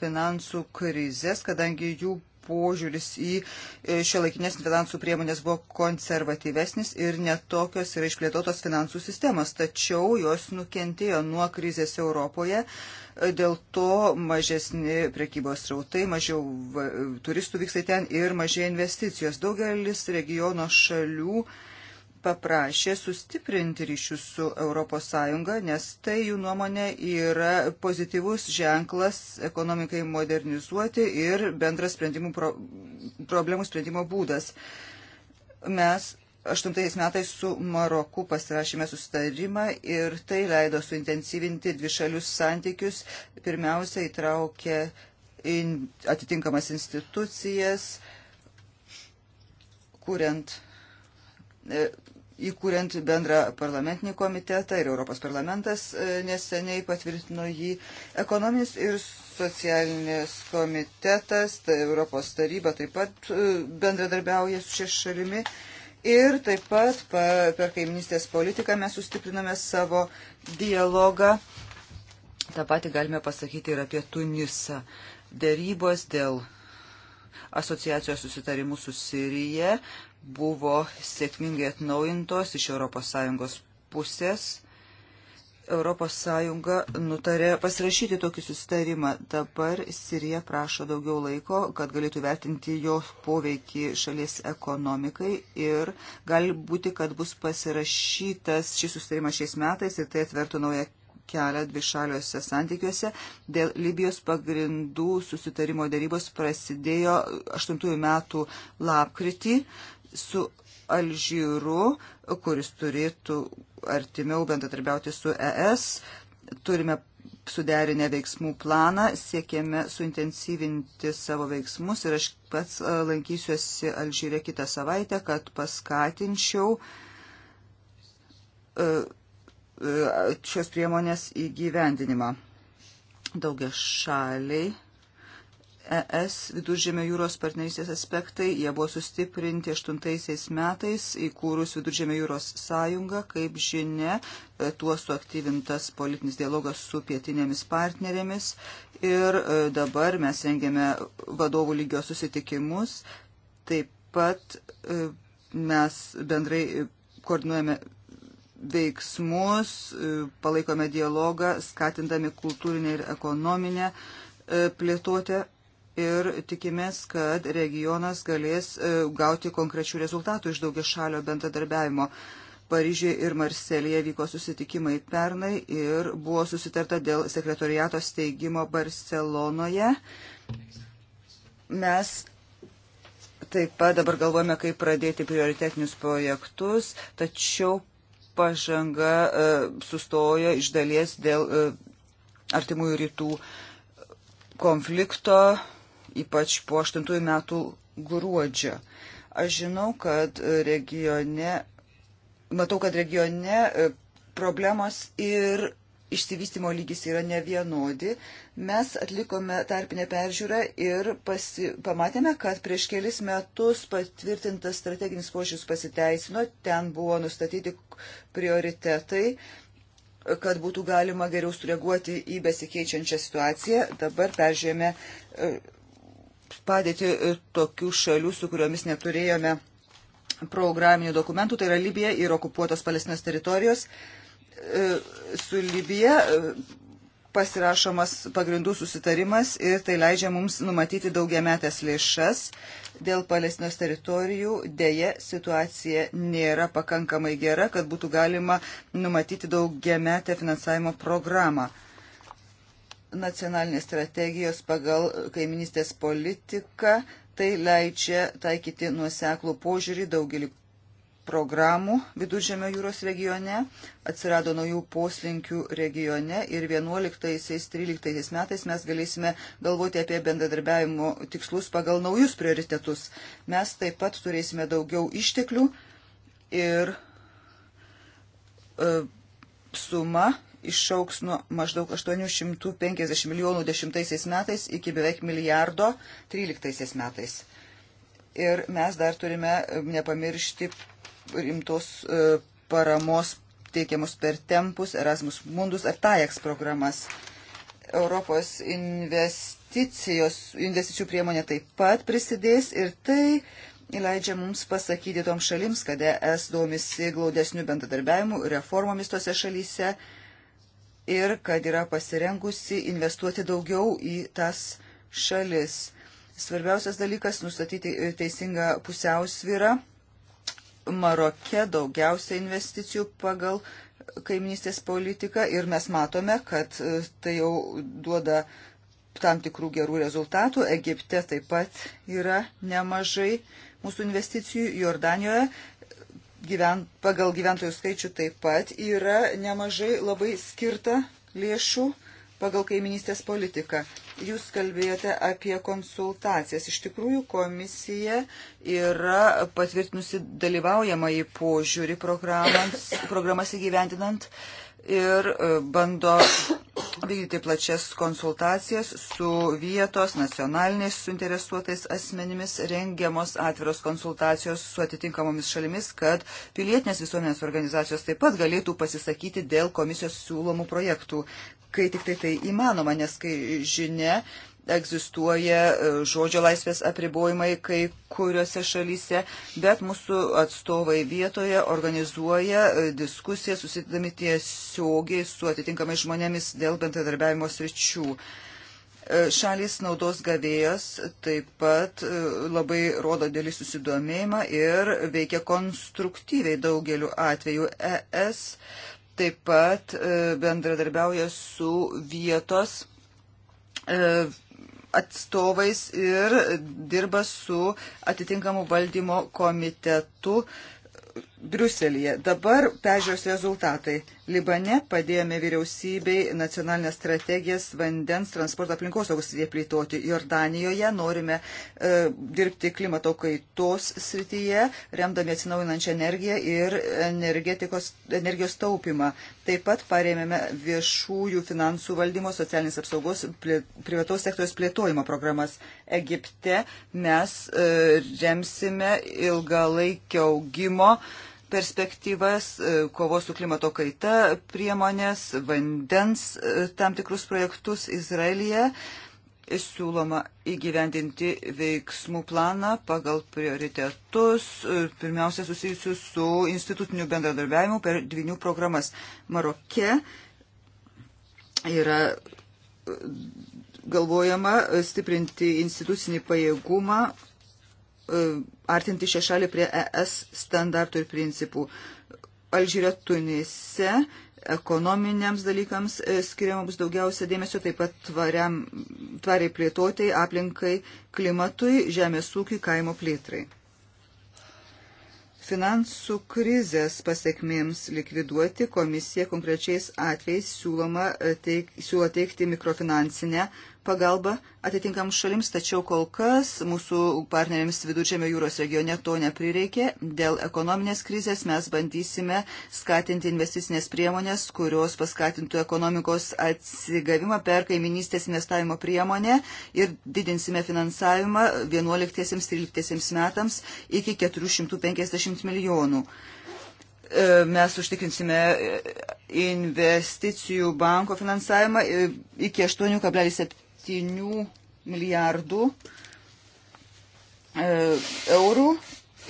finansų krizės, kadangi jų požiūris į e, šiolaikinės finansų priemonės buvo konservatyvesnis ir netokios yra išplėtotos finansų sistemos, tačiau jos nukentėjo nuo krizės Europoje dėl to mažesni prekybos rautai, mažiau turistų vyksta ten ir mažai investicijos. Daugelis regiono šalių paprašė sustiprinti ryšius su ES, nes tai jų nuomonė yra pozityvus ženklas ekonomikai modernizuoti ir bendras sprendimų pro, problemų sprendimo būdas. Mes 2008 metais su Maroku pasirašėme sustarimą ir tai leido suintensyvinti dvišalius santykius, pirmiausia įtraukė in, atitinkamas institucijas, kuriant, e, įkūrent bendrą parlamentinį komitetą ir Europos parlamentas e, neseniai patvirtino jį ekonominis ir socialinės komitetas, tai Europos taryba taip pat e, bendradarbiauja su šia šalimi. Ir taip pat per kaiminystės politiką mes sustipriname savo dialogą. Ta pati galime pasakyti ir apie Tunisą. Dėrybos dėl asociacijos susitarimų su Sirija buvo sėkmingai atnaujintos iš ES pusės. ES nutarė pasirašyti tokį susitarimą. Dabar Sirija prašo daugiau laiko, kad galėtų vertinti jo poveikį šalies ekonomikai ir gali būti, kad bus pasirašytas šis susitarimas šiais metais ir tai atvertų naują kelią dvišaliuose santykiuose. Dėl Libijos pagrindų susitarimo darybos prasidėjo 8 metų lapkritį su Alžyru, kuris turėtų artimiau bendradarbiauti su ES. Turime suderinę veiksmų planą, siekėme suintensyvinti savo veiksmus ir aš pats e, lankysiuosi Alžyre kitą savaitę, kad paskatinčiau e, e, šios priemonės įgyvendinimą. Daugia šaliai ES viduržėmio jūros partnerystės aspektai, jie buvo sustiprinti 8 metais įkūrus viduržėmio jūros sąjungą, kaip žinia, e, tuo suaktyvintas politinis dialogas su pietinėmis partnerėmis ir e, dabar mes rengėme vadovų lygio susitikimus, taip pat e, mes bendrai koordinuojame veiksmus, palaikome dialogą, skatindami kultūrinę ir ekonominę plėtotę ir tikimės, kad regionas galės e, gauti konkrečių rezultatų iš daugia šalio bendradarbiavimo. Paryžiuje ir Marselėje vyko susitikimai pernai ir buvo susitarta dėl sekretoriato steigimo Barcelonoje. Mes taip pat dabar galvojame, kaip pradėti prioritetinius projektus, tačiau pažanga e, sustojo iš dalies dėl e, artimųjų rytų konflikto ypač po 8 metų gruodžio. Aš žinau, kad regione, matau, kad regione e, problemos ir išsivystimo lygis yra nevienodi. Mes atlikome tarpinę peržiūrą ir pasi, pamatėme, kad prieš kelis metus patvirtintas strateginis požiūris pasiteisino, ten buvo nustatyti prioritetai kad būtų galima geriau sureaguoti į besikeičiančią situaciją. Dabar peržiūrėjome e, padėti e, tokių šalių, su kuriomis neturėjome programinių dokumentų, tai yra Libija ir okupuotos Palestinos teritorijos. E, su Libija e, pasirašomas pagrindų susitarimas ir tai leidžia mums numatyti daugiametės lėšas. Dėl Palestinos teritorijų dėje situacija nėra pakankamai gera, kad būtų galima numatyti daugiametę finansavimo programą nacionalinės strategijos pagal kaiminystės politiką. Tai leidžia taikyti nuoseklų požiūrį daugelį programų Viduržėmio jūros regione, atsirado naujų poslinkių regione ir 11-13 metais mes galėsime galvoti apie bendradarbiavimo tikslus pagal naujus prioritetus. Mes taip pat turėsime daugiau išteklių ir e, suma išauks nuo maždaug 850 milijonų 10 metais iki beveik milijardo 13 metais. Ir mes dar turime e, nepamiršti rimtos e, paramos teikiamus per tempus, Erasmus Mundus ar TAEX programas. Europos investicijos, investicijų priemonė taip pat prisidės ir tai leidžia mums pasakyti toms šalims, kad ES domisi glaudesnių bendradarbiavimų reformomis tose šalyse ir kad yra pasirengusi investuoti daugiau į tas šalis. Svarbiausias dalykas - nustatyti e, teisingą pusiausvyrą. Marokė daugiausia investicijų pagal kaiminystės politiką ir mes matome, kad e, tai jau duoda tam tikrų gerų rezultatų. Egipte taip pat yra nemažai mūsų investicijų, Jordanijoje gyven, pagal gyventojų skaičių taip pat yra nemažai labai skirta lėšų pagal kaiminystės politiką. Jūs kalbėjote apie konsultacijas. Iš tikrųjų, komisija yra patvirtinusi dalyvaujamąjį požiūrį programas įgyvendinant ir e, bando vykdyti plačias konsultacijas su vietos nacionaliniais suinteresuotais asmenimis rengiamos atviros konsultacijos su atitinkamomis šalimis, kad pilietinės visuomenės organizacijos taip pat galėtų pasisakyti dėl komisijos siūlomų projektų, kai tik tai tai įmanoma, nes kai žinia, egzistuoja e, žodžio laisvės apribojimai kai kuriuose šalyse, bet mūsų atstovai vietoje organizuoja e, diskusiją susitikdami tiesiogiai su atitinkamai žmonėmis dėl bendradarbiavimo sričių. E, Šalis naudos gavėjos taip pat labai rodo dėlį susidomėjimą ir veikia konstruktyviai daugeliu atveju. ES taip pat bendradarbiauja su vietos atstovais ir dirba su atitinkamu valdymo komitetu Briuselėje. Dabar pežios rezultatai. Libane padėjome vyriausybei nacionalinės strategijas vandens transporto aplinkosaugos srityje plėtoti. Jordanijoje norime e, dirbti klimato kaitos srityje, remdami atsinaujinančią energiją ir energijos taupimą. Taip pat paremėme viešųjų finansų valdymo, socialinės apsaugos, plė, privataus sektoriaus plėtojimo programas. Egipte mes e, remsime ilgalaikio augimo. E, perspektyvas, e, kovos su klimato kaita priemonės, vandens e, tam tikrus projektus Izraelyje. Siūloma įgyvendinti veiksmų planą pagal prioritetus, e, pirmiausia susijusius su institutiniu bendradarbiavimu per dvinių programas. Maroke yra galvojama stiprinti institucinį pajėgumą artinti šią šalį prie ES standartų ir principų. Alžyrio Tunise ekonominiams dalykams e, skiriama bus daugiausia dėmesio, taip pat tvariam, tvariai plėtotai, aplinkai, klimatui, žemės ūkiui, kaimo plėtrai. Finansų krizės pasiekmėms likviduoti komisija konkrečiais atvejais siūloma teik, siūlo teikti mikrofinansinę pagalbą atitinkams šalims, tačiau kol kas mūsų partneriams Viduržėmio jūros regione to neprireikė. Dėl ekonominės krizės mes bandysime skatinti investicinės priemonės, kurios paskatintų ekonomikos atsigavimą per kaiminystės investavimo priemonę ir didinsime finansavimą 11-13 metams iki 450 milijonų e, mes užtikrinsime investicijų banko finansavimą e, iki 8,7 7 milijardų e, eurų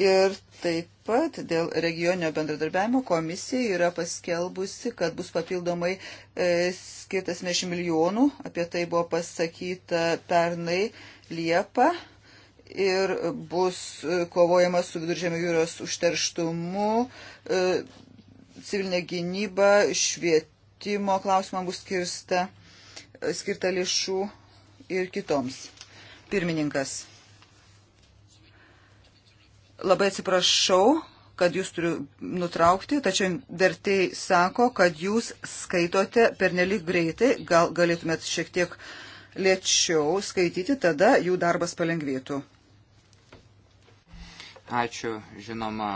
ir taip pat dėl regioninio bendradarbiavimo komisija yra paskelbusi, kad bus papildomai e, skirtas 10 milijonų, apie tai buvo pasakyta pernai Liepą ir bus e, kovojama su viduržėmio jūros užterštumu, civilinė gynyba, švietimo klausimam bus skirsta, skirta lėšų ir kitoms. Pirmininkas. Labai atsiprašau, kad jūs turiu nutraukti, tačiau vertėjai sako, kad jūs skaitote pernelyg greitai, gal galėtumėt šiek tiek lėčiau skaityti, tada jų darbas palengvėtų. Ačiū, žinoma,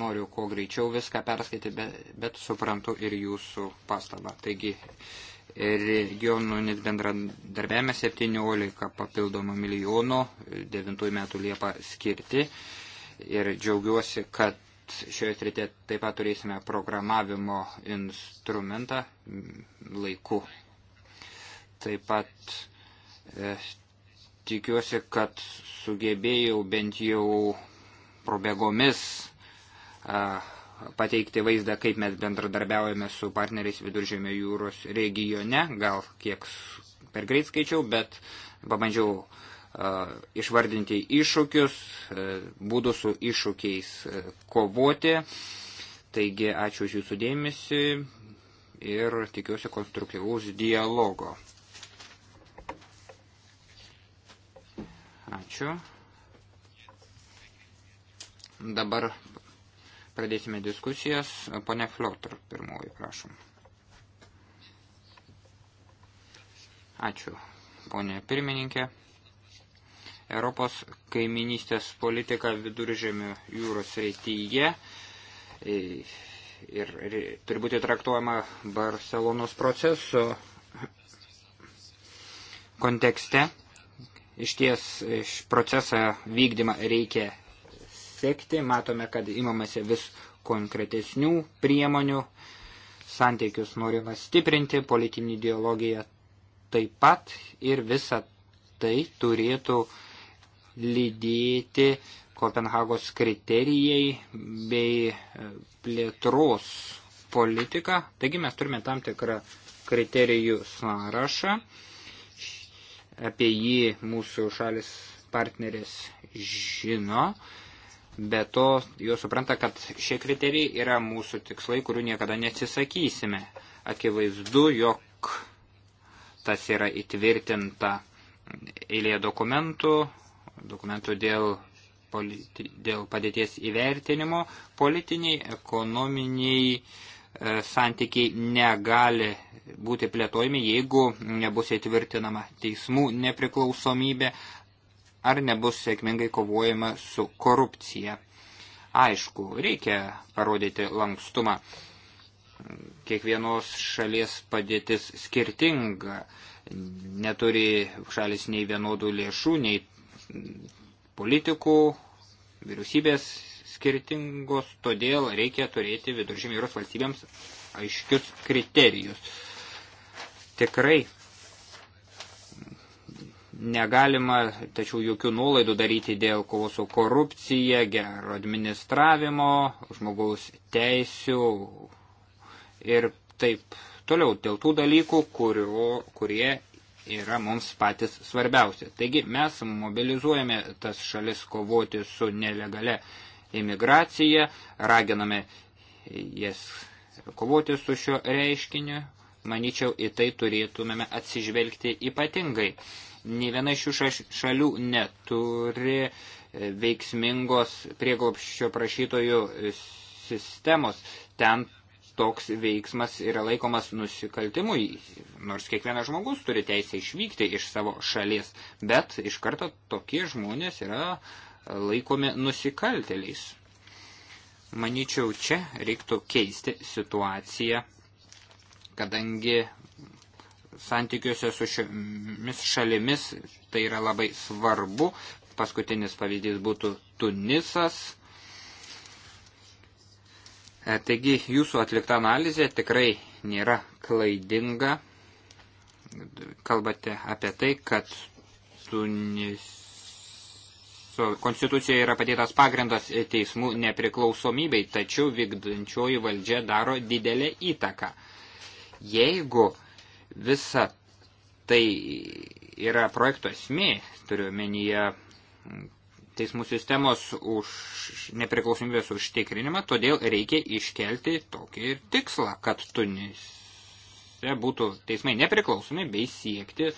noriu kuo greičiau viską perskaityti, bet, bet suprantu ir jūsų pastabą. Taigi, regionų net bendradarbiavime 17 papildomų milijonų 9 metų Liepą skirti ir džiaugiuosi, kad šioje srityje taip pat turėsime programavimo instrumentą laiku. Taip pat e, tikiuosi, kad sugebėjau bent jau probėgomis e, pateikti vaizdą, kaip mes bendradarbiaujame su partneriais viduržėmio jūros regione, gal kiek per greit skaičiau, bet pabandžiau uh, išvardinti iššūkius, uh, būdų su iššūkiais uh, kovoti. Taigi, ačiū už jūsų dėmesį ir tikiuosi konstruktyvaus dialogo. Ačiū. Dabar pradėsime diskusijas. Pone Flotr, pirmoji, prašom. Ačiū, ponė pirmininkė. Europos kaiminystės politika viduržėmių jūros reityje e, ir, ir turi būti traktuojama Barcelonos proceso kontekste. Iš ties iš procesą vykdymą reikia sekti. Matome, kad imamasi vis konkretesnių priemonių, santykius norima stiprinti, politinį ideologiją taip pat ir visa tai turėtų lydėti Kopenhagos kriterijai bei e, plėtros politika. Taigi mes turime tam tikrą kriterijų sąrašą. Apie jį mūsų šalis partneris žino. Be to, juos supranta, kad šie kriterijai yra mūsų tikslai, kurių niekada neatsisakysime. Akivaizdu, jog tas yra įtvirtinta eilėje dokumentų, dokumentų dėl, politi, dėl padėties įvertinimo, politiniai, ekonominiai, e, santykiai negali būti plėtojami, jeigu nebus įtvirtinama teismų nepriklausomybė ar nebus sėkmingai kovojama su korupcija. Aišku, reikia parodyti lankstumą. Kiekvienos šalies padėtis skirtinga, neturi šalis nei vienodų lėšų, nei politikų, vyriausybės skirtingos, todėl reikia turėti viduržymėros valstybėms aiškius kriterijus. Tikrai negalima, tačiau jokių nuolaidų daryti dėl kovos su korupcija, gero administravimo, žmogaus teisių ir taip toliau dėl tų dalykų, kurio, kurie yra mums patys svarbiausia. Taigi mes mobilizuojame tas šalis kovoti su nelegale imigracija, raginame jas kovoti su šiuo reiškiniu, manyčiau, į tai turėtumėme atsižvelgti ypatingai. Nė viena iš šių šalių neturi e, veiksmingos prieglopščio prašytojų sistemos. Ten toks veiksmas yra laikomas nusikaltimu, nors kiekvienas žmogus turi teisę išvykti iš savo šalies, bet iš karto tokie žmonės yra laikomi nusikalteliais. Maničiau, čia reiktų keisti situaciją, kadangi santykiuose su šiomis šalimis, tai yra labai svarbu. Paskutinis pavyzdys būtų Tunisas. E, taigi jūsų atlikta analizė tikrai nėra klaidinga. Kalbate apie tai, kad Tuniso konstitucijoje yra padėtas pagrindas teismų nepriklausomybei, tačiau vykdančioji valdžia daro didelę įtaką. Jeigu Visa tai yra projekto esmė, turiu menyje teismų sistemos už nepriklausomybės užtikrinimą, todėl reikia iškelti tokį ir tikslą, kad Tunise būtų teismai nepriklausomi bei siekti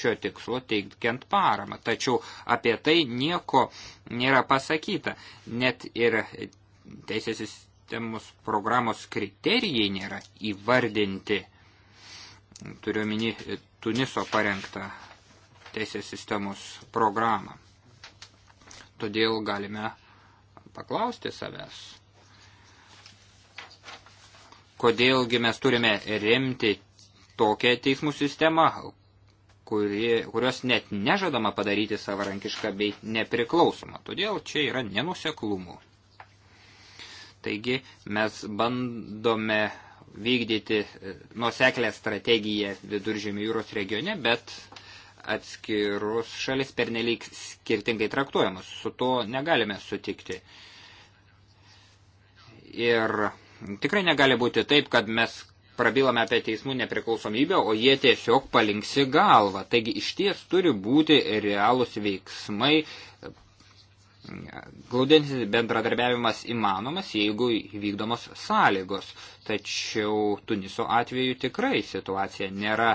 šio tikslo teikiant paramą. Tačiau apie tai nieko nėra pasakyta. Net ir teisės sistemos programos kriterijai nėra įvardinti turiu mini e, Tuniso parengtą teisės sistemos programą. Todėl galime paklausti savęs, kodėlgi mes turime remti tokią teismų sistemą, kuri, kurios net nežadama padaryti savarankišką bei nepriklausomą. Todėl čia yra nenuseklumų. Taigi mes bandome vykdyti e, nuoseklę strategiją viduržėmio jūros regione, bet atskirus šalis pernelyg skirtingai traktuojamas. Su to negalime sutikti. Ir tikrai negali būti taip, kad mes prabilame apie teismų nepriklausomybę, o jie tiesiog palinksi galvą. Taigi iš ties turi būti realūs veiksmai, Glaudintis bendradarbiavimas įmanomas, jeigu vykdomos sąlygos, tačiau Tuniso atveju tikrai situacija nėra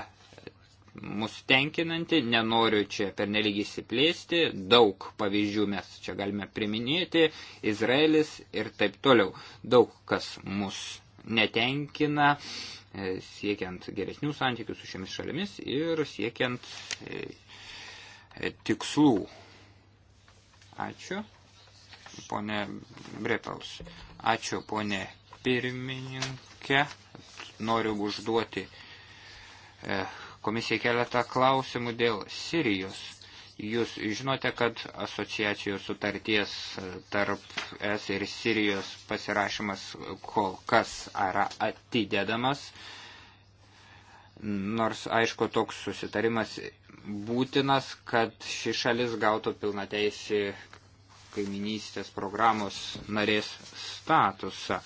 mus tenkinanti, nenoriu čia pernelyg įsiplėsti, daug pavyzdžių mes čia galime priminėti, Izraelis ir taip toliau. Daug kas mus netenkina, e, siekiant geresnių santykių su šiomis šalimis ir siekiant e, e, tikslų Ačiū. Pone Brepels. Ačiū, ponė pirmininkė. Noriu užduoti e, komisijai keletą klausimų dėl Sirijos. Jūs žinote, kad asociacijos sutarties e, tarp S ir Sirijos pasirašymas kol kas yra atidedamas nors aišku toks susitarimas būtinas, kad ši šalis gautų pilna teisį kaiminystės programos narės statusą.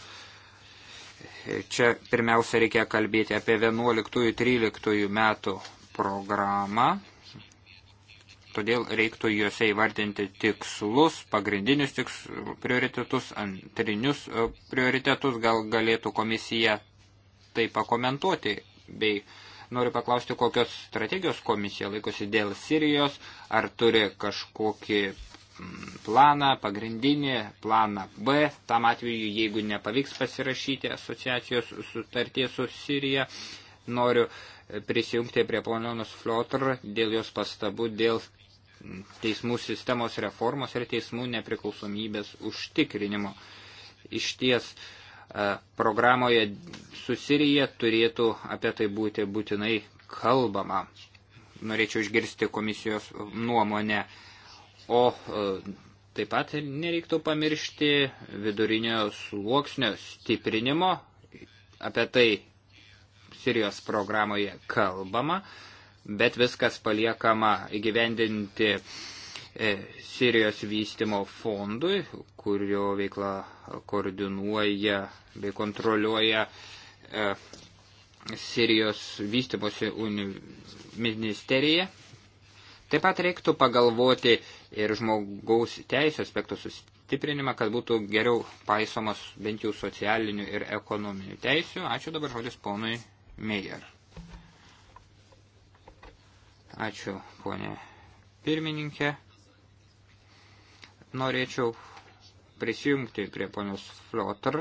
Čia pirmiausia reikia kalbėti apie 11-13 metų programą, todėl reiktų juose įvardinti tikslus, pagrindinius tikslus, prioritetus, antrinius e, prioritetus, gal galėtų komisija tai pakomentuoti bei Noriu paklausti, kokios strategijos komisija laikosi dėl Sirijos, ar turi kažkokį mm, planą, pagrindinį planą B, tam atveju, jeigu nepavyks pasirašyti asociacijos sutarties su Sirija, noriu e, prisijungti prie ponios Flotr dėl jos pastabų dėl mm, teismų sistemos reformos ir teismų nepriklausomybės užtikrinimo. Iš ties, uh, E, programoje su Sirija turėtų apie tai būti būtinai kalbama. Norėčiau išgirsti komisijos nuomonę. O e, taip pat nereiktų pamiršti vidurinio sluoksnio stiprinimo. Apie tai Sirijos programoje kalbama, bet viskas paliekama įgyvendinti uh, E, Sirijos vystimo fondui, kurio veikla koordinuoja bei kontroliuoja e, Sirijos vystimosi ministerija. Taip pat reiktų pagalvoti ir žmogaus teisų aspektų sustiprinimą, kad būtų geriau paisomas bent jau socialinių ir ekonominių teisių. Ačiū dabar žodis ponui Meijer. Ačiū, ponė pirmininkė norėčiau prisijungti prie ponios Flotr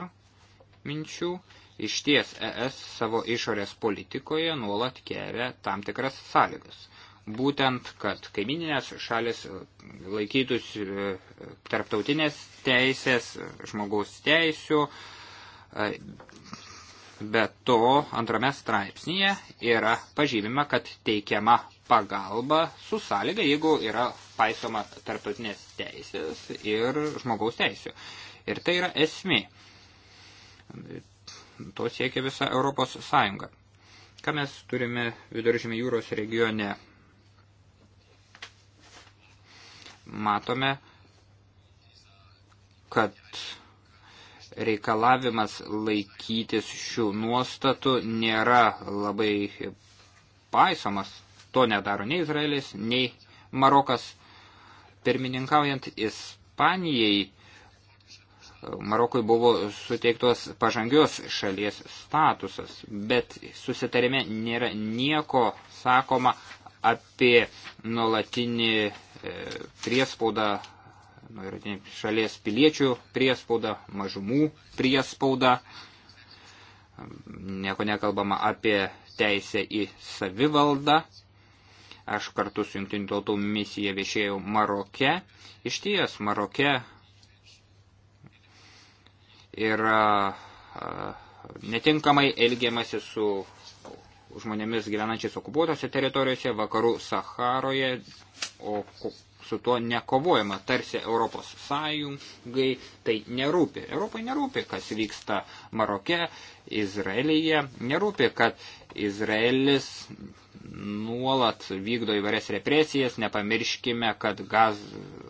minčių. Iš ties ES savo išorės politikoje nuolat kelia tam tikras sąlygas. Būtent, kad kaiminės šalis laikytųsi e, tarptautinės teisės, žmogaus teisių, e, bet to antrame straipsnėje yra pažymima, kad teikiama pagalba su sąlyga, jeigu yra paisoma tarptautinės teisės ir žmogaus teisų. Ir tai yra esmė. To siekia visa Europos Sąjunga. Ką mes turime viduržymį jūros regione? Matome, kad reikalavimas laikytis šių nuostatų nėra labai paisomas. To nedaro nei Izraelis, nei Marokas. Pirmininkaujant Ispanijai, Marokui buvo suteiktos pažangios šalies statusas, bet susitarime nėra nieko sakoma apie nuolatinį e, priespaudą, nuolatinį šalies piliečių priespaudą, mažumų priespaudą, nieko nekalbama apie teisę į savivaldą, Aš kartu su Junktinių tautų misija viešėjau Maroke. Iš ties Maroke yra netinkamai elgiamasi su žmonėmis gyvenančiais okupuotose teritorijose, vakarų Saharoje, o su tuo nekovojama, tarsi Europos Sąjungai tai nerūpi. Europai nerūpi, kas vyksta Maroke, Izraelyje, nerūpi, kad Izraelis nuolat vykdo įvairias represijas, nepamirškime, kad, gaz,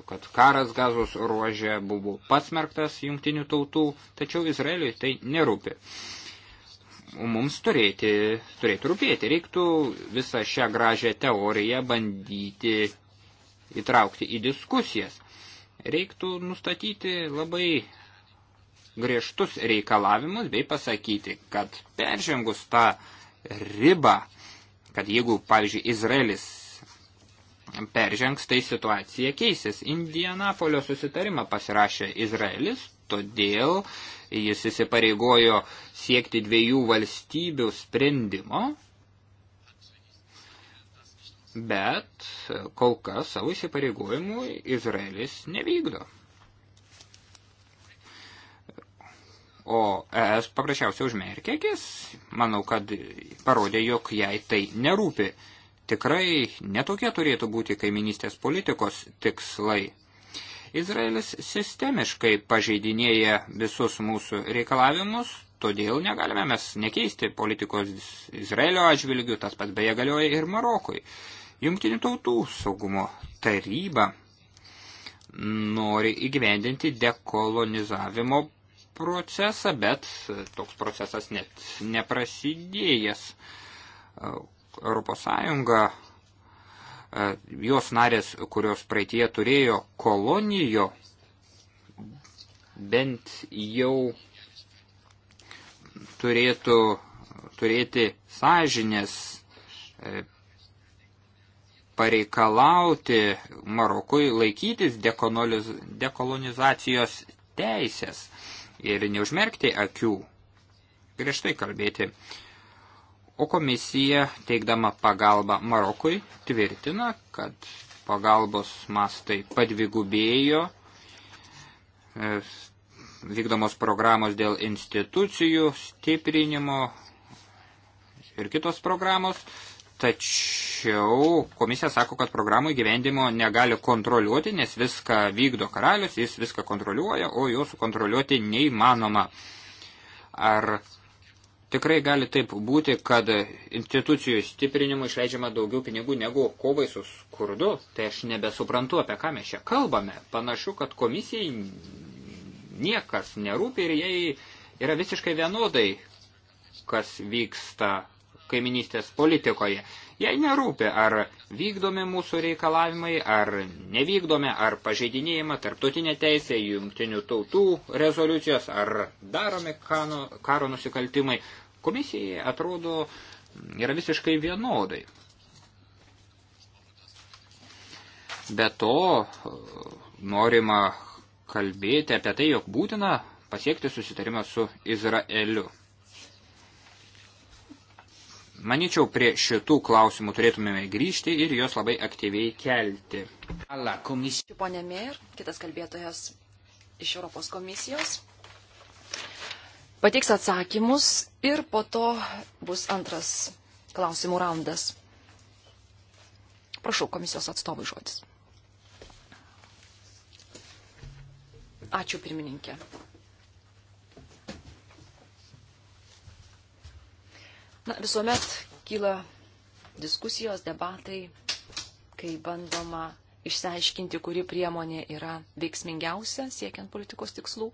kad karas gazos ruožė buvo pasmerktas jungtinių tautų, tačiau Izraeliui tai nerūpi. Mums turėti, turėtų rūpėti, reiktų visą šią gražią teoriją bandyti įtraukti į diskusijas. Reiktų nustatyti labai griežtus reikalavimus bei pasakyti, kad peržengus tą ribą, kad jeigu, pavyzdžiui, Izraelis peržengs, tai situacija keisis. Indianapolio susitarimą pasirašė Izraelis, todėl jis įsipareigojo siekti dviejų valstybių sprendimo bet kol kas savo įsipareigojimų Izraelis nevykdo. O ES paprasčiausiai užmerkė akis, manau, kad parodė, jog jai tai nerūpi. Tikrai netokie turėtų būti kaiminystės politikos tikslai. Izraelis sistemiškai pažeidinėja visus mūsų reikalavimus, todėl negalime mes nekeisti politikos Izraelio atžvilgių, tas pat beje galioja ir Marokui. Jungtinių tautų saugumo taryba nori įgyvendinti dekolonizavimo procesą, bet toks procesas net neprasidėjęs. Europos Sąjunga, e, jos narės, kurios praeitie turėjo kolonijo, bent jau turėtų turėti sąžinės e, pareikalauti Marokui laikytis dekolonizacijos teisės ir neužmerkti akių, griežtai kalbėti. O komisija, teikdama pagalbą Marokui, tvirtina, kad pagalbos mastai padvigubėjo, e, vykdomos programos dėl institucijų stiprinimo ir kitos programos Tačiau komisija sako, kad programų įgyvendimo negali kontroliuoti, nes viską vykdo karalius, jis viską kontroliuoja, o jo sukontroliuoti neįmanoma. Ar tikrai gali taip būti, kad institucijų stiprinimu išleidžiama daugiau pinigų negu kovai su skurdu? Tai aš nebesuprantu, apie ką mes čia kalbame. Panašu, kad komisijai niekas nerūpi ir jai yra visiškai vienodai, kas vyksta kaiminystės politikoje. Jei nerūpi, ar vykdomi mūsų reikalavimai, ar nevykdomi, ar pažeidinėjama tarptautinė teisė, jungtinių tautų rezoliucijos, ar daromi kano, karo nusikaltimai, komisijai atrodo mm, yra visiškai vienodai. Be to, norima kalbėti apie tai, jog būtina pasiekti susitarimą su Izraeliu. Maničiau, prie šitų klausimų turėtumėme grįžti ir juos labai aktyviai kelti. Komisija. Pone Mir, kitas kalbėtojas iš Europos komisijos, pateiks atsakymus ir po to bus antras klausimų raundas. Prašau, komisijos atstovai žodis. Ačiū pirmininkė. Na, visuomet kyla diskusijos, debatai, kai bandoma išsiaiškinti, kuri priemonė yra veiksmingiausia siekiant politikos tikslų.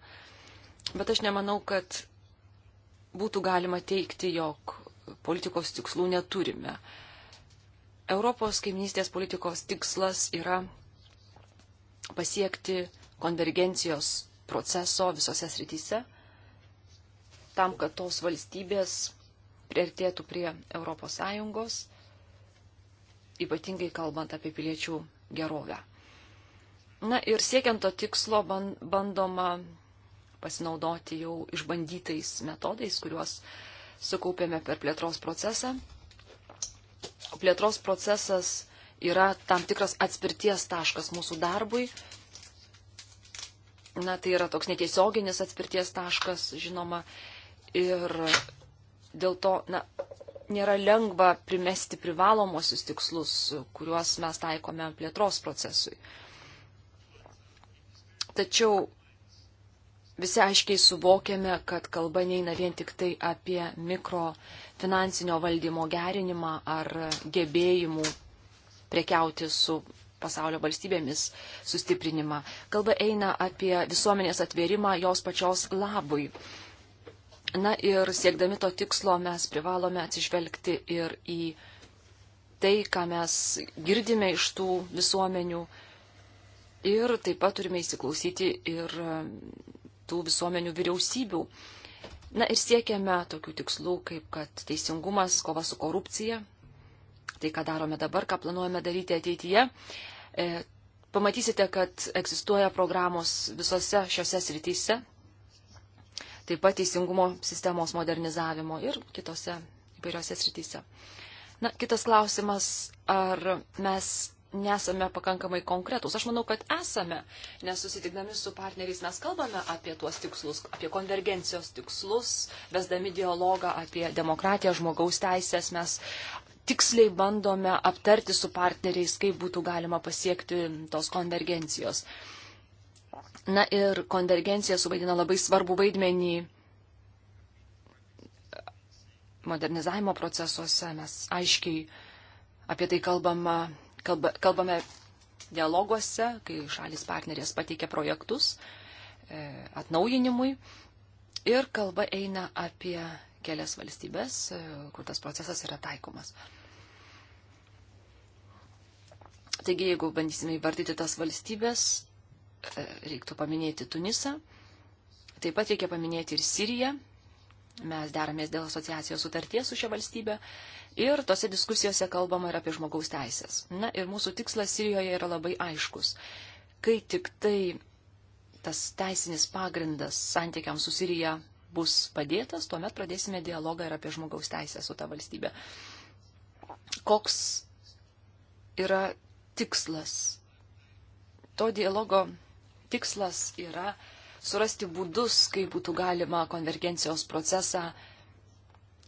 Bet aš nemanau, kad būtų galima teikti, jog politikos tikslų neturime. Europos kaiminystės politikos tikslas yra pasiekti konvergencijos proceso visose srityse, tam, kad tos valstybės priartėtų prie ES, ypatingai kalbant apie piliečių gerovę. Na ir siekiant to tikslo bandoma pasinaudoti jau išbandytais metodais, kuriuos sukaupėme per plėtros procesą. Plėtros procesas yra tam tikras atspirties taškas mūsų darbui. Na, tai yra toks netiesioginis atspirties taškas, žinoma. Ir Dėl to na, nėra lengva primesti privalomosius tikslus, kuriuos mes taikome plėtros procesui. Tačiau visi aiškiai suvokiame, kad kalba neina vien tik tai apie mikrofinansinio valdymo gerinimą ar gebėjimų prekiauti su pasaulio valstybėmis sustiprinimą. Kalba eina apie visuomenės atvėrimą jos pačios labui. Na ir siekdami to tikslo mes privalome atsižvelgti ir į tai, ką mes girdime iš tų visuomenių ir taip pat turime įsiklausyti ir e, tų visuomenių vyriausybių. Na ir siekiame tokių tikslų, kaip kad teisingumas, kova su korupcija, tai ką darome dabar, ką planuojame daryti ateityje. E, pamatysite, kad egzistuoja programos visose šiose srityse, taip pat teisingumo sistemos modernizavimo ir kitose įvairiose srityse. Na, kitas klausimas, ar mes nesame pakankamai konkretūs. Aš manau, kad esame, nes susitikdami su partneriais mes kalbame apie tuos tikslus, apie konvergencijos tikslus, vesdami dialogą apie demokratiją, žmogaus teisės, mes tiksliai bandome aptarti su partneriais, kaip būtų galima pasiekti tos konvergencijos. Uh, Na ir konvergencija suvaidina labai svarbu vaidmenį modernizavimo procesuose. Mes aiškiai apie tai kalbama, kalba, kalbame dialoguose, kai šalis partnerės pateikia projektus e, atnaujinimui. Ir kalba eina apie kelias valstybės, e, kur tas procesas yra taikomas. Taigi, jeigu bandysime įvardyti tas valstybės, reiktų paminėti Tunisą, taip pat reikia paminėti ir Siriją. Mes deramės dėl asociacijos sutarties su šia valstybė ir tose diskusijose kalbama ir apie žmogaus teisės. Na ir mūsų tikslas Sirijoje yra labai aiškus. Kai tik tai tas teisinis pagrindas santykiam su Sirija bus padėtas, tuomet pradėsime dialogą ir apie žmogaus teisę su ta valstybė. Koks yra tikslas to dialogo tikslas yra surasti būdus, kaip būtų galima konvergencijos procesą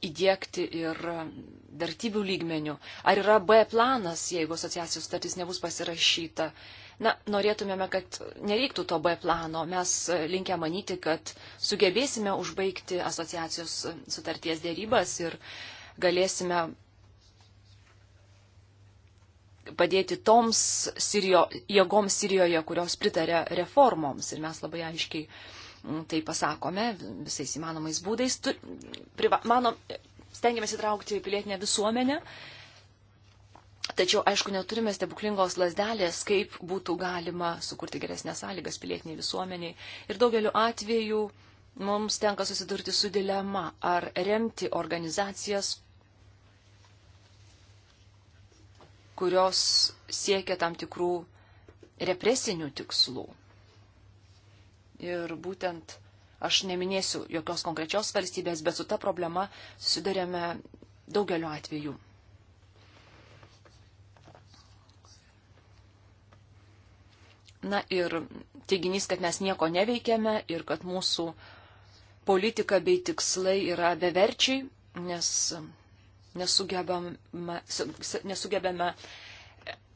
įdėkti ir vertybių lygmenių. Ar yra B planas, jeigu asociacijos sutartis nebus pasirašyta? Na, norėtumėme, kad nereiktų to B plano. Mes linkę manyti, kad sugebėsime užbaigti asociacijos sutarties dėrybas ir galėsime padėti toms Sirijo, jėgoms Sirijoje, kurios pritarė reformoms. Ir mes labai aiškiai mm, tai pasakome visais įmanomais būdais. Tu, priva, mano, stengiamės įtraukti pilietinę visuomenę. Tačiau, aišku, neturime stebuklingos lasdelės, kaip būtų galima sukurti geresnės sąlygas pilietiniai visuomeniai. Ir daugeliu atveju mums tenka susidurti su dilema, ar remti organizacijas, kurios siekia tam tikrų represinių tikslų. Ir būtent aš neminėsiu jokios konkrečios valstybės, bet su ta problema susidarėme daugeliu atveju. Na ir teiginys, kad mes nieko neveikėme ir kad mūsų politika bei tikslai yra beverčiai, nes nesugebame, nesugebame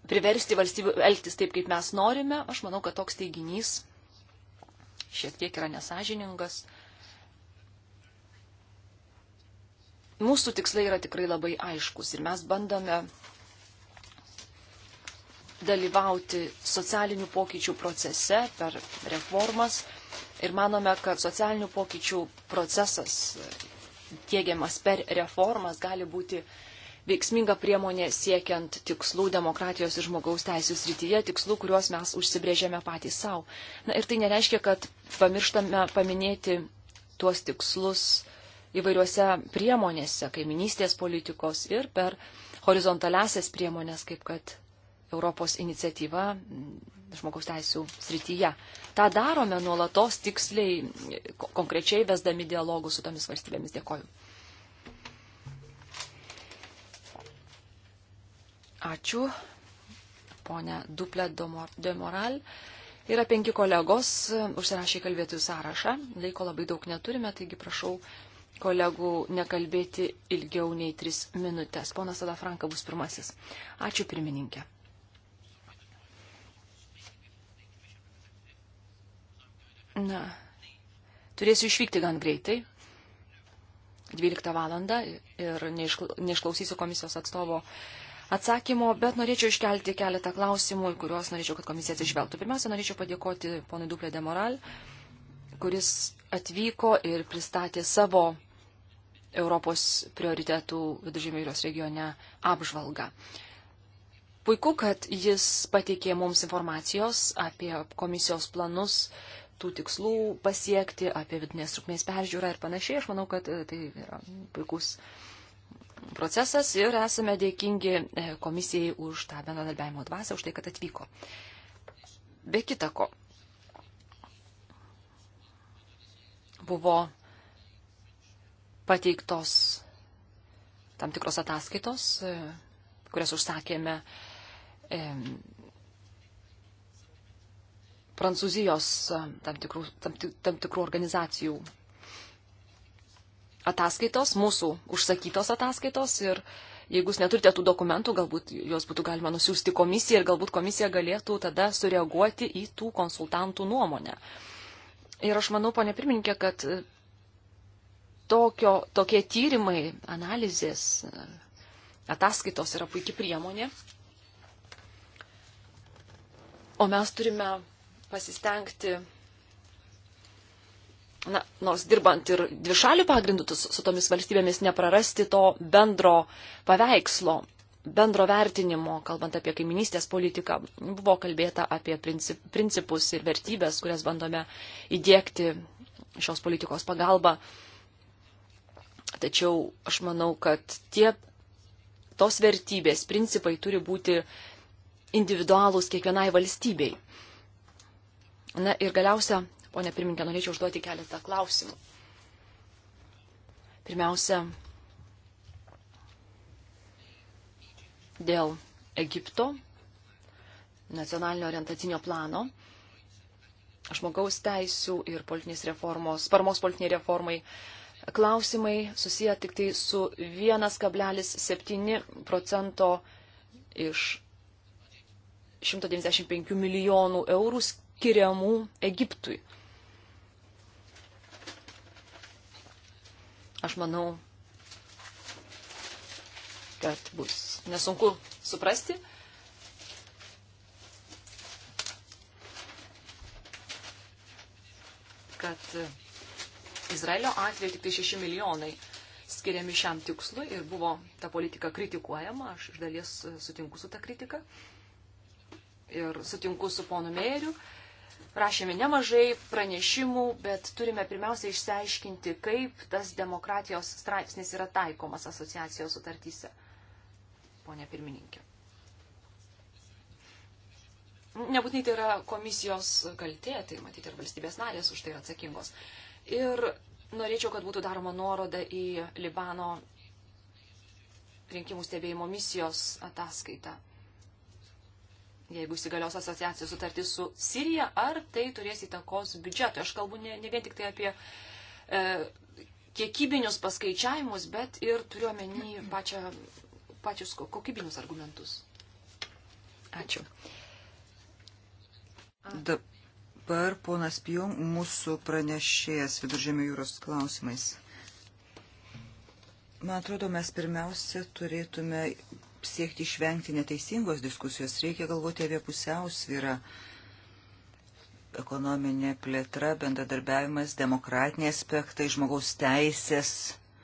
priversti valstybių elgtis taip, kaip mes norime, aš manau, kad toks teiginys šiek tiek yra nesažiningas. Mūsų tikslai yra tikrai labai aiškus ir mes bandome dalyvauti socialinių pokyčių procese per reformas ir manome, kad socialinių pokyčių procesas tiegiamas per reformas gali būti veiksminga priemonė siekiant tikslų demokratijos ir žmogaus teisų srityje, tikslų, kuriuos mes užsibrėžėme patys savo. Na ir tai nereiškia, kad pamirštame paminėti tuos tikslus įvairiuose priemonėse, kaiminystės politikos ir per horizontalesias priemonės, kaip kad Europos iniciatyva, žmogaus teisų srityje. Ta darome nuolatos tiksliai, konkrečiai vesdami dialogų su tomis valstybėmis. Dėkoju. Ačiū, ponė Duplė Demoral. Yra penki kolegos, e, užsirašė kalbėtojų sąrašą. Laiko labai daug neturime, taigi prašau kolegų nekalbėti ilgiau nei tris minutės. Ponas Tada Franka bus pirmasis. Ačiū pirmininkė. Na, turėsiu išvykti gan greitai, 12 valandą, ir neišklausysiu komisijos atstovo atsakymo, bet norėčiau iškelti keletą klausimų, į kuriuos norėčiau, kad komisija atsižvelgtų. Pirmiausia, norėčiau padėkoti ponui Duplė de Moral, kuris atvyko ir pristatė savo Europos prioritetų viduržėmėjūros regione apžvalgą. Puiku, kad jis pateikė mums informacijos apie komisijos planus tų tikslų pasiekti, apie vidinės trukmės peržiūrą ir panašiai. Aš manau, kad e, tai yra puikus procesas ir esame dėkingi e, komisijai už tą bendradarbiavimo dvasę, už tai, kad atvyko. Be kita ko, buvo pateiktos tam tikros ataskaitos, e, kurias užsakėme Prancūzijos e, tam tikrų, tam, tam tikrų organizacijų ataskaitos, mūsų užsakytos ataskaitos ir jeigu jūs neturite tų dokumentų, galbūt juos būtų galima nusiųsti komisijai ir galbūt komisija galėtų tada sureaguoti į tų konsultantų nuomonę. Ir aš manau, ponė pirmininkė, kad tokio, tokie tyrimai, analizės, e, ataskaitos yra puikia priemonė. O mes turime pasistengti, na, nors dirbant ir dvišalių pagrindų su tomis valstybėmis, neprarasti to bendro paveikslo, bendro vertinimo, kalbant apie kaiminystės politiką, buvo kalbėta apie principus ir vertybės, kurias bandome įdėkti šios politikos pagalba. Tačiau aš manau, kad tie, tos vertybės, principai turi būti individualūs kiekvienai valstybei. Na ir galiausia, ponė pirmininkė, norėčiau užduoti keletą klausimų. Pirmiausia, dėl Egipto nacionalinio orientacinio plano, žmogaus teisų ir politinės reformos, paramos politiniai reformai klausimai susiję tik tai su 1,7 procento iš 195 milijonų eurų skiriamų Egiptui. Aš manau, kad bus nesunku suprasti. kad Izraelio atveju tik tai 6 milijonai skiriami šiam tikslui ir buvo ta politika kritikuojama, aš iš dalies sutinku su ta kritika ir sutinku su ponu Mėriu, rašėme nemažai pranešimų, bet turime pirmiausia išsiaiškinti, kaip tas demokratijos straipsnis yra taikomas asociacijos sutartyse. Pone pirmininkė. Nebūtinai tai yra komisijos kaltė, tai matyti ir valstybės narės už tai yra atsakingos. Ir norėčiau, kad būtų daroma nuoroda į Libano rinkimų stebėjimo misijos ataskaitą jeigu įsigalios asociacijos sutartis su Sirija, ar tai turės įtakos biudžetui. Aš kalbu ne, ne vien tik tai apie e, kiekybinius paskaičiavimus, bet ir turiu omeny pačią, pačius kokybinius argumentus. Ačiū. Dabar ponas Pijung, mūsų pranešėjas viduržėmio jūros klausimais. Man atrodo, mes pirmiausia turėtume siekti išvengti neteisingos diskusijos, reikia galvoti apie pusiausvyrą. Ekonominė plėtra, bendradarbiavimas, demokratiniai aspektai, žmogaus teisės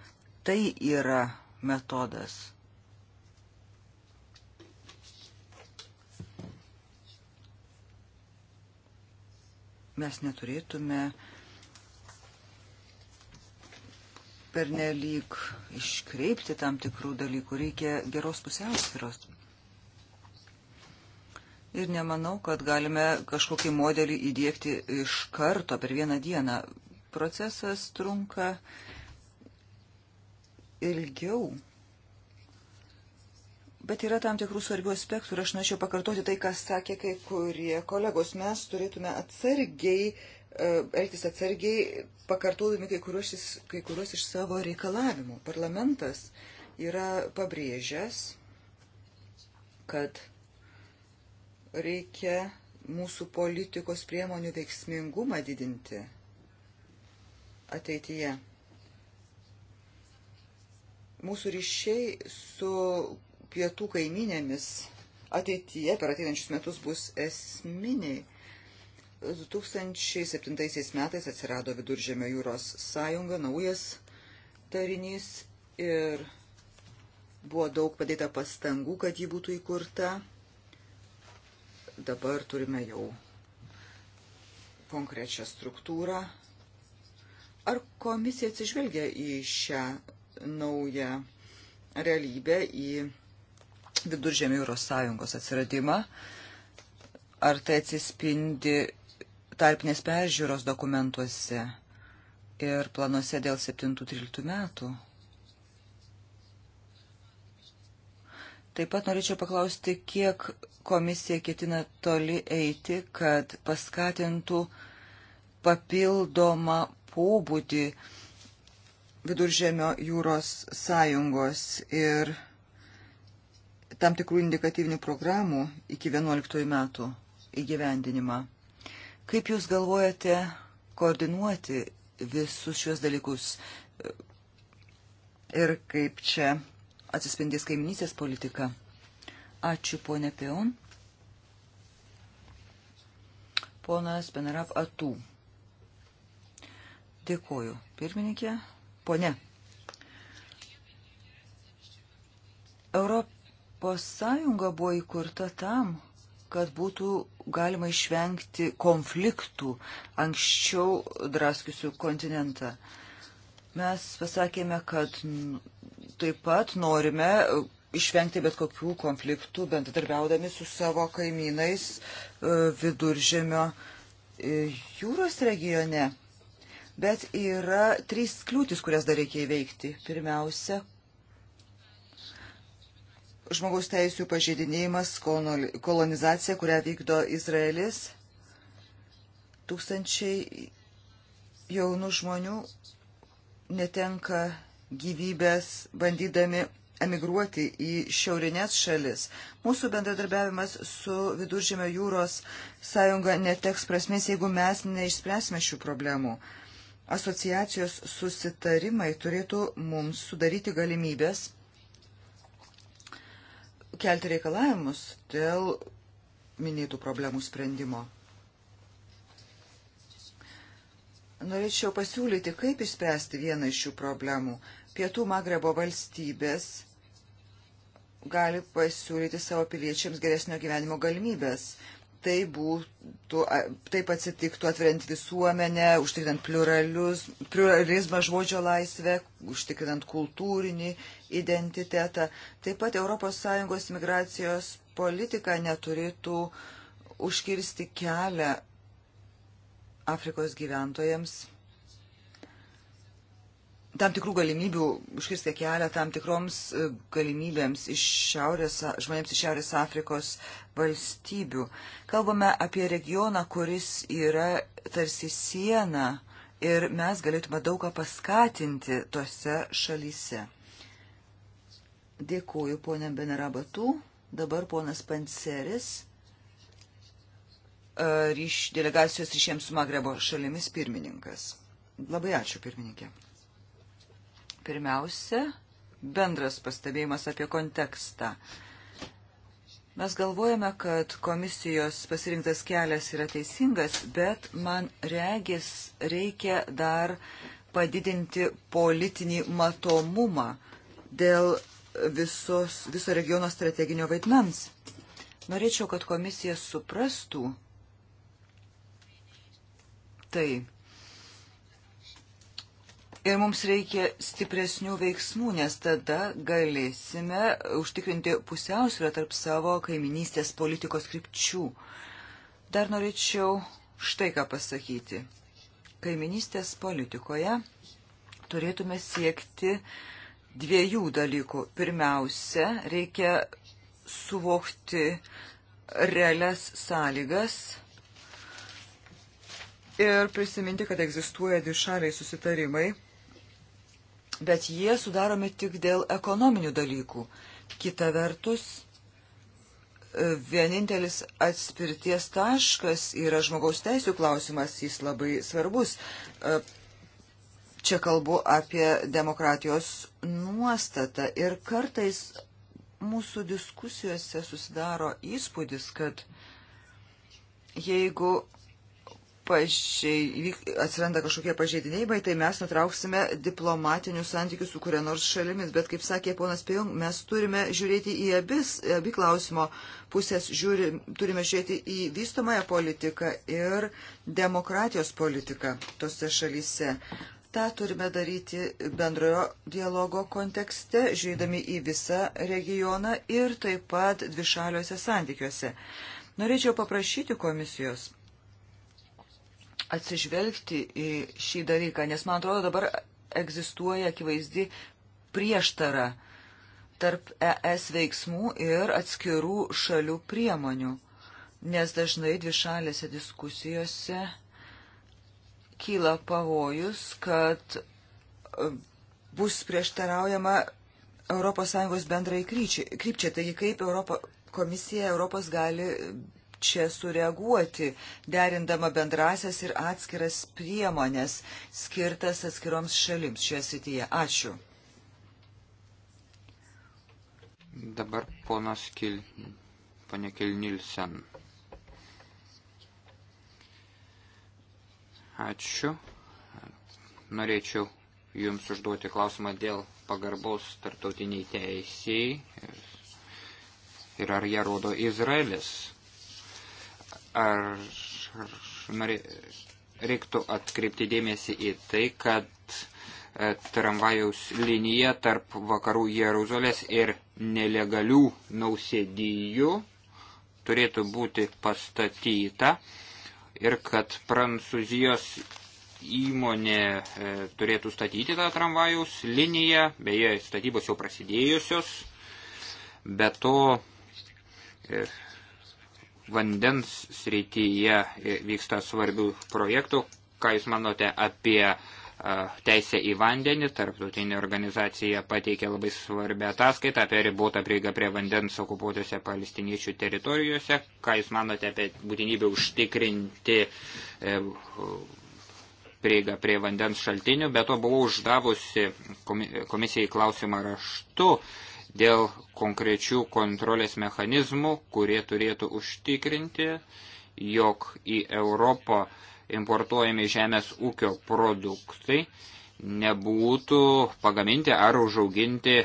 - tai yra metodas. Mes neturėtume uh, pernelyg iškreipti tam tikrų dalykų, reikia geros pusiausvyros. Ir nemanau, kad galime kažkokį modelį įdėkti iš karto per vieną dieną. Procesas trunka ilgiau. Bet yra tam tikrų svarbių aspektų ir aš norėčiau pakartoti tai, kas sakė kai kurie kolegos. Mes turėtume atsargiai uh, elgtis atsargiai, pakartodami kai kuriuos, kai kuriuos iš savo reikalavimų. Parlamentas yra pabrėžęs, kad reikia mūsų politikos priemonių veiksmingumą didinti ateityje. Mūsų ryšiai su pietų kaiminėmis ateityje per ateinančius metus bus esminiai 2007 metais atsirado Viduržėmio jūros sąjunga, naujas tarinys ir buvo daug padėta pastangų, kad ji būtų įkurta. Dabar turime jau konkrečią struktūrą. Ar komisija atsižvelgia į šią naują realybę, į Viduržėmio jūros sąjungos atsiradimą? Ar tai atsispindi tarpinės peržiūros dokumentuose ir planuose dėl 7-13 metų. Taip pat norėčiau paklausti, kiek komisija ketina toli eiti, kad paskatintų papildomą pobūdį Viduržėmio jūros sąjungos ir tam tikrų indikatyvinių programų iki 11 metų įgyvendinimą. Kaip Jūs galvojate koordinuoti visus šios dalykus ir kaip čia atsispindės kaiminysės politika? Ačiū, ponė Pion. Ponas Benaraf Atų. Dėkoju. Pirmininkė, ponė. Europos Sąjunga buvo įkurta tam, kad būtų galima išvengti konfliktų anksčiau draskiusių kontinentą. Mes pasakėme, kad taip pat norime išvengti bet kokių konfliktų, bendradarbiaudami su savo kaimynais e, viduržėmio e, jūros regione. Bet yra trys kliūtis, kurias dar reikia įveikti. Pirmiausia, žmogaus teisų pažeidinėjimas, kolonizacija, kurią vykdo Izraelis. Tūkstančiai jaunų žmonių netenka gyvybės bandydami emigruoti į šiaurinės šalis. Mūsų bendradarbiavimas su Viduržėmio jūros sąjunga neteks prasmės, jeigu mes neišspręsime šių problemų. Asociacijos susitarimai turėtų mums sudaryti galimybės kelti reikalavimus dėl minėtų problemų sprendimo. Norėčiau pasiūlyti, kaip išspręsti vieną iš šių problemų. Pietų Magrebo valstybės gali pasiūlyti savo piliečiams geresnio gyvenimo galimybės. Tai būtų, taip atsitiktų atveriant visuomenę, užtikrinant pliuralizmą žodžio laisvę, užtikrinant kultūrinį identitetą. Taip pat ES migracijos politika neturėtų užkirsti kelią Afrikos gyventojams tam tikrų galimybių, užkirsti kelią tam tikroms e, galimybėms iš šiaurės, žmonėms iš Šiaurės Afrikos valstybių. Kalbame apie regioną, kuris yra tarsi siena ir mes galėtume daugą paskatinti tose šalyse. Dėkuoju ponė Benerabatų. Dabar ponas Panceris, e, ryš, delegacijos ryšiems su Magrebo šalimis pirmininkas. Labai ačiū, pirmininkė. Pirmiausia, bendras pastebėjimas apie kontekstą. Mes galvojame, kad komisijos pasirinktas kelias yra teisingas, bet man regis reikia dar padidinti politinį matomumą dėl visos, viso regiono strateginio vaidmens. Norėčiau, kad komisija suprastų tai. Ir mums reikia stipresnių veiksmų, nes tada galėsime užtikrinti pusiausvyrą tarp savo kaiminystės politikos krypčių. Dar norėčiau štai ką pasakyti. Kaiminystės politikoje turėtume siekti uh, dviejų dalykų. Pirmiausia, reikia suvokti realias sąlygas ir prisiminti, kad egzistuoja dvišaliai susitarimai, bet jie sudaromi tik dėl ekonominių dalykų. Kita vertus, vienintelis atspirties taškas yra žmogaus teisų klausimas, jis labai svarbus. Čia kalbu apie demokratijos nuostatą ir kartais mūsų diskusijose susidaro įspūdis, kad jeigu pažei, atsiranda kažkokie pažeidinėjimai, tai mes nutrauksime diplomatinius santykius su kuria nors šalimis. Bet, kaip sakė ponas Pejung, mes turime žiūrėti į abis, abi klausimo pusės, žiūri, turime žiūrėti į vystomąją politiką ir demokratijos politiką tose šalyse tą turime daryti bendrojo dialogo kontekste, žiūrėdami į visą regioną ir taip pat dvišaliuose santykiuose. Norėčiau paprašyti komisijos atsižvelgti į šį dalyką, nes man atrodo dabar egzistuoja akivaizdi prieštara tarp ES veiksmų ir atskirų šalių priemonių, nes dažnai dvišalėse diskusijose kyla pavojus, kad e, bus prieštaraujama ES bendrai krypčiai. Taigi kaip Europo, komisija Europos gali čia sureaguoti, derindama bendrasias ir atskiras priemonės skirtas atskiroms šalims šioje srityje. Ačiū. Dabar ponas Kil, ponė Kilnilsen. Ačiū. Norėčiau Jums užduoti klausimą dėl pagarbos tartautiniai teisėjai ir ar ją rodo Izraelis. Ar reiktų atkreipti dėmesį į tai, kad e, tramvajaus linija tarp vakarų Jeruzalės ir nelegalių nausėdijų turėtų būti pastatyta ir kad Prancūzijos įmonė e, turėtų statyti tą tramvajaus liniją, beje, statybos jau prasidėjusios, bet to e, vandens srityje e, vyksta svarbių projektų. Ką Jūs manote apie teisę į vandenį. Tarptautinė organizacija pateikė labai svarbę ataskaitą apie ribotą prieigą prie vandens okupuotose palestiniečių teritorijose. Ką Jūs manote apie būtinybę užtikrinti e, prieigą prie vandens šaltinių, bet to buvau uždavusi komisijai klausimą raštu dėl konkrečių kontrolės mechanizmų, kurie turėtų užtikrinti, jog į Europą uh, importuojami žemės ūkio produktai nebūtų pagaminti ar užauginti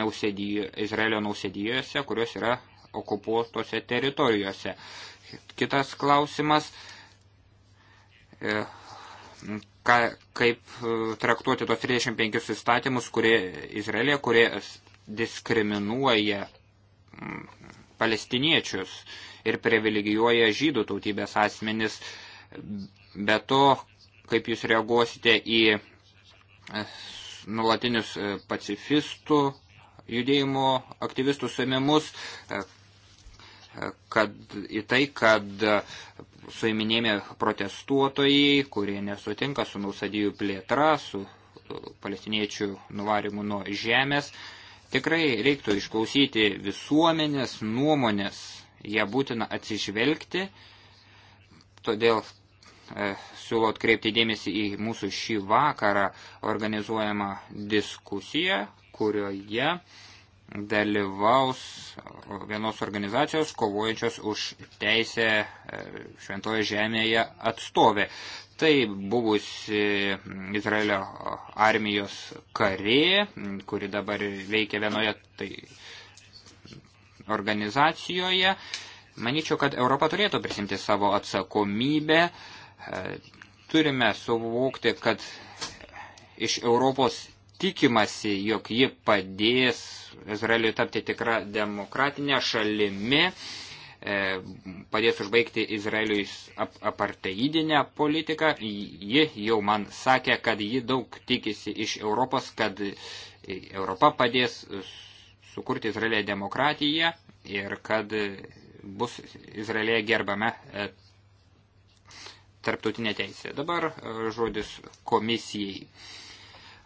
nausėdijo, Izraelio nausėdijose, kurios yra okupuotose teritorijose. Kitas klausimas, e, ka, kaip e, traktuoti tos 35 įstatymus, kurie Izraelė, kurie diskriminuoja palestiniečius ir privilegijuoja žydų tautybės asmenis Be to, kaip jūs reaguosite į e, nulatinius e, pacifistų judėjimo aktyvistų suėmimus, e, kad į tai, kad suiminėjami protestuotojai, kurie nesutinka su nausadijų plėtra, su palestiniečių nuvarimu nuo žemės, tikrai reiktų išklausyti visuomenės nuomonės, ją būtina atsižvelgti, todėl E, siūlau atkreipti dėmesį į mūsų šį vakarą organizuojamą diskusiją, kurioje dalyvaus vienos organizacijos kovojančios už teisę e, šventoje žemėje atstovė. Tai buvusi Izraelio armijos karė, kuri dabar veikia vienoje tai organizacijoje. Manyčiau, kad Europa turėtų prisimti savo atsakomybę uh, E, turime suvokti, kad iš Europos tikimasi, jog ji padės Izraeliui tapti tikrą demokratinę šalimi, e, padės užbaigti Izraeliui ap aparteidinę politiką. Ji jau man sakė, kad ji daug tikisi iš Europos, kad Europa padės sukurti Izraelėje demokratiją ir kad bus Izraelėje gerbame tarptautinė teisė. Dabar e, žodis komisijai.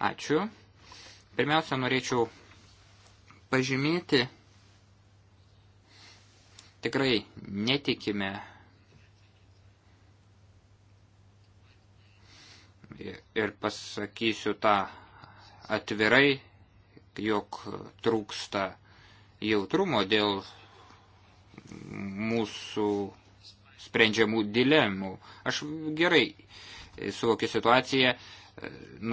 Ačiū. Pirmiausia, norėčiau pažymėti, tikrai netikime ir pasakysiu tą atvirai, jog trūksta jautrumo dėl mūsų sprendžiamų dilemų. Aš gerai suvokiu situaciją,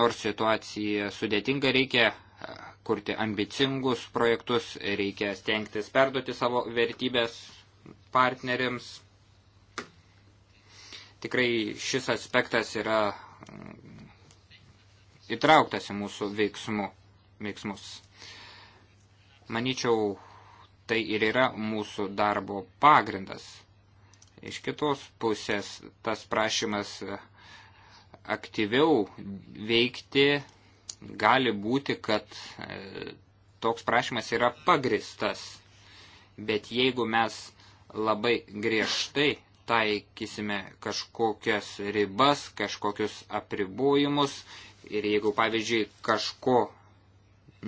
nors situacija sudėtinga, reikia kurti ambicingus projektus, reikia stengtis perduoti savo vertybės partneriams. Tikrai šis aspektas yra mm, įtrauktas į mūsų veiksmų, veiksmus. Manyčiau, tai ir yra mūsų darbo pagrindas. Iš kitos pusės tas prašymas e, aktyviau veikti gali būti, kad e, toks prašymas yra pagristas. Bet jeigu mes labai griežtai taikysime kažkokias ribas, kažkokius apribojimus ir jeigu, pavyzdžiui, kažko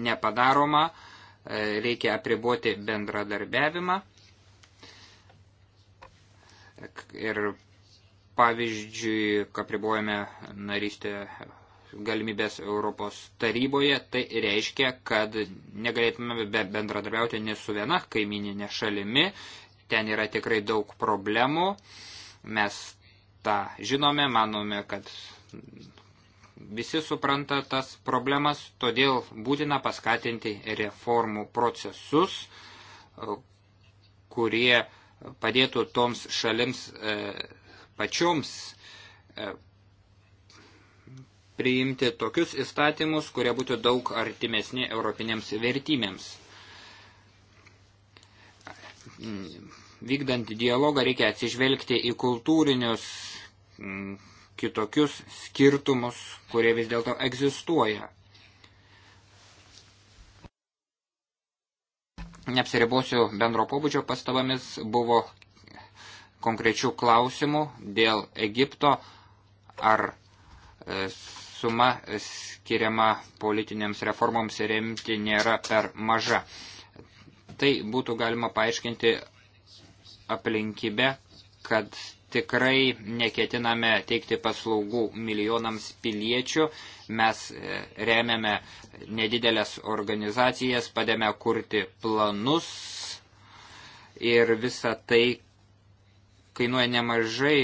nepadaroma, e, reikia apriboti bendradarbiavimą, ir pavyzdžiui, kapribojame narystę galimybės Europos taryboje, tai reiškia, kad negalėtume bendradarbiauti ne su viena kaimininė šalimi, ten yra tikrai daug problemų, mes tą žinome, manome, kad visi supranta tas problemas, todėl būtina paskatinti reformų procesus, kurie padėtų toms šalims e, pačioms e, priimti tokius įstatymus, kurie būtų daug artimesni europinėms vertybėms. Vykdant dialogą reikia atsižvelgti į kultūrinius kitokius skirtumus, kurie vis dėlto egzistuoja. neapsiribosiu bendro pobūdžio pastabomis, buvo konkrečių klausimų dėl Egipto, ar e, suma skiriama politinėms reformoms remti nėra per maža. Tai būtų galima paaiškinti aplinkybę, kad tikrai neketiname teikti paslaugų milijonams piliečių. Mes e, remiame nedidelės organizacijas, padėme kurti planus ir visa tai kainuoja nemažai.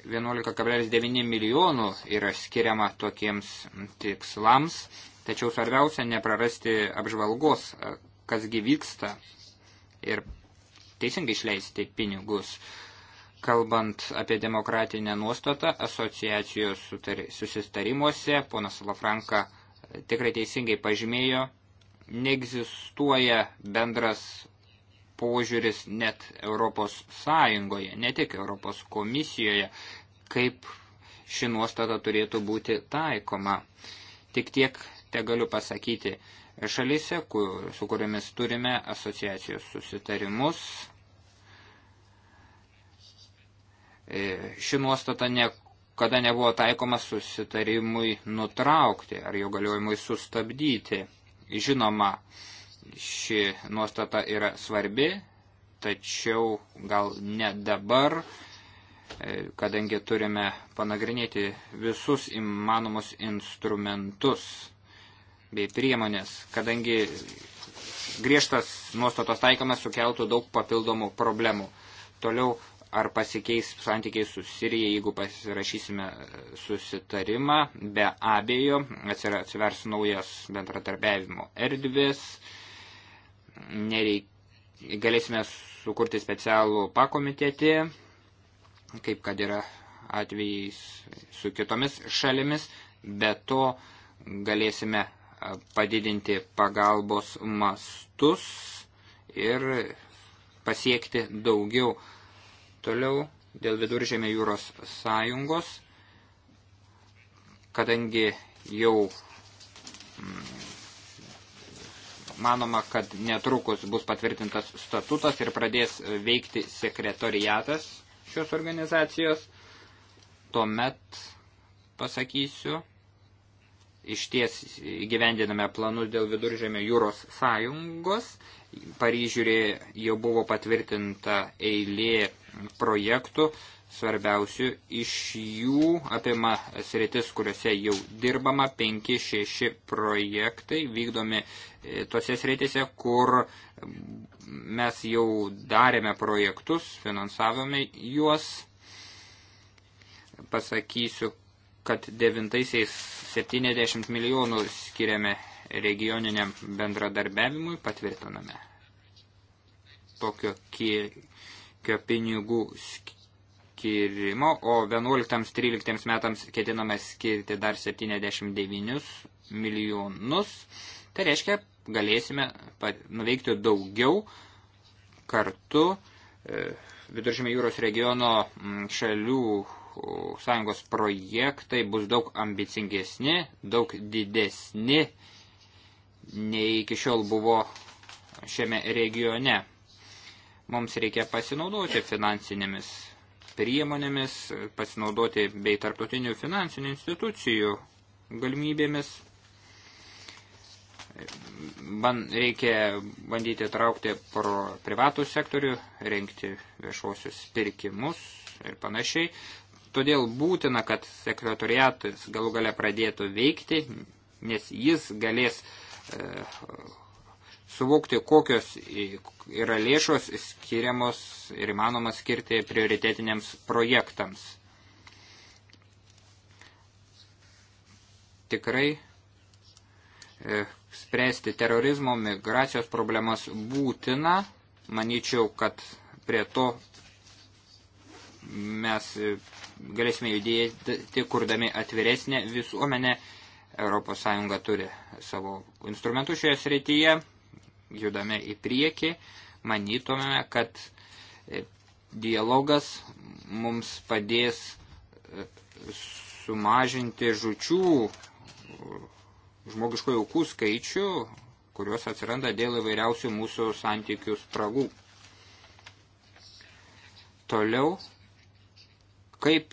11,9 milijonų yra skiriama tokiems tikslams, tačiau svarbiausia neprarasti apžvalgos, e, kas gyvyksta ir teisingai išleisti pinigus. Kalbant apie demokratinę nuostatą asociacijos susitarimuose, ponas Lafranka e, tikrai teisingai pažymėjo, neegzistuoja bendras požiūris net Europos Sąjungoje, ne tik Europos komisijoje, kaip ši nuostata turėtų būti taikoma. Tik tiek te galiu pasakyti, šalyse, kur, su kuriamis turime asociacijos susitarimus, E, ši nuostata niekada nebuvo taikoma susitarimui nutraukti ar jo galiojimui sustabdyti. Žinoma, ši nuostata yra svarbi, tačiau gal ne dabar, e, kadangi turime panagrinėti visus įmanomus instrumentus bei priemonės, kadangi griežtas nuostatos taikymas sukeltų daug papildomų problemų. Toliau ar pasikeis santykiai su Sirija, jeigu pasirašysime susitarimą, be abejo, atsivers naujas bendratarbiavimo erdvės, nereik, galėsime sukurti specialų pakomitetį, kaip kad yra atvejais su kitomis šalimis, be to galėsime padidinti pagalbos mastus ir pasiekti daugiau Toliau dėl viduržėmė jūros sąjungos, kadangi jau mm, manoma, kad netrukus bus patvirtintas statutas ir pradės veikti sekretoriatas šios organizacijos, tuomet pasakysiu, iš ties įgyvendiname planus dėl viduržėmio jūros sąjungos Paryžiūrė jau buvo patvirtinta eilė projektų, svarbiausių iš jų apima sritis, kuriuose jau dirbama 5-6 projektai vykdomi e, tose sritise, kur mes jau darėme projektus, finansavome juos. Pasakysiu, kad 9-70 milijonų skiriame regioniniam bendradarbiavimui patvirtiname tokio kiekio pinigų skirimo, o 11-13 metams ketiname skirti dar 79 milijonus. Tai reiškia, galėsime nuveikti daugiau kartu e, Viduržymė jūros regiono šalių sąjungos projektai bus daug ambicingesni, daug didesni nei iki šiol buvo šiame regione. Mums reikia pasinaudoti finansinėmis priemonėmis, pasinaudoti bei tarptautinių finansinių institucijų galimybėmis. Man reikia bandyti traukti pro privatų sektorių, renkti viešuosius pirkimus ir panašiai. Todėl būtina, kad sekretoriatas galų gale pradėtų veikti, nes jis galės uh, E, suvokti, kokios yra lėšos skiriamos ir įmanoma skirti prioritetiniams projektams. Tikrai e, spręsti terorizmo migracijos problemas būtina. Manyčiau, kad prie to mes galėsime judėti, kurdami atviresnę visuomenę ES turi savo instrumentų šioje srityje, judame į priekį, manytumėme, kad e, dialogas mums padės e, sumažinti žučių žmogiško jaukų skaičių, kurios atsiranda dėl įvairiausių mūsų santykių spragų. Toliau, kaip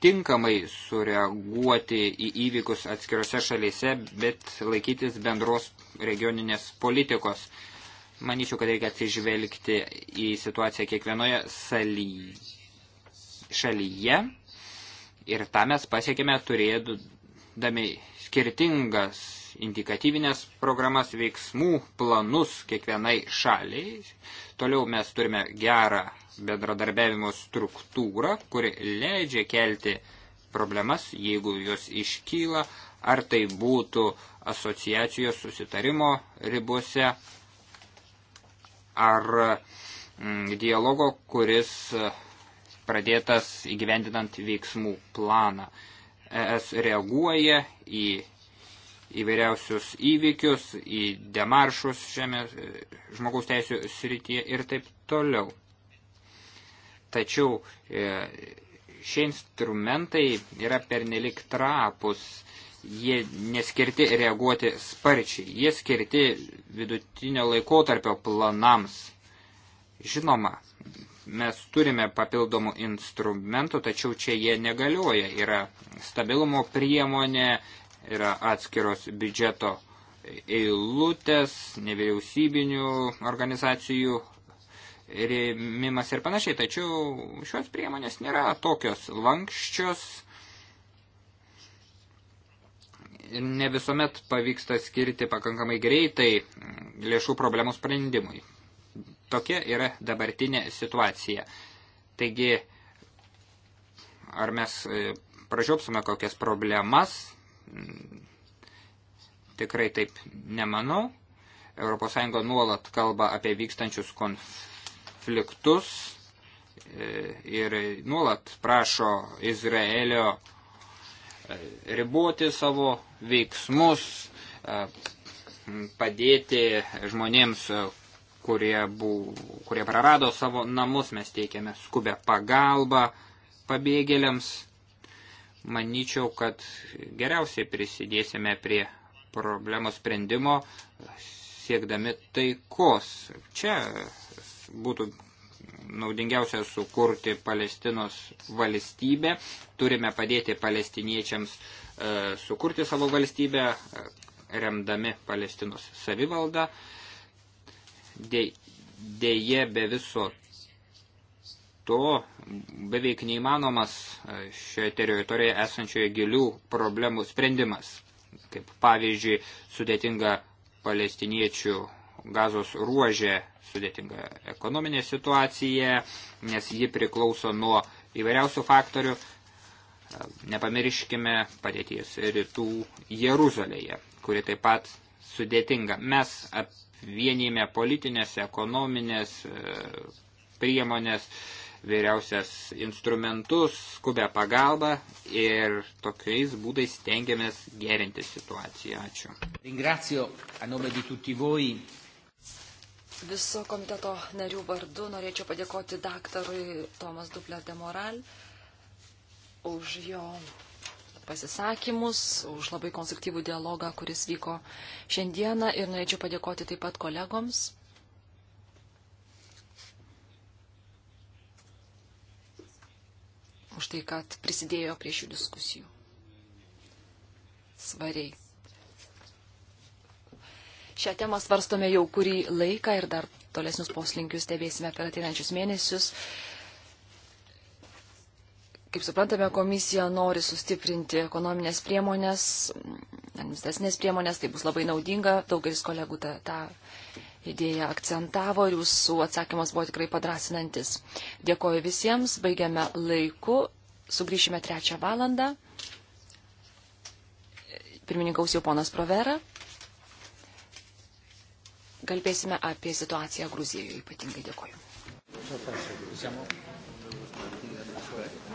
tinkamai sureaguoti į įvykius atskirose šalyse, bet laikytis bendros regioninės politikos. Manyčiau, kad reikia atsižvelgti į situaciją kiekvienoje saly... šalyje ir tą mes pasiekėme turėdami skirtingas indikatyvinės programas veiksmų planus kiekvienai šaliai. Toliau mes turime gerą bendradarbiavimo struktūrą, kuri leidžia kelti problemas, jeigu jos iškyla, ar tai būtų asociacijos susitarimo ribose, ar mm, dialogo, kuris pradėtas įgyvendinant veiksmų planą. ES reaguoja į įvairiausius įvykius, į demaršus šiame e, žmogaus teisų srityje ir taip toliau. Tačiau e, šie instrumentai yra pernelik trapus, jie neskirti reaguoti sparčiai, jie skirti vidutinio laikotarpio planams. Žinoma, mes turime papildomų instrumentų, tačiau čia jie negalioja. Yra stabilumo priemonė, yra atskiros biudžeto eilutės, nevyriausybinių organizacijų rėmimas ir panašiai. Tačiau šios priemonės nėra tokios lankščios ir ne visuomet pavyksta skirti pakankamai greitai lėšų problemų sprendimui. Tokia yra dabartinė situacija. Taigi, ar mes e, pražiopsime kokias problemas? Tikrai taip nemanau. ES nuolat kalba apie vykstančius konfliktus konfliktus e, ir nuolat prašo Izraelio e, riboti savo veiksmus, e, padėti žmonėms, kurie, bu, kurie prarado savo namus, mes teikiame skubę pagalbą pabėgėliams. Manyčiau, kad geriausiai prisidėsime prie problemos sprendimo siekdami taikos. Čia būtų naudingiausia sukurti Palestinos valstybę. Turime padėti palestiniečiams e, sukurti savo valstybę, e, remdami Palestinos savivaldą. De, deje be viso to beveik neįmanomas e, šioje teritorijoje esančioje gilių problemų sprendimas, kaip pavyzdžiui sudėtinga palestiniečių gazos ruožė sudėtinga ekonominė situacija, nes ji priklauso nuo įvairiausių faktorių. Nepamirškime padėties rytų Jeruzalėje, kuri taip pat sudėtinga. Mes apvienime politinės, ekonominės e, priemonės, vairiausias instrumentus, skubę pagalbą ir tokiais būdais stengiamės gerinti situaciją. Ačiū viso komiteto narių vardu norėčiau padėkoti daktarui Tomas Dupler de Moral už jo pasisakymus, už labai konstruktyvų dialogą, kuris vyko šiandieną ir norėčiau padėkoti taip pat kolegoms. už tai, kad prisidėjo prie šių diskusijų. Svariai. Šią temą svarstome jau kurį laiką ir dar tolesnius poslinkius stebėsime per ateinančius mėnesius. Kaip suprantame, komisija nori sustiprinti ekonominės priemonės, administracinės priemonės, tai bus labai naudinga. Daugelis kolegų tą, tą idėją akcentavo ir jūsų atsakymas buvo tikrai padrasinantis. Dėkoju visiems, baigiame laiku, sugrįšime trečią valandą. Pirmininkaus jau ponas Provera kalbėsime apie situaciją Gruzijoje. Ypatingai dėkoju.